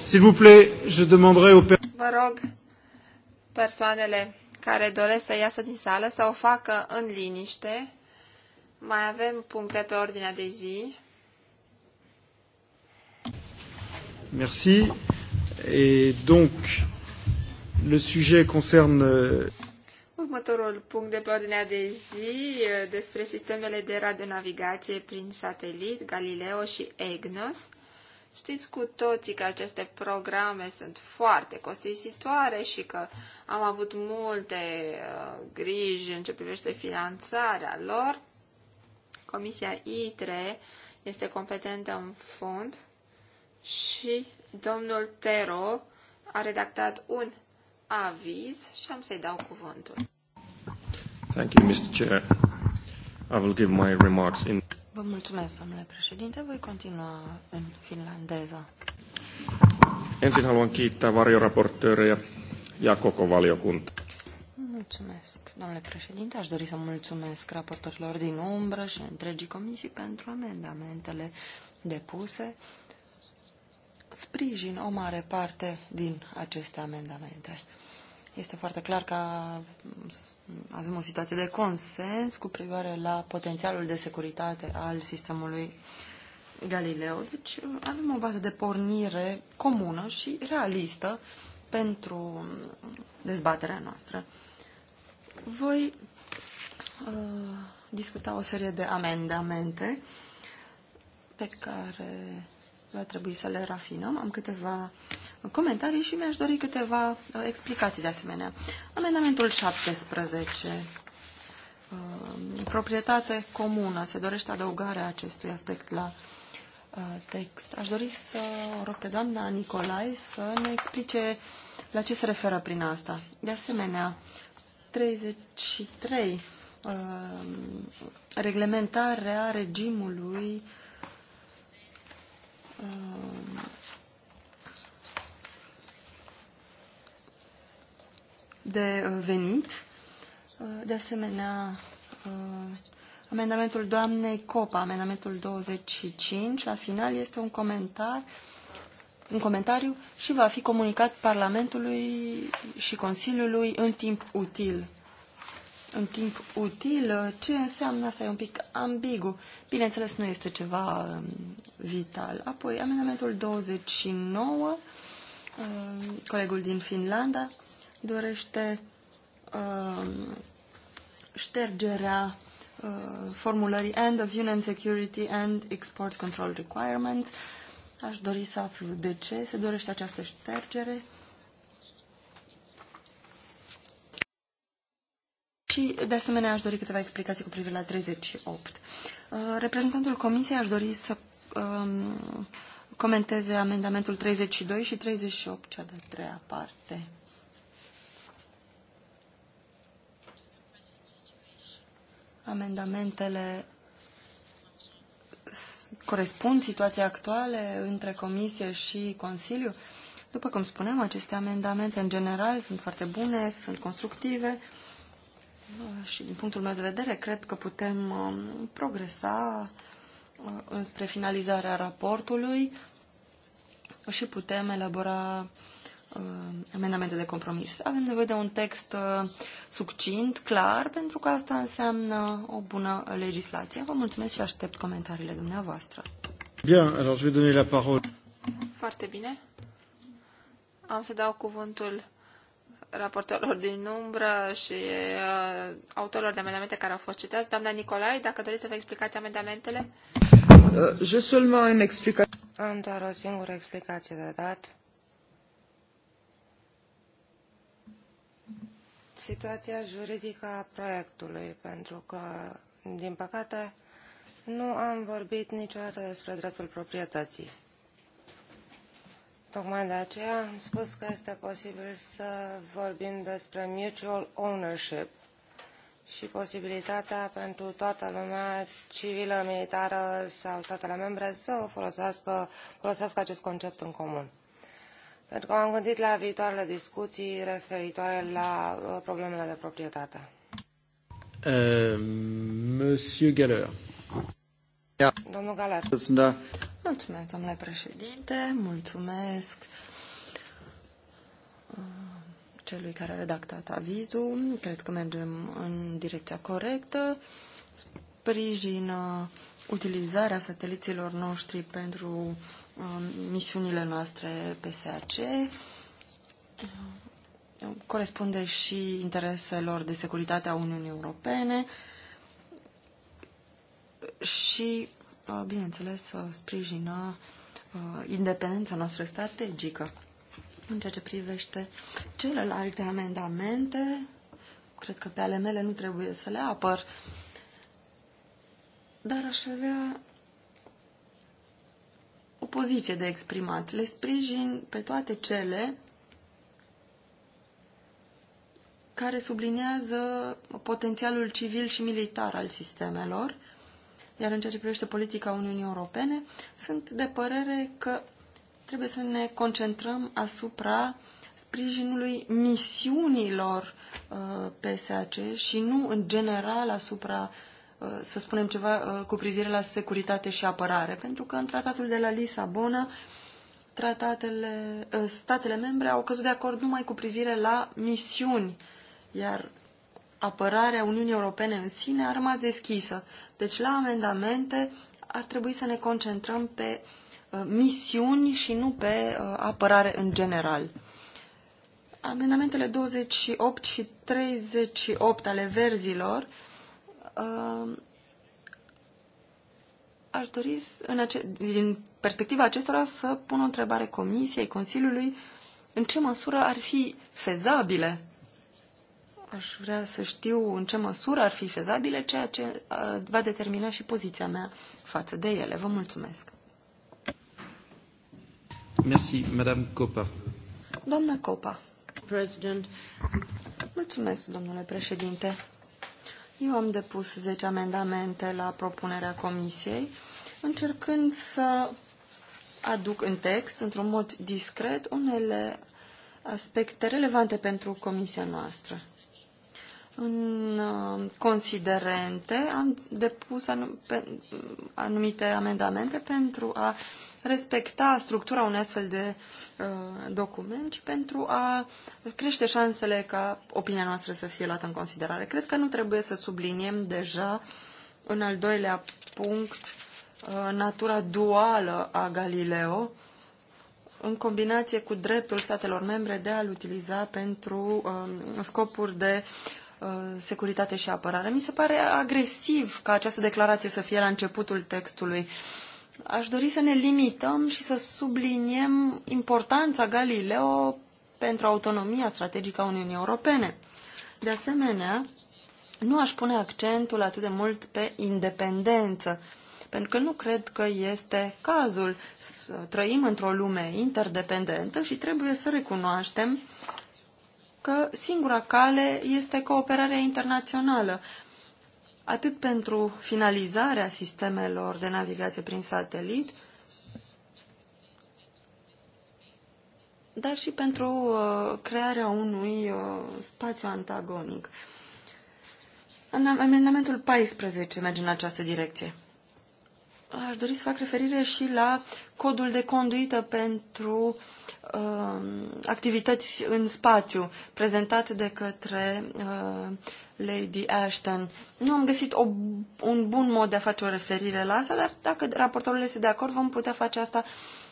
S'il vous plaît, je demanderai aux Vă rog, persoanele care doresc să iasă din sală să o facă în liniște. Mai avem puncte pe ordinea de zi. Merci. Et donc, le sujet concerne... Euh, Următorul punct de pe ordinea de zi euh, despre sistemele de radionavigație prin satelit, Galileo și EGNOS. Știți cu toții că aceste programe sunt foarte costisitoare și că am avut multe uh, griji în ce privește finanțarea lor. Comisia ITRE este competentă în fond și domnul Tero a redactat un aviz și am să-i dau cuvântul. Thank you, Mr. Chair. I will give my remarks in Vă mulțumesc, domnule președinte. Voi continua în finlandeză. Ensin haluan kiittää varjoraportöörejä ja koko valiokunta. Mulțumesc, domnule președinte. Aș dori să mulțumesc raportorilor din umbră și întregii comisii pentru amendamentele depuse. Sprijin o mare parte din aceste amendamente. Este foarte clar că avem o situație de consens cu privire la potențialul de securitate al sistemului Galileo. Deci avem o bază de pornire comună și realistă pentru dezbaterea noastră. Voi uh, discuta o serie de amendamente pe care va trebui să le rafinăm. Am câteva comentarii și mi-aș dori câteva uh, explicații de asemenea. Amendamentul 17. Uh, proprietate comună. Se dorește adăugarea acestui aspect la uh, text. Aș dori să o rog pe doamna Nicolai să ne explice la ce se referă prin asta. De asemenea, 33. Reglementarea regimului de uh, venit. Uh, de asemenea, uh, amendamentul doamnei Copa, amendamentul 25, la final este un comentar un comentariu și va fi comunicat Parlamentului și Consiliului în timp util. În timp util, ce înseamnă asta? E un pic ambigu. Bineînțeles, nu este ceva um, vital. Apoi, amendamentul 29, colegul din Finlanda, dorește uh, ștergerea uh, formulării End of Union Security and Export Control Requirements. Aș dori să aflu de ce se dorește această ștergere. Și, de asemenea, aș dori câteva explicații cu privire la 38. Uh, reprezentantul Comisiei aș dori să um, comenteze amendamentul 32 și 38, cea de-a treia parte. Amendamentele corespund situației actuale între Comisie și Consiliu. După cum spuneam, aceste amendamente în general sunt foarte bune, sunt constructive și din punctul meu de vedere cred că putem um, progresa uh, înspre finalizarea raportului și putem elabora Uh, amendamente de compromis. Avem nevoie de un text uh, succint, clar, pentru că asta înseamnă o bună legislație. Vă mulțumesc și aștept comentariile dumneavoastră. Bien, alors je vais donner la parole. Foarte bine. Am să dau cuvântul raportorilor din umbră și uh, autorilor de amendamente care au fost citați. Doamna Nicolae, dacă doriți să vă explicați amendamentele. Uh, je seulement une explicație. Am doar o singură explicație de dat situația juridică a proiectului, pentru că, din păcate, nu am vorbit niciodată despre dreptul proprietății. Tocmai de aceea am spus că este posibil să vorbim despre mutual ownership și posibilitatea pentru toată lumea civilă, militară sau statele membre să folosească, folosească acest concept în comun pentru că m-am gândit la viitoarele discuții referitoare la uh, problemele de proprietate. Uh, Monsieur Galler. Yeah. Da. Domnul Galer. Da. Mulțumesc, domnule președinte, mulțumesc uh, celui care a redactat avizul. Cred că mergem în direcția corectă. Sprijină utilizarea sateliților noștri pentru Um, misiunile noastre PSAC corespunde și intereselor de securitate a Uniunii Europene și, uh, bineînțeles, uh, sprijină uh, independența noastră strategică. În ceea ce privește celelalte amendamente, cred că pe ale mele nu trebuie să le apăr, dar aș avea o poziție de exprimat. Le sprijin pe toate cele care subliniază potențialul civil și militar al sistemelor, iar în ceea ce privește politica Uniunii Europene, sunt de părere că trebuie să ne concentrăm asupra sprijinului misiunilor uh, PSAC și nu în general asupra uh, Uh, să spunem ceva uh, cu privire la securitate și apărare, pentru că în tratatul de la Lisabona tratatele, uh, statele membre au căzut de acord numai cu privire la misiuni, iar apărarea Uniunii Europene în sine a rămas deschisă. Deci la amendamente ar trebui să ne concentrăm pe misiuni și nu pe apărare în general. Amendamentele 28 și 38 ale verzilor Um, aș dori, în ace- din perspectiva acestora, să pun o întrebare Comisiei, Consiliului, în ce măsură ar fi fezabile. Aș vrea să știu în ce măsură ar fi fezabile, ceea ce uh, va determina și poziția mea față de ele. Vă mulțumesc. Merci, Madame Copa. Doamna Copa. President. Mulțumesc, domnule președinte. Eu am depus 10 amendamente la propunerea comisiei, încercând să aduc în text, într-un mod discret, unele aspecte relevante pentru comisia noastră. În uh, considerente am depus anumite amendamente pentru a respecta structura unei astfel de Uh, document, ci pentru a crește șansele ca opinia noastră să fie luată în considerare. Cred că nu trebuie să subliniem deja în al doilea punct uh, natura duală a Galileo în combinație cu dreptul statelor membre de a-l utiliza pentru um, scopuri de uh, securitate și apărare. Mi se pare agresiv ca această declarație să fie la începutul textului aș dori să ne limităm și să subliniem importanța Galileo pentru autonomia strategică a Uniunii Europene. De asemenea, nu aș pune accentul atât de mult pe independență, pentru că nu cred că este cazul. Să trăim într-o lume interdependentă și trebuie să recunoaștem că singura cale este cooperarea internațională atât pentru finalizarea sistemelor de navigație prin satelit, dar și pentru uh, crearea unui uh, spațiu antagonic. Amendamentul 14 merge în această direcție. Aș dori să fac referire și la codul de conduită pentru uh, activități în spațiu, prezentat de către uh, Lady Ashton. Nu am găsit o, un bun mod de a face o referire la asta, dar dacă raportorul este de acord, vom putea face asta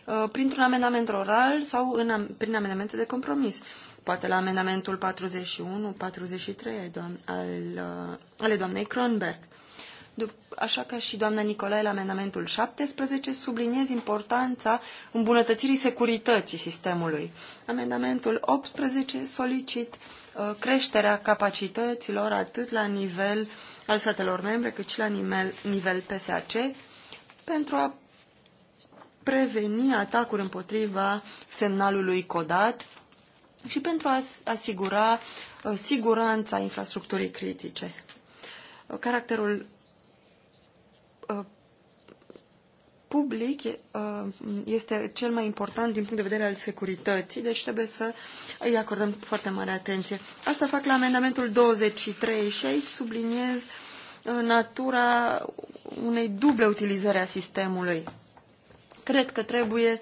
uh, printr-un amendament oral sau în, prin amendamente de compromis. Poate la amendamentul 41-43 al, uh, ale doamnei Kronberg. Așa ca și doamna Nicolae la amendamentul 17, subliniez importanța îmbunătățirii securității sistemului. Amendamentul 18 solicit uh, Uh, creșterea capacităților atât la nivel al statelor membre cât și la nivel, nivel PSAC pentru a preveni atacuri împotriva semnalului codat și pentru a asigura uh, siguranța infrastructurii critice. Uh, caracterul public uh, este cel mai important din punct de vedere al securității, deci trebuie să îi acordăm foarte mare atenție. Asta fac la amendamentul 23 și aici subliniez uh, natura unei duble utilizări a sistemului. Cred că trebuie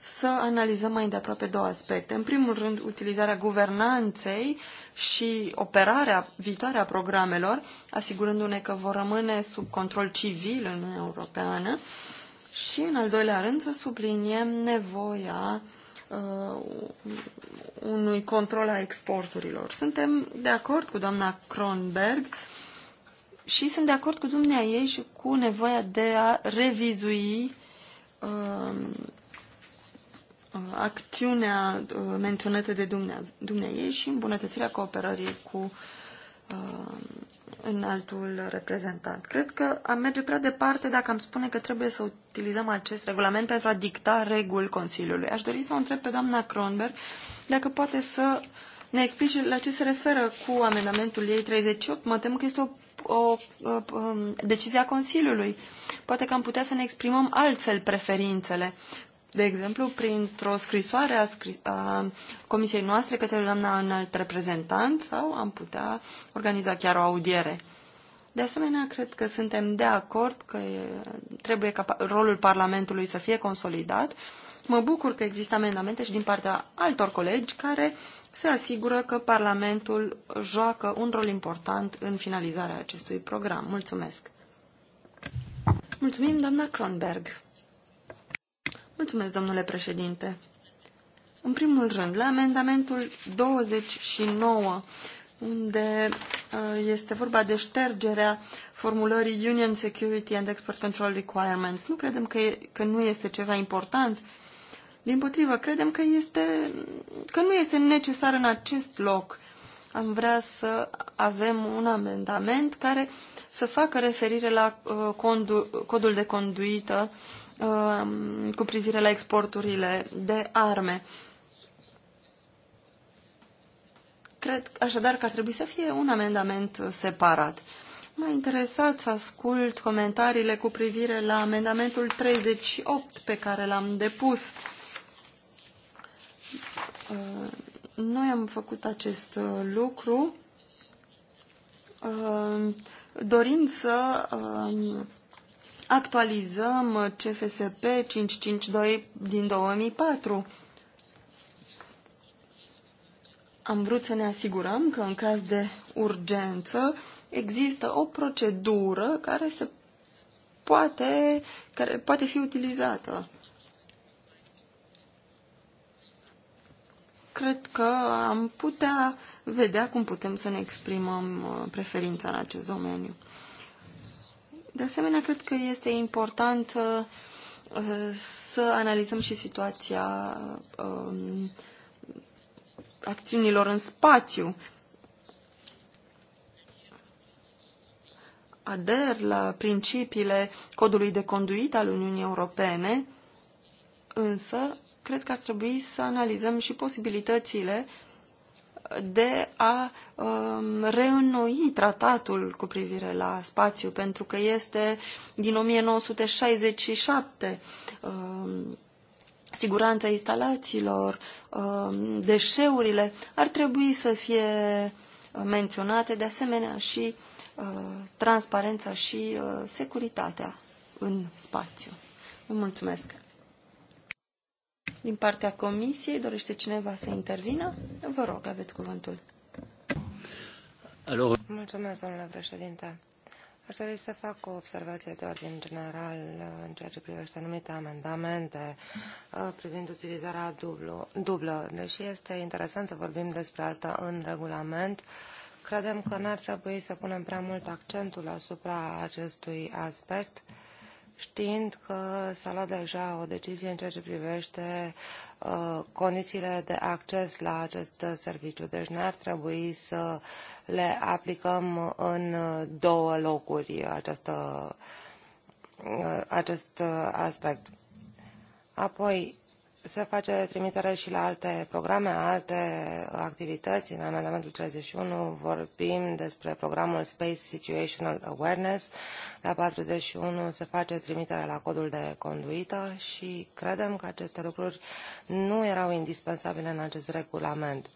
să analizăm mai de aproape două aspecte. În primul rând, utilizarea guvernanței și operarea viitoare a programelor, asigurându-ne că vor rămâne sub control civil în Uniunea Europeană și, în al doilea rând, să subliniem nevoia uh, unui control a exporturilor. Suntem de acord cu doamna Kronberg și sunt de acord cu dumnea ei și cu nevoia de a revizui uh, uh acțiunea uh, menționată de dumnea, dumnea ei și îmbunătățirea cooperării cu Uh, în altul reprezentant. Cred că am merge prea departe dacă am spune că trebuie să utilizăm acest regulament pentru a dicta reguli Consiliului. Aș dori să o întreb pe doamna Kronberg dacă poate să ne explice la ce se referă cu amendamentul ei 38. Mă tem că este o, o, o um, decizie a Consiliului. Poate că am putea să ne exprimăm altfel preferințele de exemplu, printr-o scrisoare a, scris, a comisiei noastre către doamna înalt reprezentant sau am putea organiza chiar o audiere. De asemenea, cred că suntem de acord că trebuie ca rolul Parlamentului să fie consolidat. Mă bucur că există amendamente și din partea altor colegi care se asigură că Parlamentul joacă un rol important în finalizarea acestui program. Mulțumesc! Mulțumim, doamna Kronberg! Mulțumesc, domnule președinte. În primul rând, la amendamentul 29, unde uh, este vorba de ștergerea formulării Union Security and Export Control Requirements. Nu credem că, e, că nu este ceva important. Din potrivă, credem că, este, că nu este necesar în acest loc. Am vrea să avem un amendament care să facă referire la uh, condu, codul de conduită uh, Um, cu privire la exporturile de arme. Cred așadar că ar trebui să fie un amendament separat. M-a interesat să ascult comentariile cu privire la amendamentul 38 pe care l-am depus. Uh, noi am făcut acest uh, lucru uh, dorind să actualizăm CFSP 552 din 2004. Am vrut să ne asigurăm că în caz de urgență există o procedură care se poate, care poate fi utilizată. Cred că am putea vedea cum putem să ne exprimăm uh, preferința în acest domeniu. De asemenea, cred că este important uh, să analizăm și situația um, acțiunilor în spațiu. Ader la principiile codului de conduit al Uniunii Europene, însă cred că ar trebui să analizăm și posibilitățile de a um, reînnoi tratatul cu privire la spațiu, pentru că este din 1967 um, siguranța instalațiilor, um, deșeurile, ar trebui să fie menționate, de asemenea și uh, transparența și uh, securitatea în spațiu. Vă mulțumesc! Din partea comisiei, dorește cineva să intervină? Vă rog, aveți cuvântul. Alo. Mulțumesc, domnule președinte. Aș dori să fac o observație de ordin general uh, în ceea ce privește anumite amendamente uh, privind utilizarea dublu, dublă. Deși este interesant să vorbim despre asta în regulament, credem că n-ar trebui să punem prea mult accentul asupra acestui aspect uh, știind că s-a luat deja o decizie în ceea ce privește uh, condițiile de acces la acest serviciu. Deci n-ar trebui să le aplicăm în două locuri această, uh, acest uh, aspect. Apoi, se face trimitere și la alte programe, alte activități. În amendamentul 31 vorbim despre programul Space Situational Awareness. La 41 se face trimitere la codul de conduită și credem că aceste lucruri nu erau indispensabile în acest regulament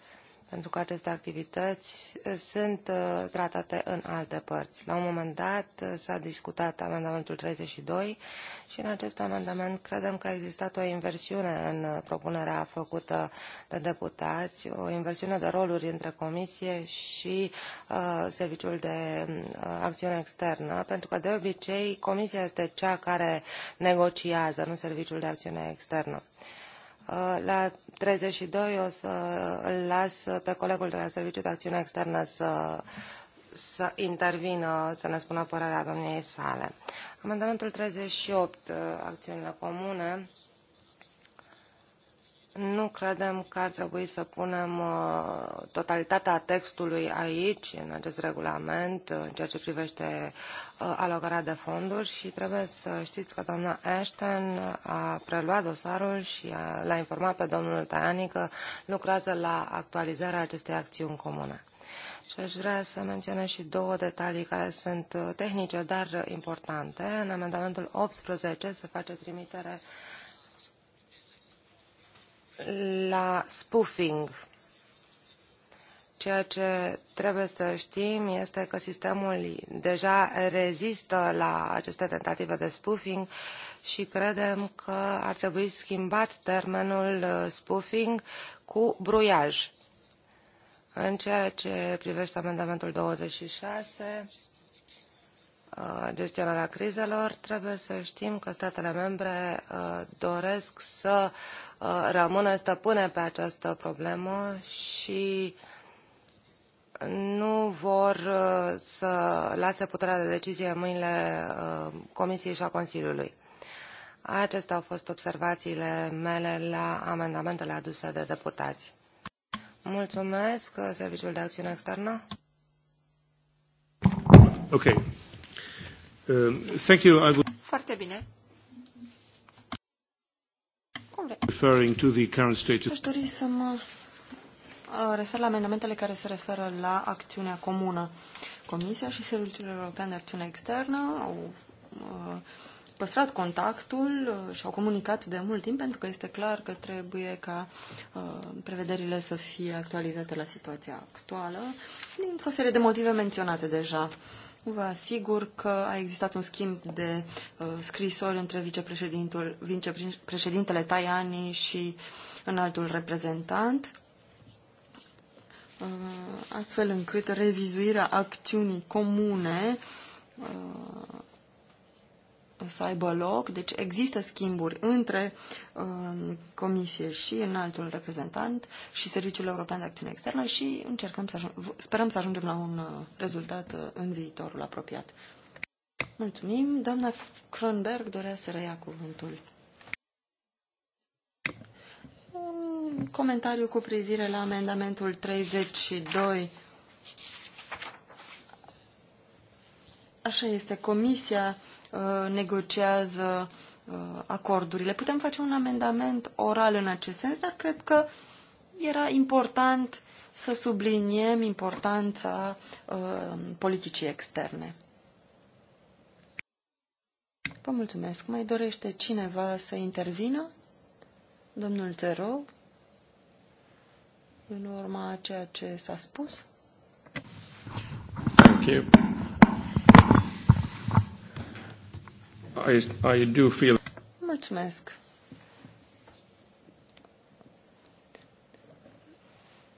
pentru că aceste activități eh, sunt eh, tratate în alte părți. La un moment dat eh, s-a discutat amendamentul 32 și în acest amendament credem că a existat o inversiune în propunerea făcută de deputați, o inversiune de roluri între Comisie și uh, Serviciul de mm, Acțiune Externă, pentru că de obicei Comisia este cea care negociază, nu Serviciul de Acțiune Externă. La 32 o să îl las pe colegul de la Serviciul de Acțiune Externă să, să intervină, să ne spună părerea domniei sale. Amendamentul 38, uh, acțiunile comune. Nu credem că ar trebui să punem uh, totalitatea textului aici, în acest regulament, uh, în ceea ce privește uh, alocarea de fonduri și trebuie să știți că doamna Ashton a preluat dosarul și l-a informat pe domnul Tajani că lucrează la actualizarea acestei acțiuni comune. Și aș vrea să menționez și două detalii care sunt tehnice, dar importante. În amendamentul 18 se face trimitere la spoofing. Ceea ce trebuie să știm este că sistemul deja rezistă la aceste tentative de spoofing și credem că ar trebui schimbat termenul uh, spoofing cu bruiaj. În ceea ce privește amendamentul 26, gestionarea crizelor, trebuie să știm că statele membre doresc să rămână stăpâne pe această problemă și nu vor să lase puterea de decizie în mâinile Comisiei și a Consiliului. Acestea au fost observațiile mele la amendamentele aduse de deputați. Mulțumesc, Serviciul de Acțiune Externă. Okay. Uh, thank you. I would Foarte bine. Referring to the current status. Aș dori să mă uh, refer la amendamentele care se referă la acțiunea comună. Comisia și Serviciul European de Acțiune Externă au uh, păstrat contactul și au comunicat de mult timp pentru că este clar că trebuie ca prevederile să fie actualizate la situația actuală dintr-o serie de motive menționate deja. Vă asigur că a existat un schimb de uh, scrisori între vicepreședintul, vicepreședintele Tajani și înaltul reprezentant, uh, astfel încât revizuirea acțiunii comune uh, să aibă loc, deci există schimburi între um, Comisie și înaltul reprezentant și Serviciul European de Acțiune Externă și încercăm să ajung, sperăm să ajungem la un uh, rezultat uh, în viitorul apropiat. Mulțumim. Doamna Kronberg dorea să reia cuvântul. Un comentariu cu privire la amendamentul 32 Așa este. Comisia Uh, negociază uh, acordurile. Putem face un amendament oral în acest sens, dar cred că era important să subliniem importanța uh, politicii externe. Vă mulțumesc. Mai dorește cineva să intervină? Domnul Tero, în urma a ceea ce s-a spus? Thank you. I, I do feel... Mulțumesc.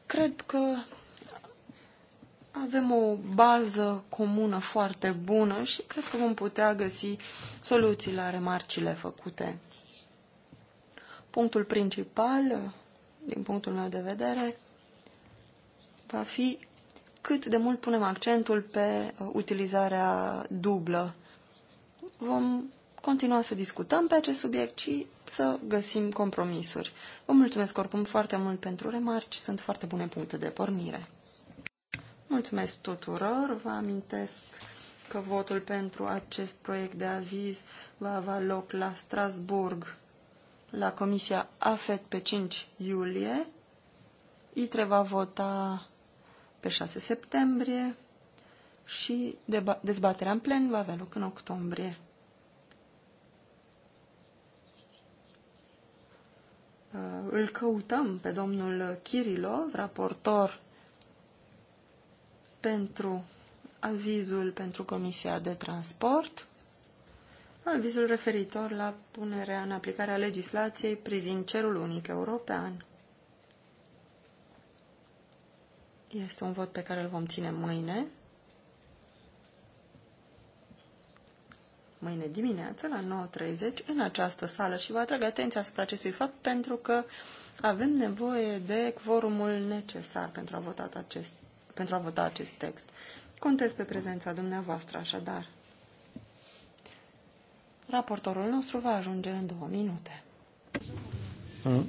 Cred că avem o bază comună foarte bună și cred că vom putea găsi soluții la remarcile făcute. Punctul principal, din punctul meu de vedere, va fi cât de mult punem accentul pe uh, utilizarea dublă vom continua să discutăm pe acest subiect și să găsim compromisuri. Vă mulțumesc oricum foarte mult pentru remarci, sunt foarte bune puncte de pornire. Mulțumesc tuturor, vă amintesc că votul pentru acest proiect de aviz va avea loc la Strasburg, la Comisia AFET pe 5 iulie. ITRE va vota pe 6 septembrie și dezbaterea în plen va avea loc în octombrie. Uh, îl căutăm pe domnul Kirilov, raportor pentru avizul pentru Comisia de Transport, avizul referitor la punerea în aplicare a legislației privind cerul unic european. Este un vot pe care îl vom ține mâine. mâine dimineață la 9.30 în această sală și vă atrag atenția asupra acestui fapt pentru că avem nevoie de quorumul necesar pentru a vota acest, pentru a vota acest text. Contez pe prezența dumneavoastră, așadar. Raportorul nostru va ajunge în două minute. Mm.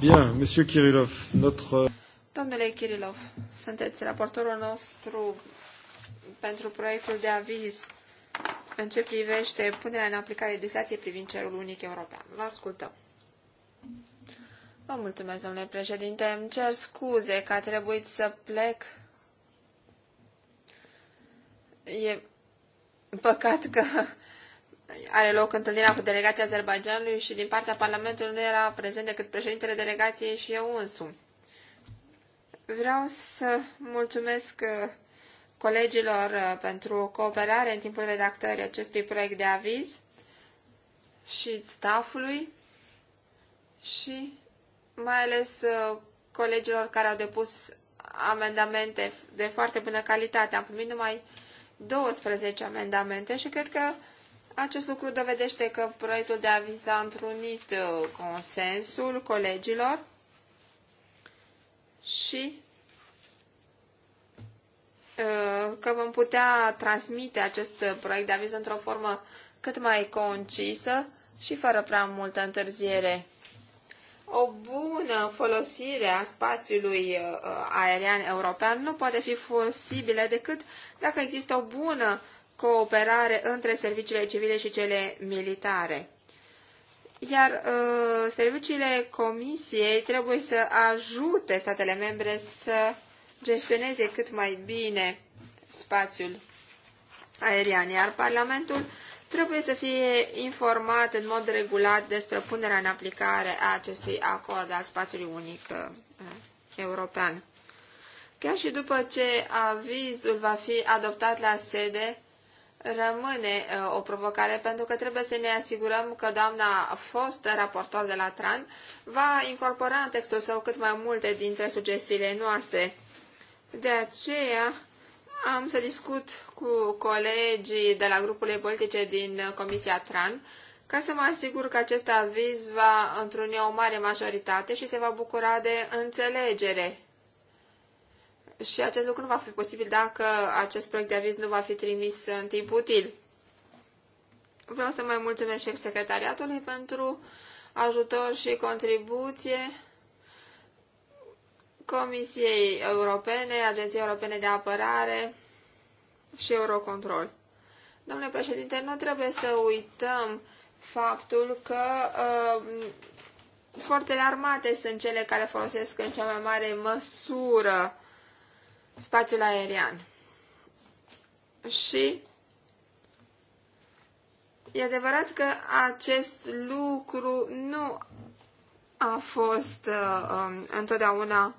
Bien, Monsieur Kirilov, notre... Domnule Kirilov, sunteți raportorul nostru pentru proiectul de aviz în ce privește punerea în aplicare legislației privind cerul unic european. Vă ascultăm. Vă mulțumesc, domnule președinte. Îmi cer scuze că a trebuit să plec. E păcat că are loc întâlnirea cu delegația Azerbaijanului și din partea Parlamentului nu era prezent decât președintele delegației și eu însumi. Vreau să mulțumesc uh, colegilor uh, pentru cooperare în timpul redactării acestui proiect de aviz și staffului și mai ales uh, colegilor care au depus amendamente de foarte bună calitate. Am primit numai 12 amendamente și cred că acest lucru dovedește că proiectul de aviz a întrunit uh, consensul colegilor și uh, că vom putea transmite acest proiect de aviz într-o formă cât mai concisă și fără prea multă întârziere. O bună folosire a spațiului uh, aerian european nu poate fi posibilă decât dacă există o bună cooperare între serviciile civile și cele militare. Iar uh, serviciile comisiei trebuie să ajute statele membre să gestioneze cât mai bine spațiul aerian, iar Parlamentul trebuie să fie informat în mod regulat despre punerea în aplicare a acestui acord al spațiului unic uh, european. Chiar și după ce avizul va fi adoptat la sede, rămâne o provocare pentru că trebuie să ne asigurăm că doamna fost raportor de la TRAN va incorpora în textul său cât mai multe dintre sugestiile noastre. De aceea am să discut cu colegii de la grupurile politice din Comisia TRAN ca să mă asigur că acest aviz va întruni o mare majoritate și se va bucura de înțelegere și acest lucru nu va fi posibil dacă acest proiect de aviz nu va fi trimis în timp util. Vreau să mai mulțumesc și secretariatului pentru ajutor și contribuție Comisiei Europene, Agenției Europene de Apărare și Eurocontrol. Domnule președinte, nu trebuie să uităm faptul că uh, forțele armate sunt cele care folosesc în cea mai mare măsură spațiul aerian. Și e adevărat că acest lucru nu a fost uh, um, întotdeauna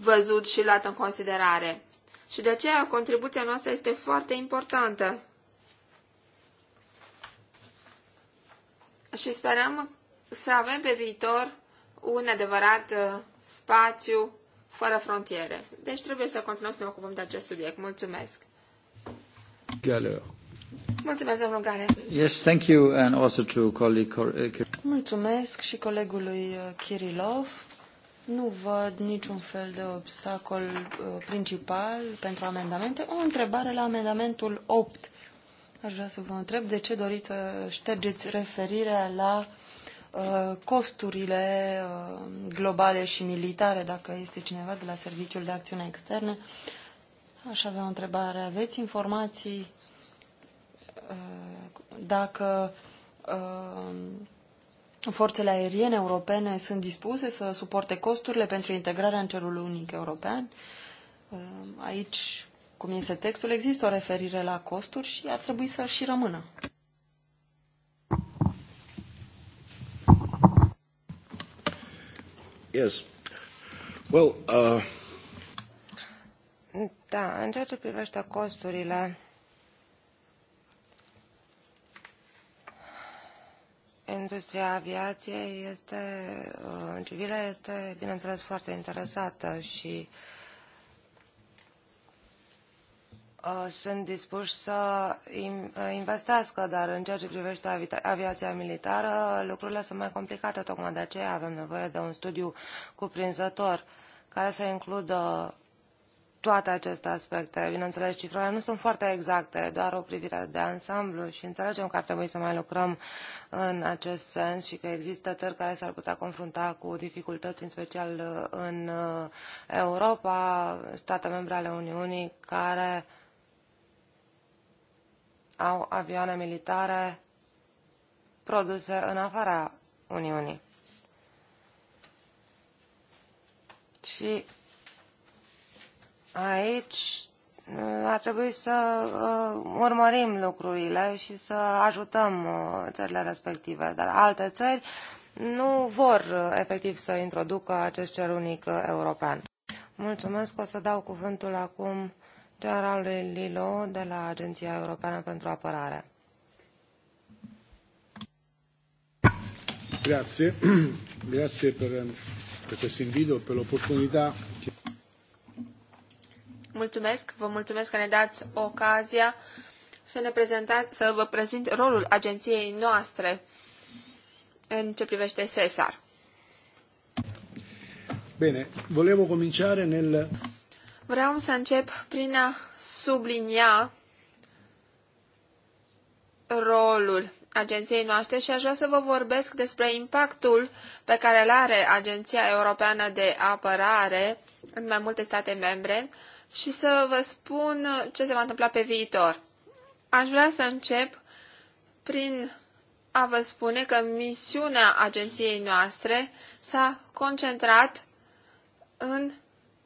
văzut și luat în considerare. Și de aceea contribuția noastră este foarte importantă. Și sperăm să avem pe viitor un adevărat uh, spațiu fără frontiere. Deci trebuie să continuăm să ne ocupăm de acest subiect. Mulțumesc! Galer. Mulțumesc, domnul Galer. Yes, thank you and also to colleague... Uh, Mulțumesc și colegului uh, Kirilov. Nu văd niciun fel de obstacol uh, principal pentru amendamente. O întrebare la amendamentul 8. Aș vrea să vă întreb de ce doriți să ștergeți referirea la uh, Uh, costurile uh, globale și militare, dacă este cineva de la Serviciul de Acțiune Externe. Aș avea o întrebare. Aveți informații uh, dacă forțele aeriene europene sunt dispuse să suporte costurile pentru integrarea în cerul unic european? Aici, cum este textul, există o referire la costuri și ar trebui să și rămână. Yes. Well, uh... Da, în ceea ce privește costurile, industria aviației este, uh, civilă este, bineînțeles, foarte interesată și uh, Uh, sunt dispuși să uh, investească, dar în ceea ce privește aviația militară, lucrurile sunt mai complicate. Tocmai de aceea avem nevoie de un studiu cuprinzător care să includă toate aceste aspecte. Bineînțeles, cifrele nu sunt foarte exacte, doar o privire de ansamblu și înțelegem că ar trebui să mai lucrăm în acest sens și că există țări care s-ar putea confrunta cu dificultăți, în special uh, în Europa, state membre ale Uniunii, care uh, au avioane militare produse în afara Uniunii. Și aici ar trebui să uh, urmărim lucrurile și să ajutăm uh, țările respective, dar alte țări nu vor uh, efectiv să introducă acest cer unic european. Mulțumesc, o să dau cuvântul acum lui Lilo de la Agenția Europeană pentru Apărare. Grazie, grazie per, ehm, per questo invito, per l'opportunità. Mulțumesc, vă mulțumesc că ne dați ocazia să ne prezentați, să vă prezint rolul agenției noastre în ce privește SESAR. Bine, volevo cominciare nel Vreau să încep prin a sublinia rolul agenției noastre și aș vrea să vă vorbesc despre impactul pe care îl are Agenția Europeană de Apărare în mai multe state membre și să vă spun ce se va întâmpla pe viitor. Aș vrea să încep prin a vă spune că misiunea agenției noastre s-a concentrat în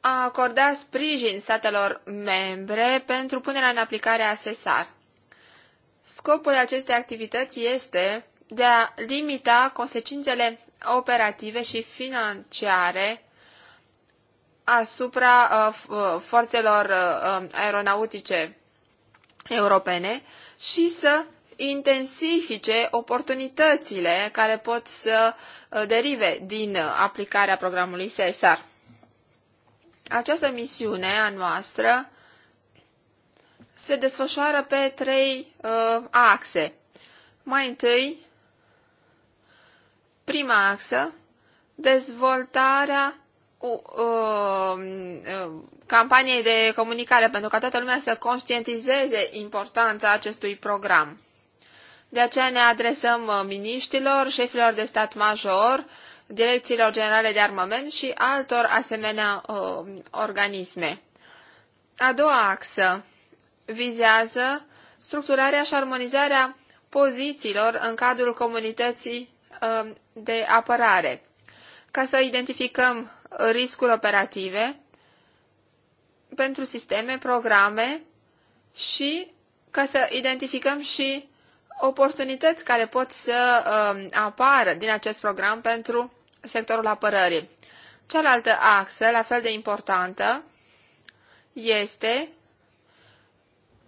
a acorda sprijin statelor membre pentru punerea în aplicare a SESAR. Scopul acestei activități este de a limita consecințele operative și financiare asupra uh, uh, forțelor uh, um, aeronautice europene și să intensifice oportunitățile care pot să derive din aplicarea programului SESAR această misiune a noastră se desfășoară pe trei uh, axe. Mai întâi, prima axă, dezvoltarea uh, uh, campaniei de comunicare, pentru ca toată lumea să conștientizeze importanța acestui program. De aceea ne adresăm uh, miniștilor, șefilor de stat major, uh, direcțiilor generale de armament și altor asemenea uh, organisme. A doua axă vizează structurarea și armonizarea pozițiilor în cadrul comunității uh, de apărare, ca să identificăm riscuri operative pentru sisteme, programe și ca să identificăm și oportunități care pot să uh, apară din acest program pentru sectorul apărării. Cealaltă axă, la fel de importantă, este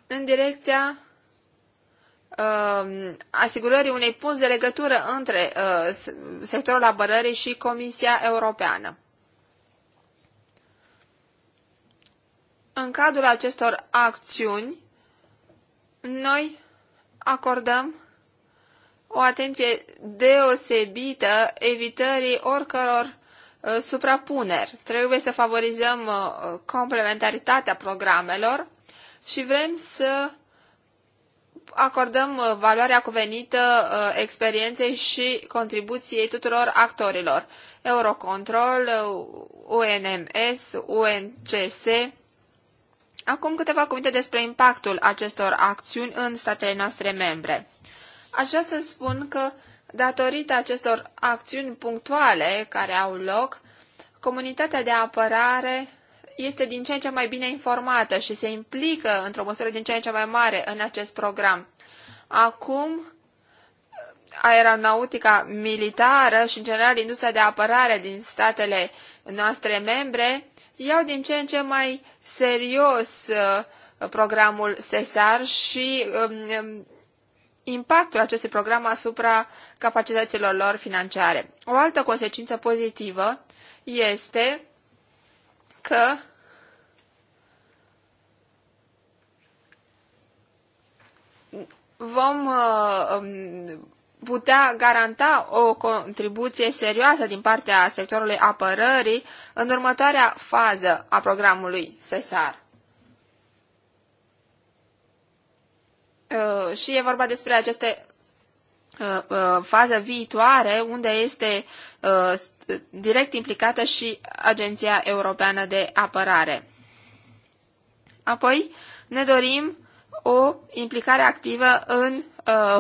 în direcția uh, asigurării unei punți de legătură între uh, sectorul apărării și Comisia Europeană. În cadrul acestor acțiuni, noi acordăm o atenție deosebită evitării oricăror uh, suprapuneri. Trebuie să favorizăm uh, complementaritatea programelor și vrem să acordăm uh, valoarea cuvenită experienței și contribuției tuturor actorilor. Eurocontrol, UNMS, UNCS. Acum câteva cuvinte despre impactul acestor acțiuni în statele noastre membre. Aș vrea să spun că, datorită acestor acțiuni punctuale care au loc, comunitatea de apărare este din ce în ce mai bine informată și se implică într-o măsură din ce în ce mai mare în acest program. Acum, aeronautica militară și, în general, industria de apărare din statele noastre membre iau din ce în ce mai serios uh, programul SESAR și um, um impactul acestui program asupra capacităților lor financiare. O altă consecință pozitivă este că vom uh, um, putea garanta o contribuție serioasă din partea sectorului apărării în următoarea fază a programului SESAR. Uh, și e vorba despre aceste uh, uh, fază viitoare unde este direct implicată și Agenția Europeană de Apărare. Apoi ne dorim o implicare activă în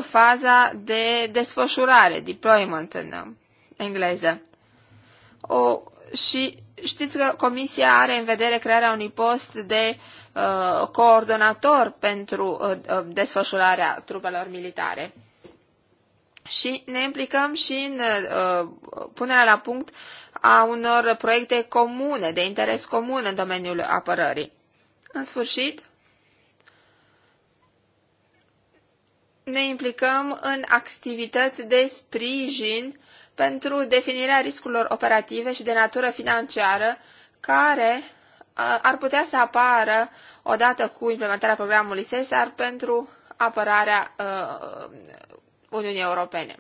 faza de desfășurare, deployment în engleză. O, și știți că Comisia are în vedere crearea unui post de uh, Uh, coordonator pentru uh, uh, desfășurarea trupelor militare. Și ne implicăm și în punerea la punct a unor proiecte comune, de interes comun în domeniul apărării. În sfârșit, ne implicăm în activități de sprijin pentru definirea riscurilor operative și de natură financiară care ar putea să apară odată cu implementarea programului SESAR pentru apărarea uh, Uniunii Europene.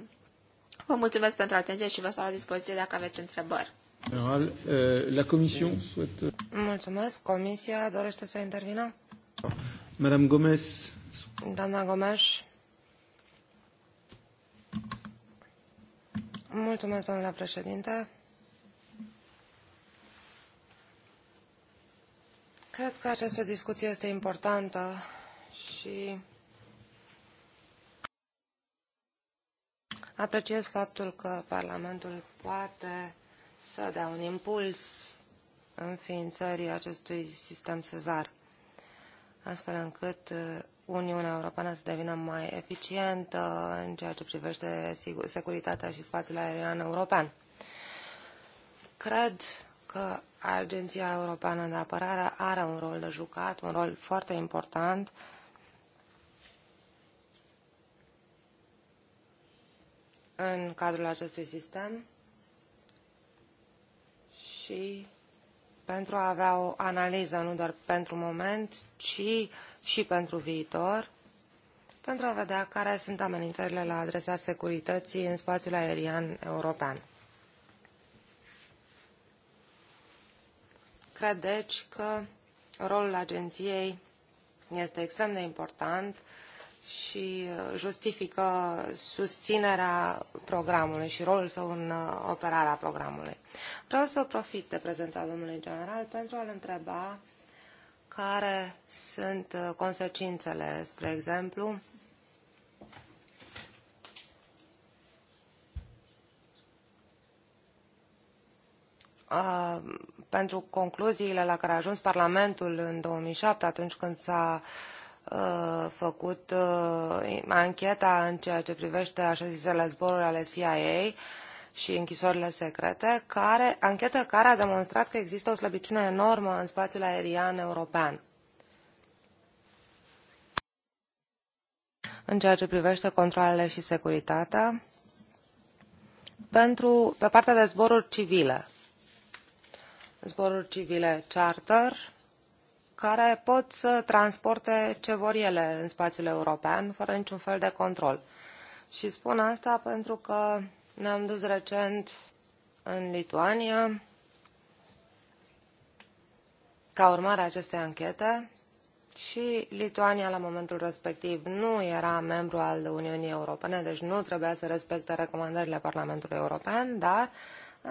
Vă mulțumesc pentru atenție și vă stau la dispoziție dacă aveți întrebări. Ă, la comisie souhaite... Mulțumesc. Comisia dorește să intervină? Madame Gomes. Doamna Gomes. Mulțumesc, domnule președinte. Cred că această discuție este importantă și apreciez faptul că Parlamentul poate să dea un impuls înființării acestui sistem sezar, astfel încât uh, Uniunea Europeană să devină mai eficientă în ceea ce privește securitatea și spațiul aerian european. Cred că Agenția Europeană de Apărare are un rol de jucat, un rol foarte important. în cadrul acestui sistem și pentru a avea o analiză nu doar pentru moment, ci și pentru viitor, pentru a vedea care sunt amenințările la adresa securității în spațiul aerian european. Cred, deci, că rolul agenției este extrem de important și uh, justifică susținerea programului și rolul său în uh, operarea programului. Vreau să profit de prezența domnului general pentru a-l întreba care sunt uh, consecințele, spre exemplu, Uh, pentru concluziile la care a ajuns Parlamentul în 2007, atunci când s-a uh, făcut uh, ancheta în ceea ce privește așa zisele zboruri ale CIA și închisorile secrete, care, anchetă care a demonstrat că există o slăbiciune enormă în spațiul aerian european. În ceea ce privește controlele și securitatea, pentru, pe partea de zboruri civile, zboruri civile charter care pot să transporte ce vor ele în spațiul european, fără niciun fel de control. Și spun asta pentru că ne-am dus recent în Lituania, ca urmare a acestei anchete, și Lituania la momentul respectiv nu era membru al Uniunii Europene, deci nu trebuia să respecte recomandările Parlamentului European, dar uh,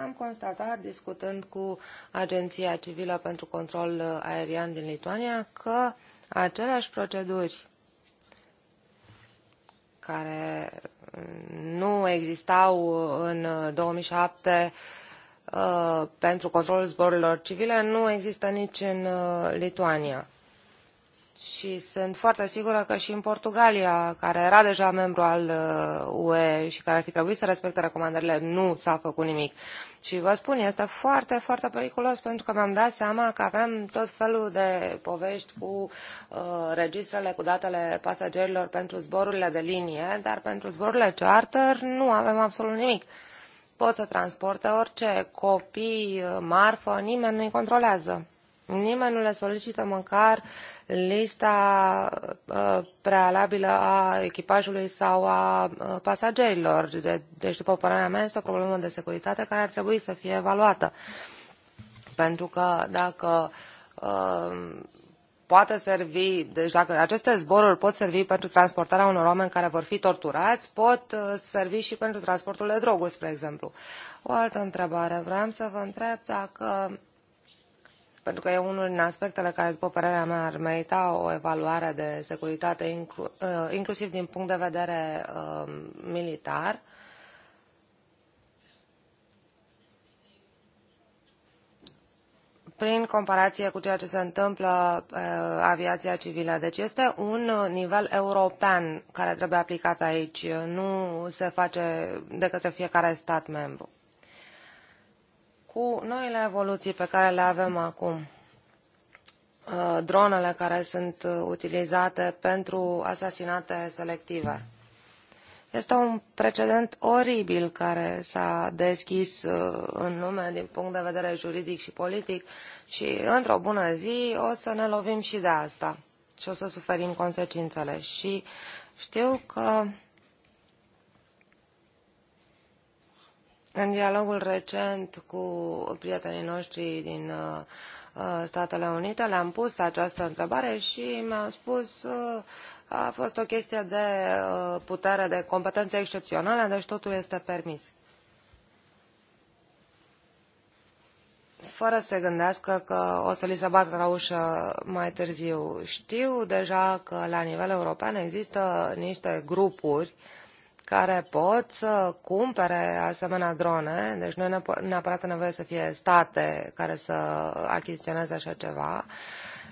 am constatat, discutând cu Agenția Civilă pentru Control Aerian din Lituania, că aceleași proceduri care nu existau în 2007 uh, pentru controlul zborurilor civile nu există nici în uh, Lituania. Și sunt foarte sigură că și în Portugalia, care era deja membru al UE uh, și care ar fi trebuit să respecte recomandările, nu s-a făcut nimic. Și vă spun, este foarte, foarte periculos pentru că mi-am dat seama că aveam tot felul de povești cu uh, registrele, cu datele pasagerilor pentru zborurile de linie, dar pentru zborurile charter nu avem absolut nimic. Pot să transporte orice, copii, uh, marfă, nimeni nu-i controlează. Nimeni nu le solicită măcar uh, lista uh, prealabilă a echipajului sau a uh, pasagerilor. Deci, după părerea mea, este o problemă de securitate care ar trebui să fie evaluată. Pentru că dacă uh, poate servi, deci dacă aceste zboruri pot servi pentru transportarea unor oameni care vor fi torturați, pot servi și pentru transportul de droguri, spre exemplu. O altă întrebare. Vreau să vă întreb dacă pentru că e unul din aspectele care, după părerea mea, ar merita o evaluare de securitate, uh, inclusiv din punct de vedere uh, militar. prin comparație cu ceea ce se întâmplă pe uh, aviația civilă. Deci este un nivel european care trebuie aplicat aici, nu se face de către fiecare stat membru cu noile evoluții pe care le avem acum, uh, dronele care sunt uh, utilizate pentru asasinate selective. Este un precedent oribil care s-a deschis uh, în lume din punct de vedere juridic și politic și într-o bună zi o să ne lovim și de asta și o să suferim consecințele. Și știu că În dialogul recent cu prietenii noștri din uh, uh, Statele Unite le-am pus această întrebare și mi-au spus uh, a fost o chestie de putere, de competențe excepționale, deci totul este permis. fără să se gândească că o să li se bată la ușă mai târziu. Știu deja că la nivel european există niște grupuri uh, care pot să cumpere asemenea drone, deci nu e neapărat nevoie să fie state care să achiziționeze așa ceva,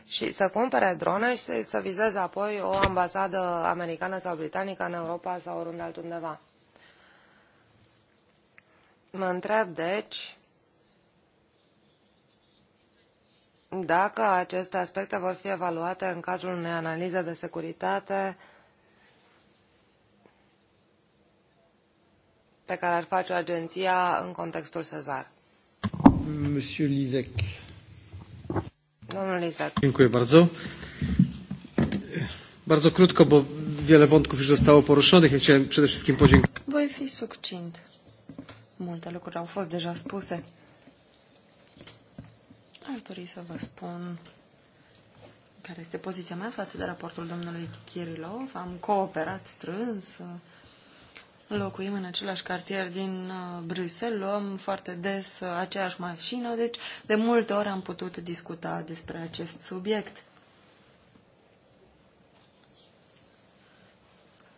și să cumpere drone și să vizeze apoi o ambasadă americană sau britanică în Europa sau oriunde altundeva. Mă întreb, deci, dacă aceste aspecte vor fi evaluate în cadrul unei analize de securitate pe care ar face agenția în contextul Sezar. Monsieur Lisek. Domnul Lisek. Dziękuję bardzo. Bardzo krótko, bo wiele wątków już zostało poruszonych. Ja chciałem przede wszystkim podziękować. Voi fi succint. Multe lucruri au fost deja spuse. Aș dori să vă spun care este poziția mea față de raportul domnului Kirilov. Am cooperat strâns locuim în același cartier din uh, Bruxelles, luăm foarte des uh, aceeași mașină, deci de multe ori am putut discuta despre acest subiect.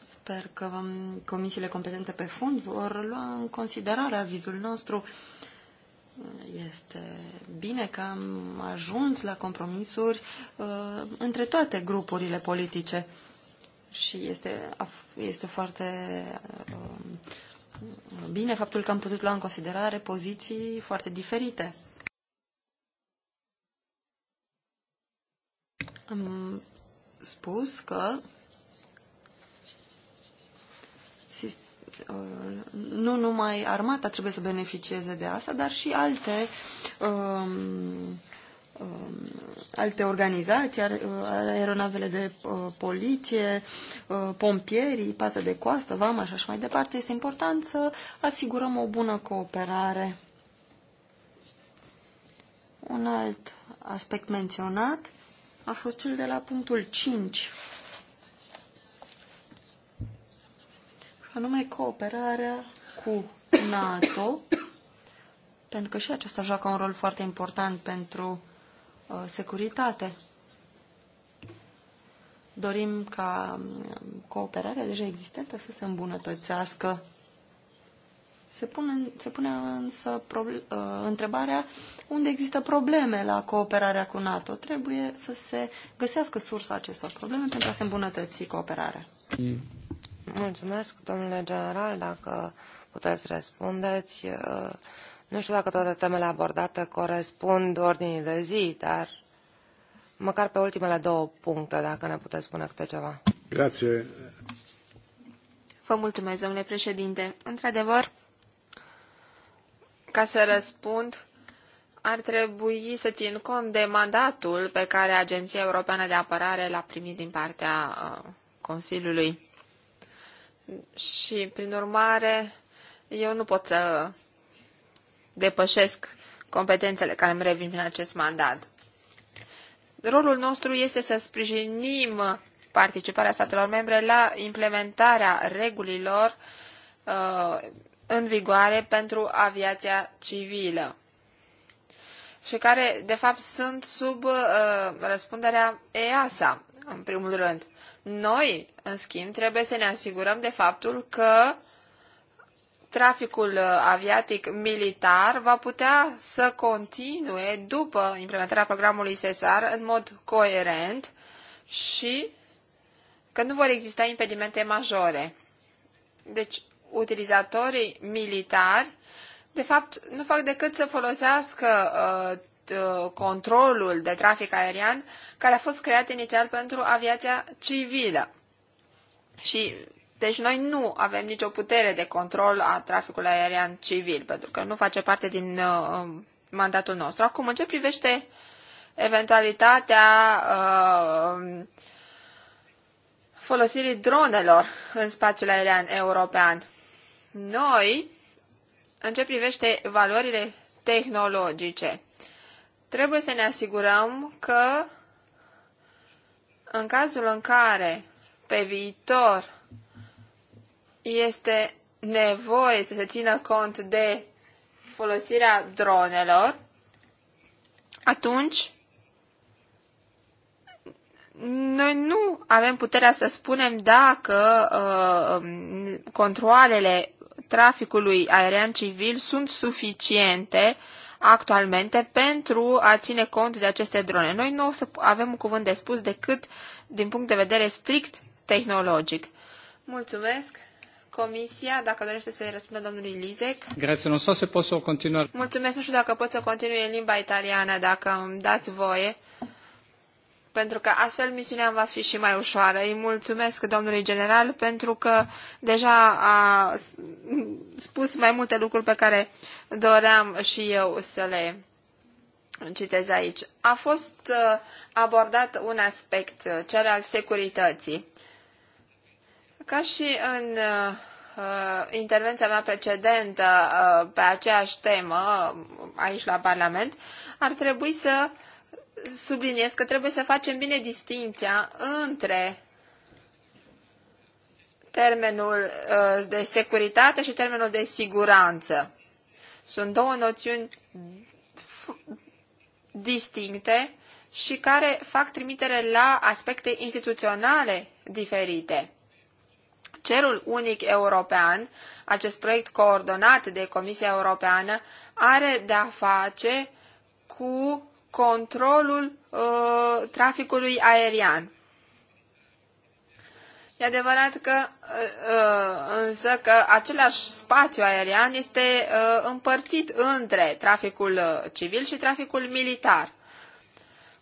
Sper că comisiile competente pe fund vor lua în considerare avizul nostru. Este bine că am ajuns la compromisuri uh, între toate grupurile politice și este, este foarte um, bine faptul că am putut lua în considerare poziții foarte diferite. Am spus că uh, nu numai armata trebuie să beneficieze de asta, dar și alte um, Um, alte organizații, uh, aeronavele de uh, poliție, uh, pompierii, pază de coastă, vama și așa mai departe, este important să asigurăm o bună cooperare. Un alt aspect menționat a fost cel de la punctul 5, anume cooperarea cu NATO, pentru că și acesta joacă un rol foarte important pentru Uh, securitate. Dorim ca um, cooperarea deja existentă să se îmbunătățească. Se pune, se pune însă uh, întrebarea unde există probleme la cooperarea cu NATO. Trebuie să se găsească sursa acestor probleme pentru a se îmbunătăți cooperarea. Mulțumesc, domnule general, dacă puteți răspundeți uh, nu știu dacă toate temele abordate corespund ordinii de zi, dar măcar pe ultimele două puncte, dacă ne puteți spune câte ceva. Grație. Vă mulțumesc, domnule președinte. Într-adevăr, ca să răspund, ar trebui să țin cont de mandatul pe care Agenția Europeană de Apărare l-a primit din partea uh, Consiliului. Și, prin urmare, eu nu pot să depășesc competențele care îmi revin prin acest mandat. Rolul nostru este să sprijinim participarea statelor membre la implementarea regulilor uh, în vigoare pentru aviația civilă și care, de fapt, sunt sub uh, răspunderea EASA, în primul rând. Noi, în schimb, trebuie să ne asigurăm de faptul că uh, traficul uh, aviatic militar va putea să continue după implementarea programului SESAR în mod coerent și că nu vor exista impedimente majore. Deci, utilizatorii militari, de fapt, nu fac decât să folosească uh, uh controlul de trafic aerian care a fost creat inițial pentru aviația civilă. Și deci noi nu avem nicio putere de control a traficului aerian civil, pentru că nu face parte din uh, um, mandatul nostru. Acum, în ce privește eventualitatea uh, folosirii dronelor în spațiul aerian european, noi, în ce privește valorile tehnologice, trebuie să ne asigurăm că în cazul în care pe viitor este nevoie să se țină cont de folosirea dronelor, atunci noi nu avem puterea să spunem dacă uh, um, controlele traficului aerian civil sunt suficiente actualmente pentru a ține cont de aceste drone. Noi nu o să avem un cuvânt de spus decât din punct de vedere strict tehnologic. Mulțumesc! Comisia, dacă dorește să răspundă domnului Lizec. Grazie, so se pot să Mulțumesc, nu știu dacă pot să continui în limba italiană, dacă îmi dați voie, pentru că astfel misiunea va fi și mai ușoară. Îi mulțumesc domnului general pentru că deja a spus mai multe lucruri pe care doream și eu să le citez aici. A fost uh, abordat un aspect, cel al securității. Ca și în uh, intervenția mea precedentă uh, pe aceeași temă uh, aici la Parlament, ar trebui să subliniez că trebuie să facem bine distinția între termenul uh, de securitate și termenul de siguranță. Sunt două noțiuni distincte și care fac trimitere la aspecte instituționale diferite. Cerul unic european, acest proiect coordonat de Comisia Europeană, are de-a face cu controlul uh, traficului aerian. E adevărat că uh, uh însă că același spațiu aerian este uh, împărțit între traficul uh, civil și traficul militar.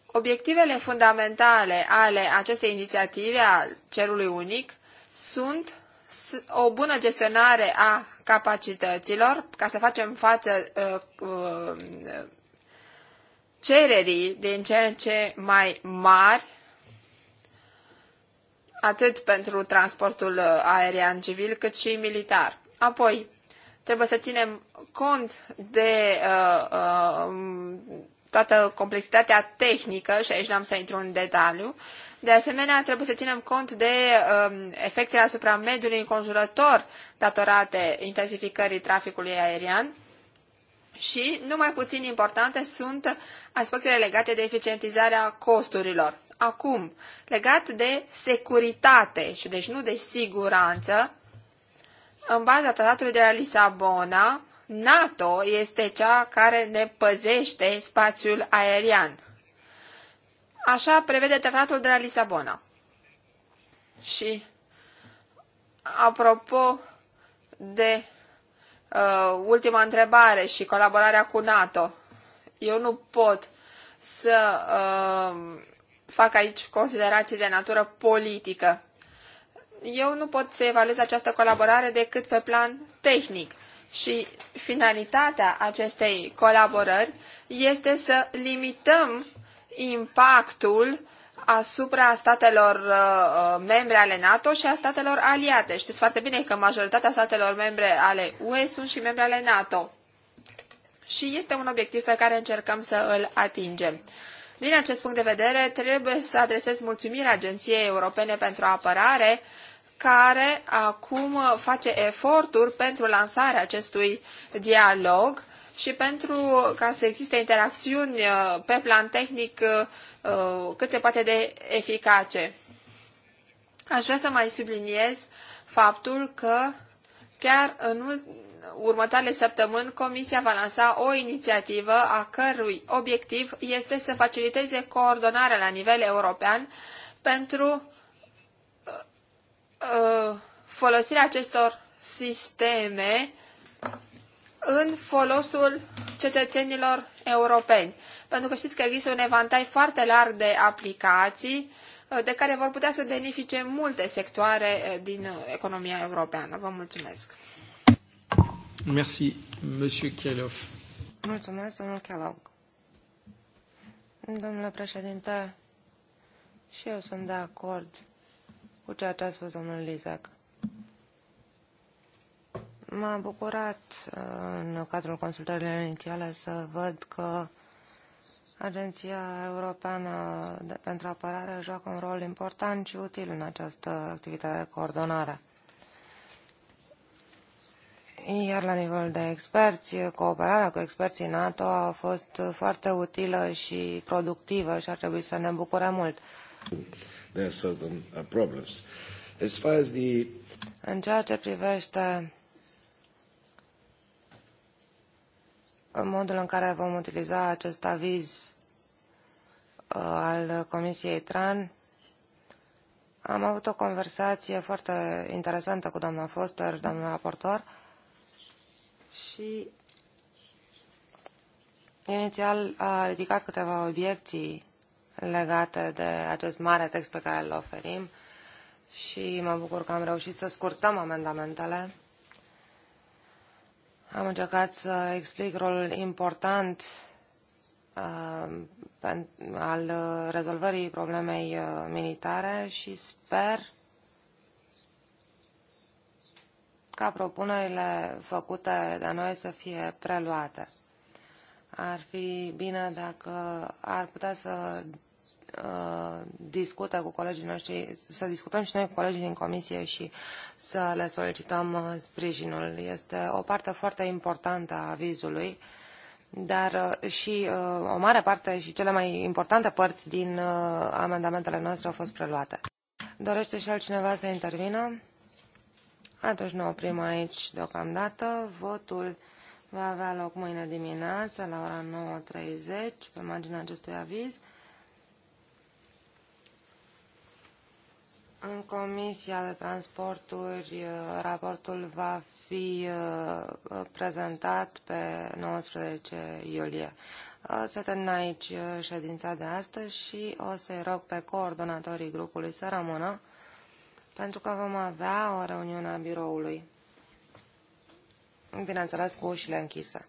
Obiectivele fundamentale ale acestei inițiative al cerului unic sunt o bună gestionare a capacităților ca să facem față uh, uh, cererii din ce în ce mai mari, atât pentru transportul uh, aerian civil cât și militar. Apoi, trebuie să ținem cont de uh, uh, toată complexitatea tehnică, și aici n-am să intru în detaliu, de asemenea, trebuie să ținem cont de um, efectele asupra mediului înconjurător datorate intensificării traficului aerian. Și, nu mai puțin importante, sunt aspectele legate de eficientizarea costurilor. Acum, legat de securitate și deci nu de siguranță, în baza tratatului de la Lisabona, NATO este cea care ne păzește spațiul aerian. Așa prevede tratatul de la Lisabona. Și apropo de uh, ultima întrebare și colaborarea cu NATO, eu nu pot să uh, fac aici considerații de natură politică. Eu nu pot să evaluez această colaborare decât pe plan tehnic și finalitatea acestei colaborări este să limităm impactul asupra statelor uh, uh, membre ale NATO și a statelor aliate. Știți foarte bine că majoritatea statelor membre ale UE sunt și membre ale NATO. Și este un obiectiv pe care încercăm să îl atingem. Din acest punct de vedere, trebuie să adresez mulțumiri Agenției Europene pentru Apărare, care acum face eforturi pentru lansarea acestui dialog și pentru ca să existe interacțiuni uh, pe plan tehnic uh, uh, cât se poate de eficace. Aș vrea să mai subliniez faptul că chiar în următoarele săptămâni Comisia va lansa o inițiativă a cărui obiectiv este să faciliteze coordonarea la nivel european pentru folosirea acestor sisteme în folosul cetățenilor europeni. Pentru că știți că există un evantai foarte larg de aplicații uh, de care vor putea să benefice multe sectoare uh, din uh, economia europeană. Vă mulțumesc! Merci, Monsieur Kielov. Mulțumesc, domnul Kielov. Domnule președinte, și eu sunt de acord cu ceea ce a spus domnul Lizac. M-a bucurat uh, în cadrul consultărilor inițiale să văd că Agenția Europeană pentru Apărare joacă un rol important și util în această activitate de coordonare. Iar la nivel de experți, cooperarea cu experții NATO a fost foarte utilă și productivă și ar trebui să ne bucure mult. There are certain uh, problems. As far as the... În ceea ce privește modul în care vom utiliza acest aviz uh, al Comisiei TRAN. Am avut o conversație foarte interesantă cu doamna Foster, doamna raportor, și inițial a ridicat câteva obiecții legate de acest mare text pe care îl oferim și mă bucur că am reușit să scurtăm amendamentele am încercat să explic rolul important uh, al rezolvării problemei uh, militare și sper ca propunerile făcute de noi să fie preluate. Ar fi bine dacă ar putea să Uh, discute cu colegii noștri, să discutăm și noi cu colegii din comisie și să le solicităm uh, sprijinul. Este o parte foarte importantă a avizului, dar uh, și o mare parte și cele mai importante părți din amendamentele noastre au fost preluate. Dorește și altcineva să intervină? Atunci ne oprim aici deocamdată. Votul va avea loc mâine dimineață la ora 9.30 pe marginea acestui aviz În Comisia de Transporturi uh, raportul va fi uh, prezentat pe 19 iulie. Uh, se termină aici ședința de astăzi și o să-i rog pe coordonatorii grupului să rămână pentru că vom avea o reuniune a biroului. Bineînțeles, cu ușile închise.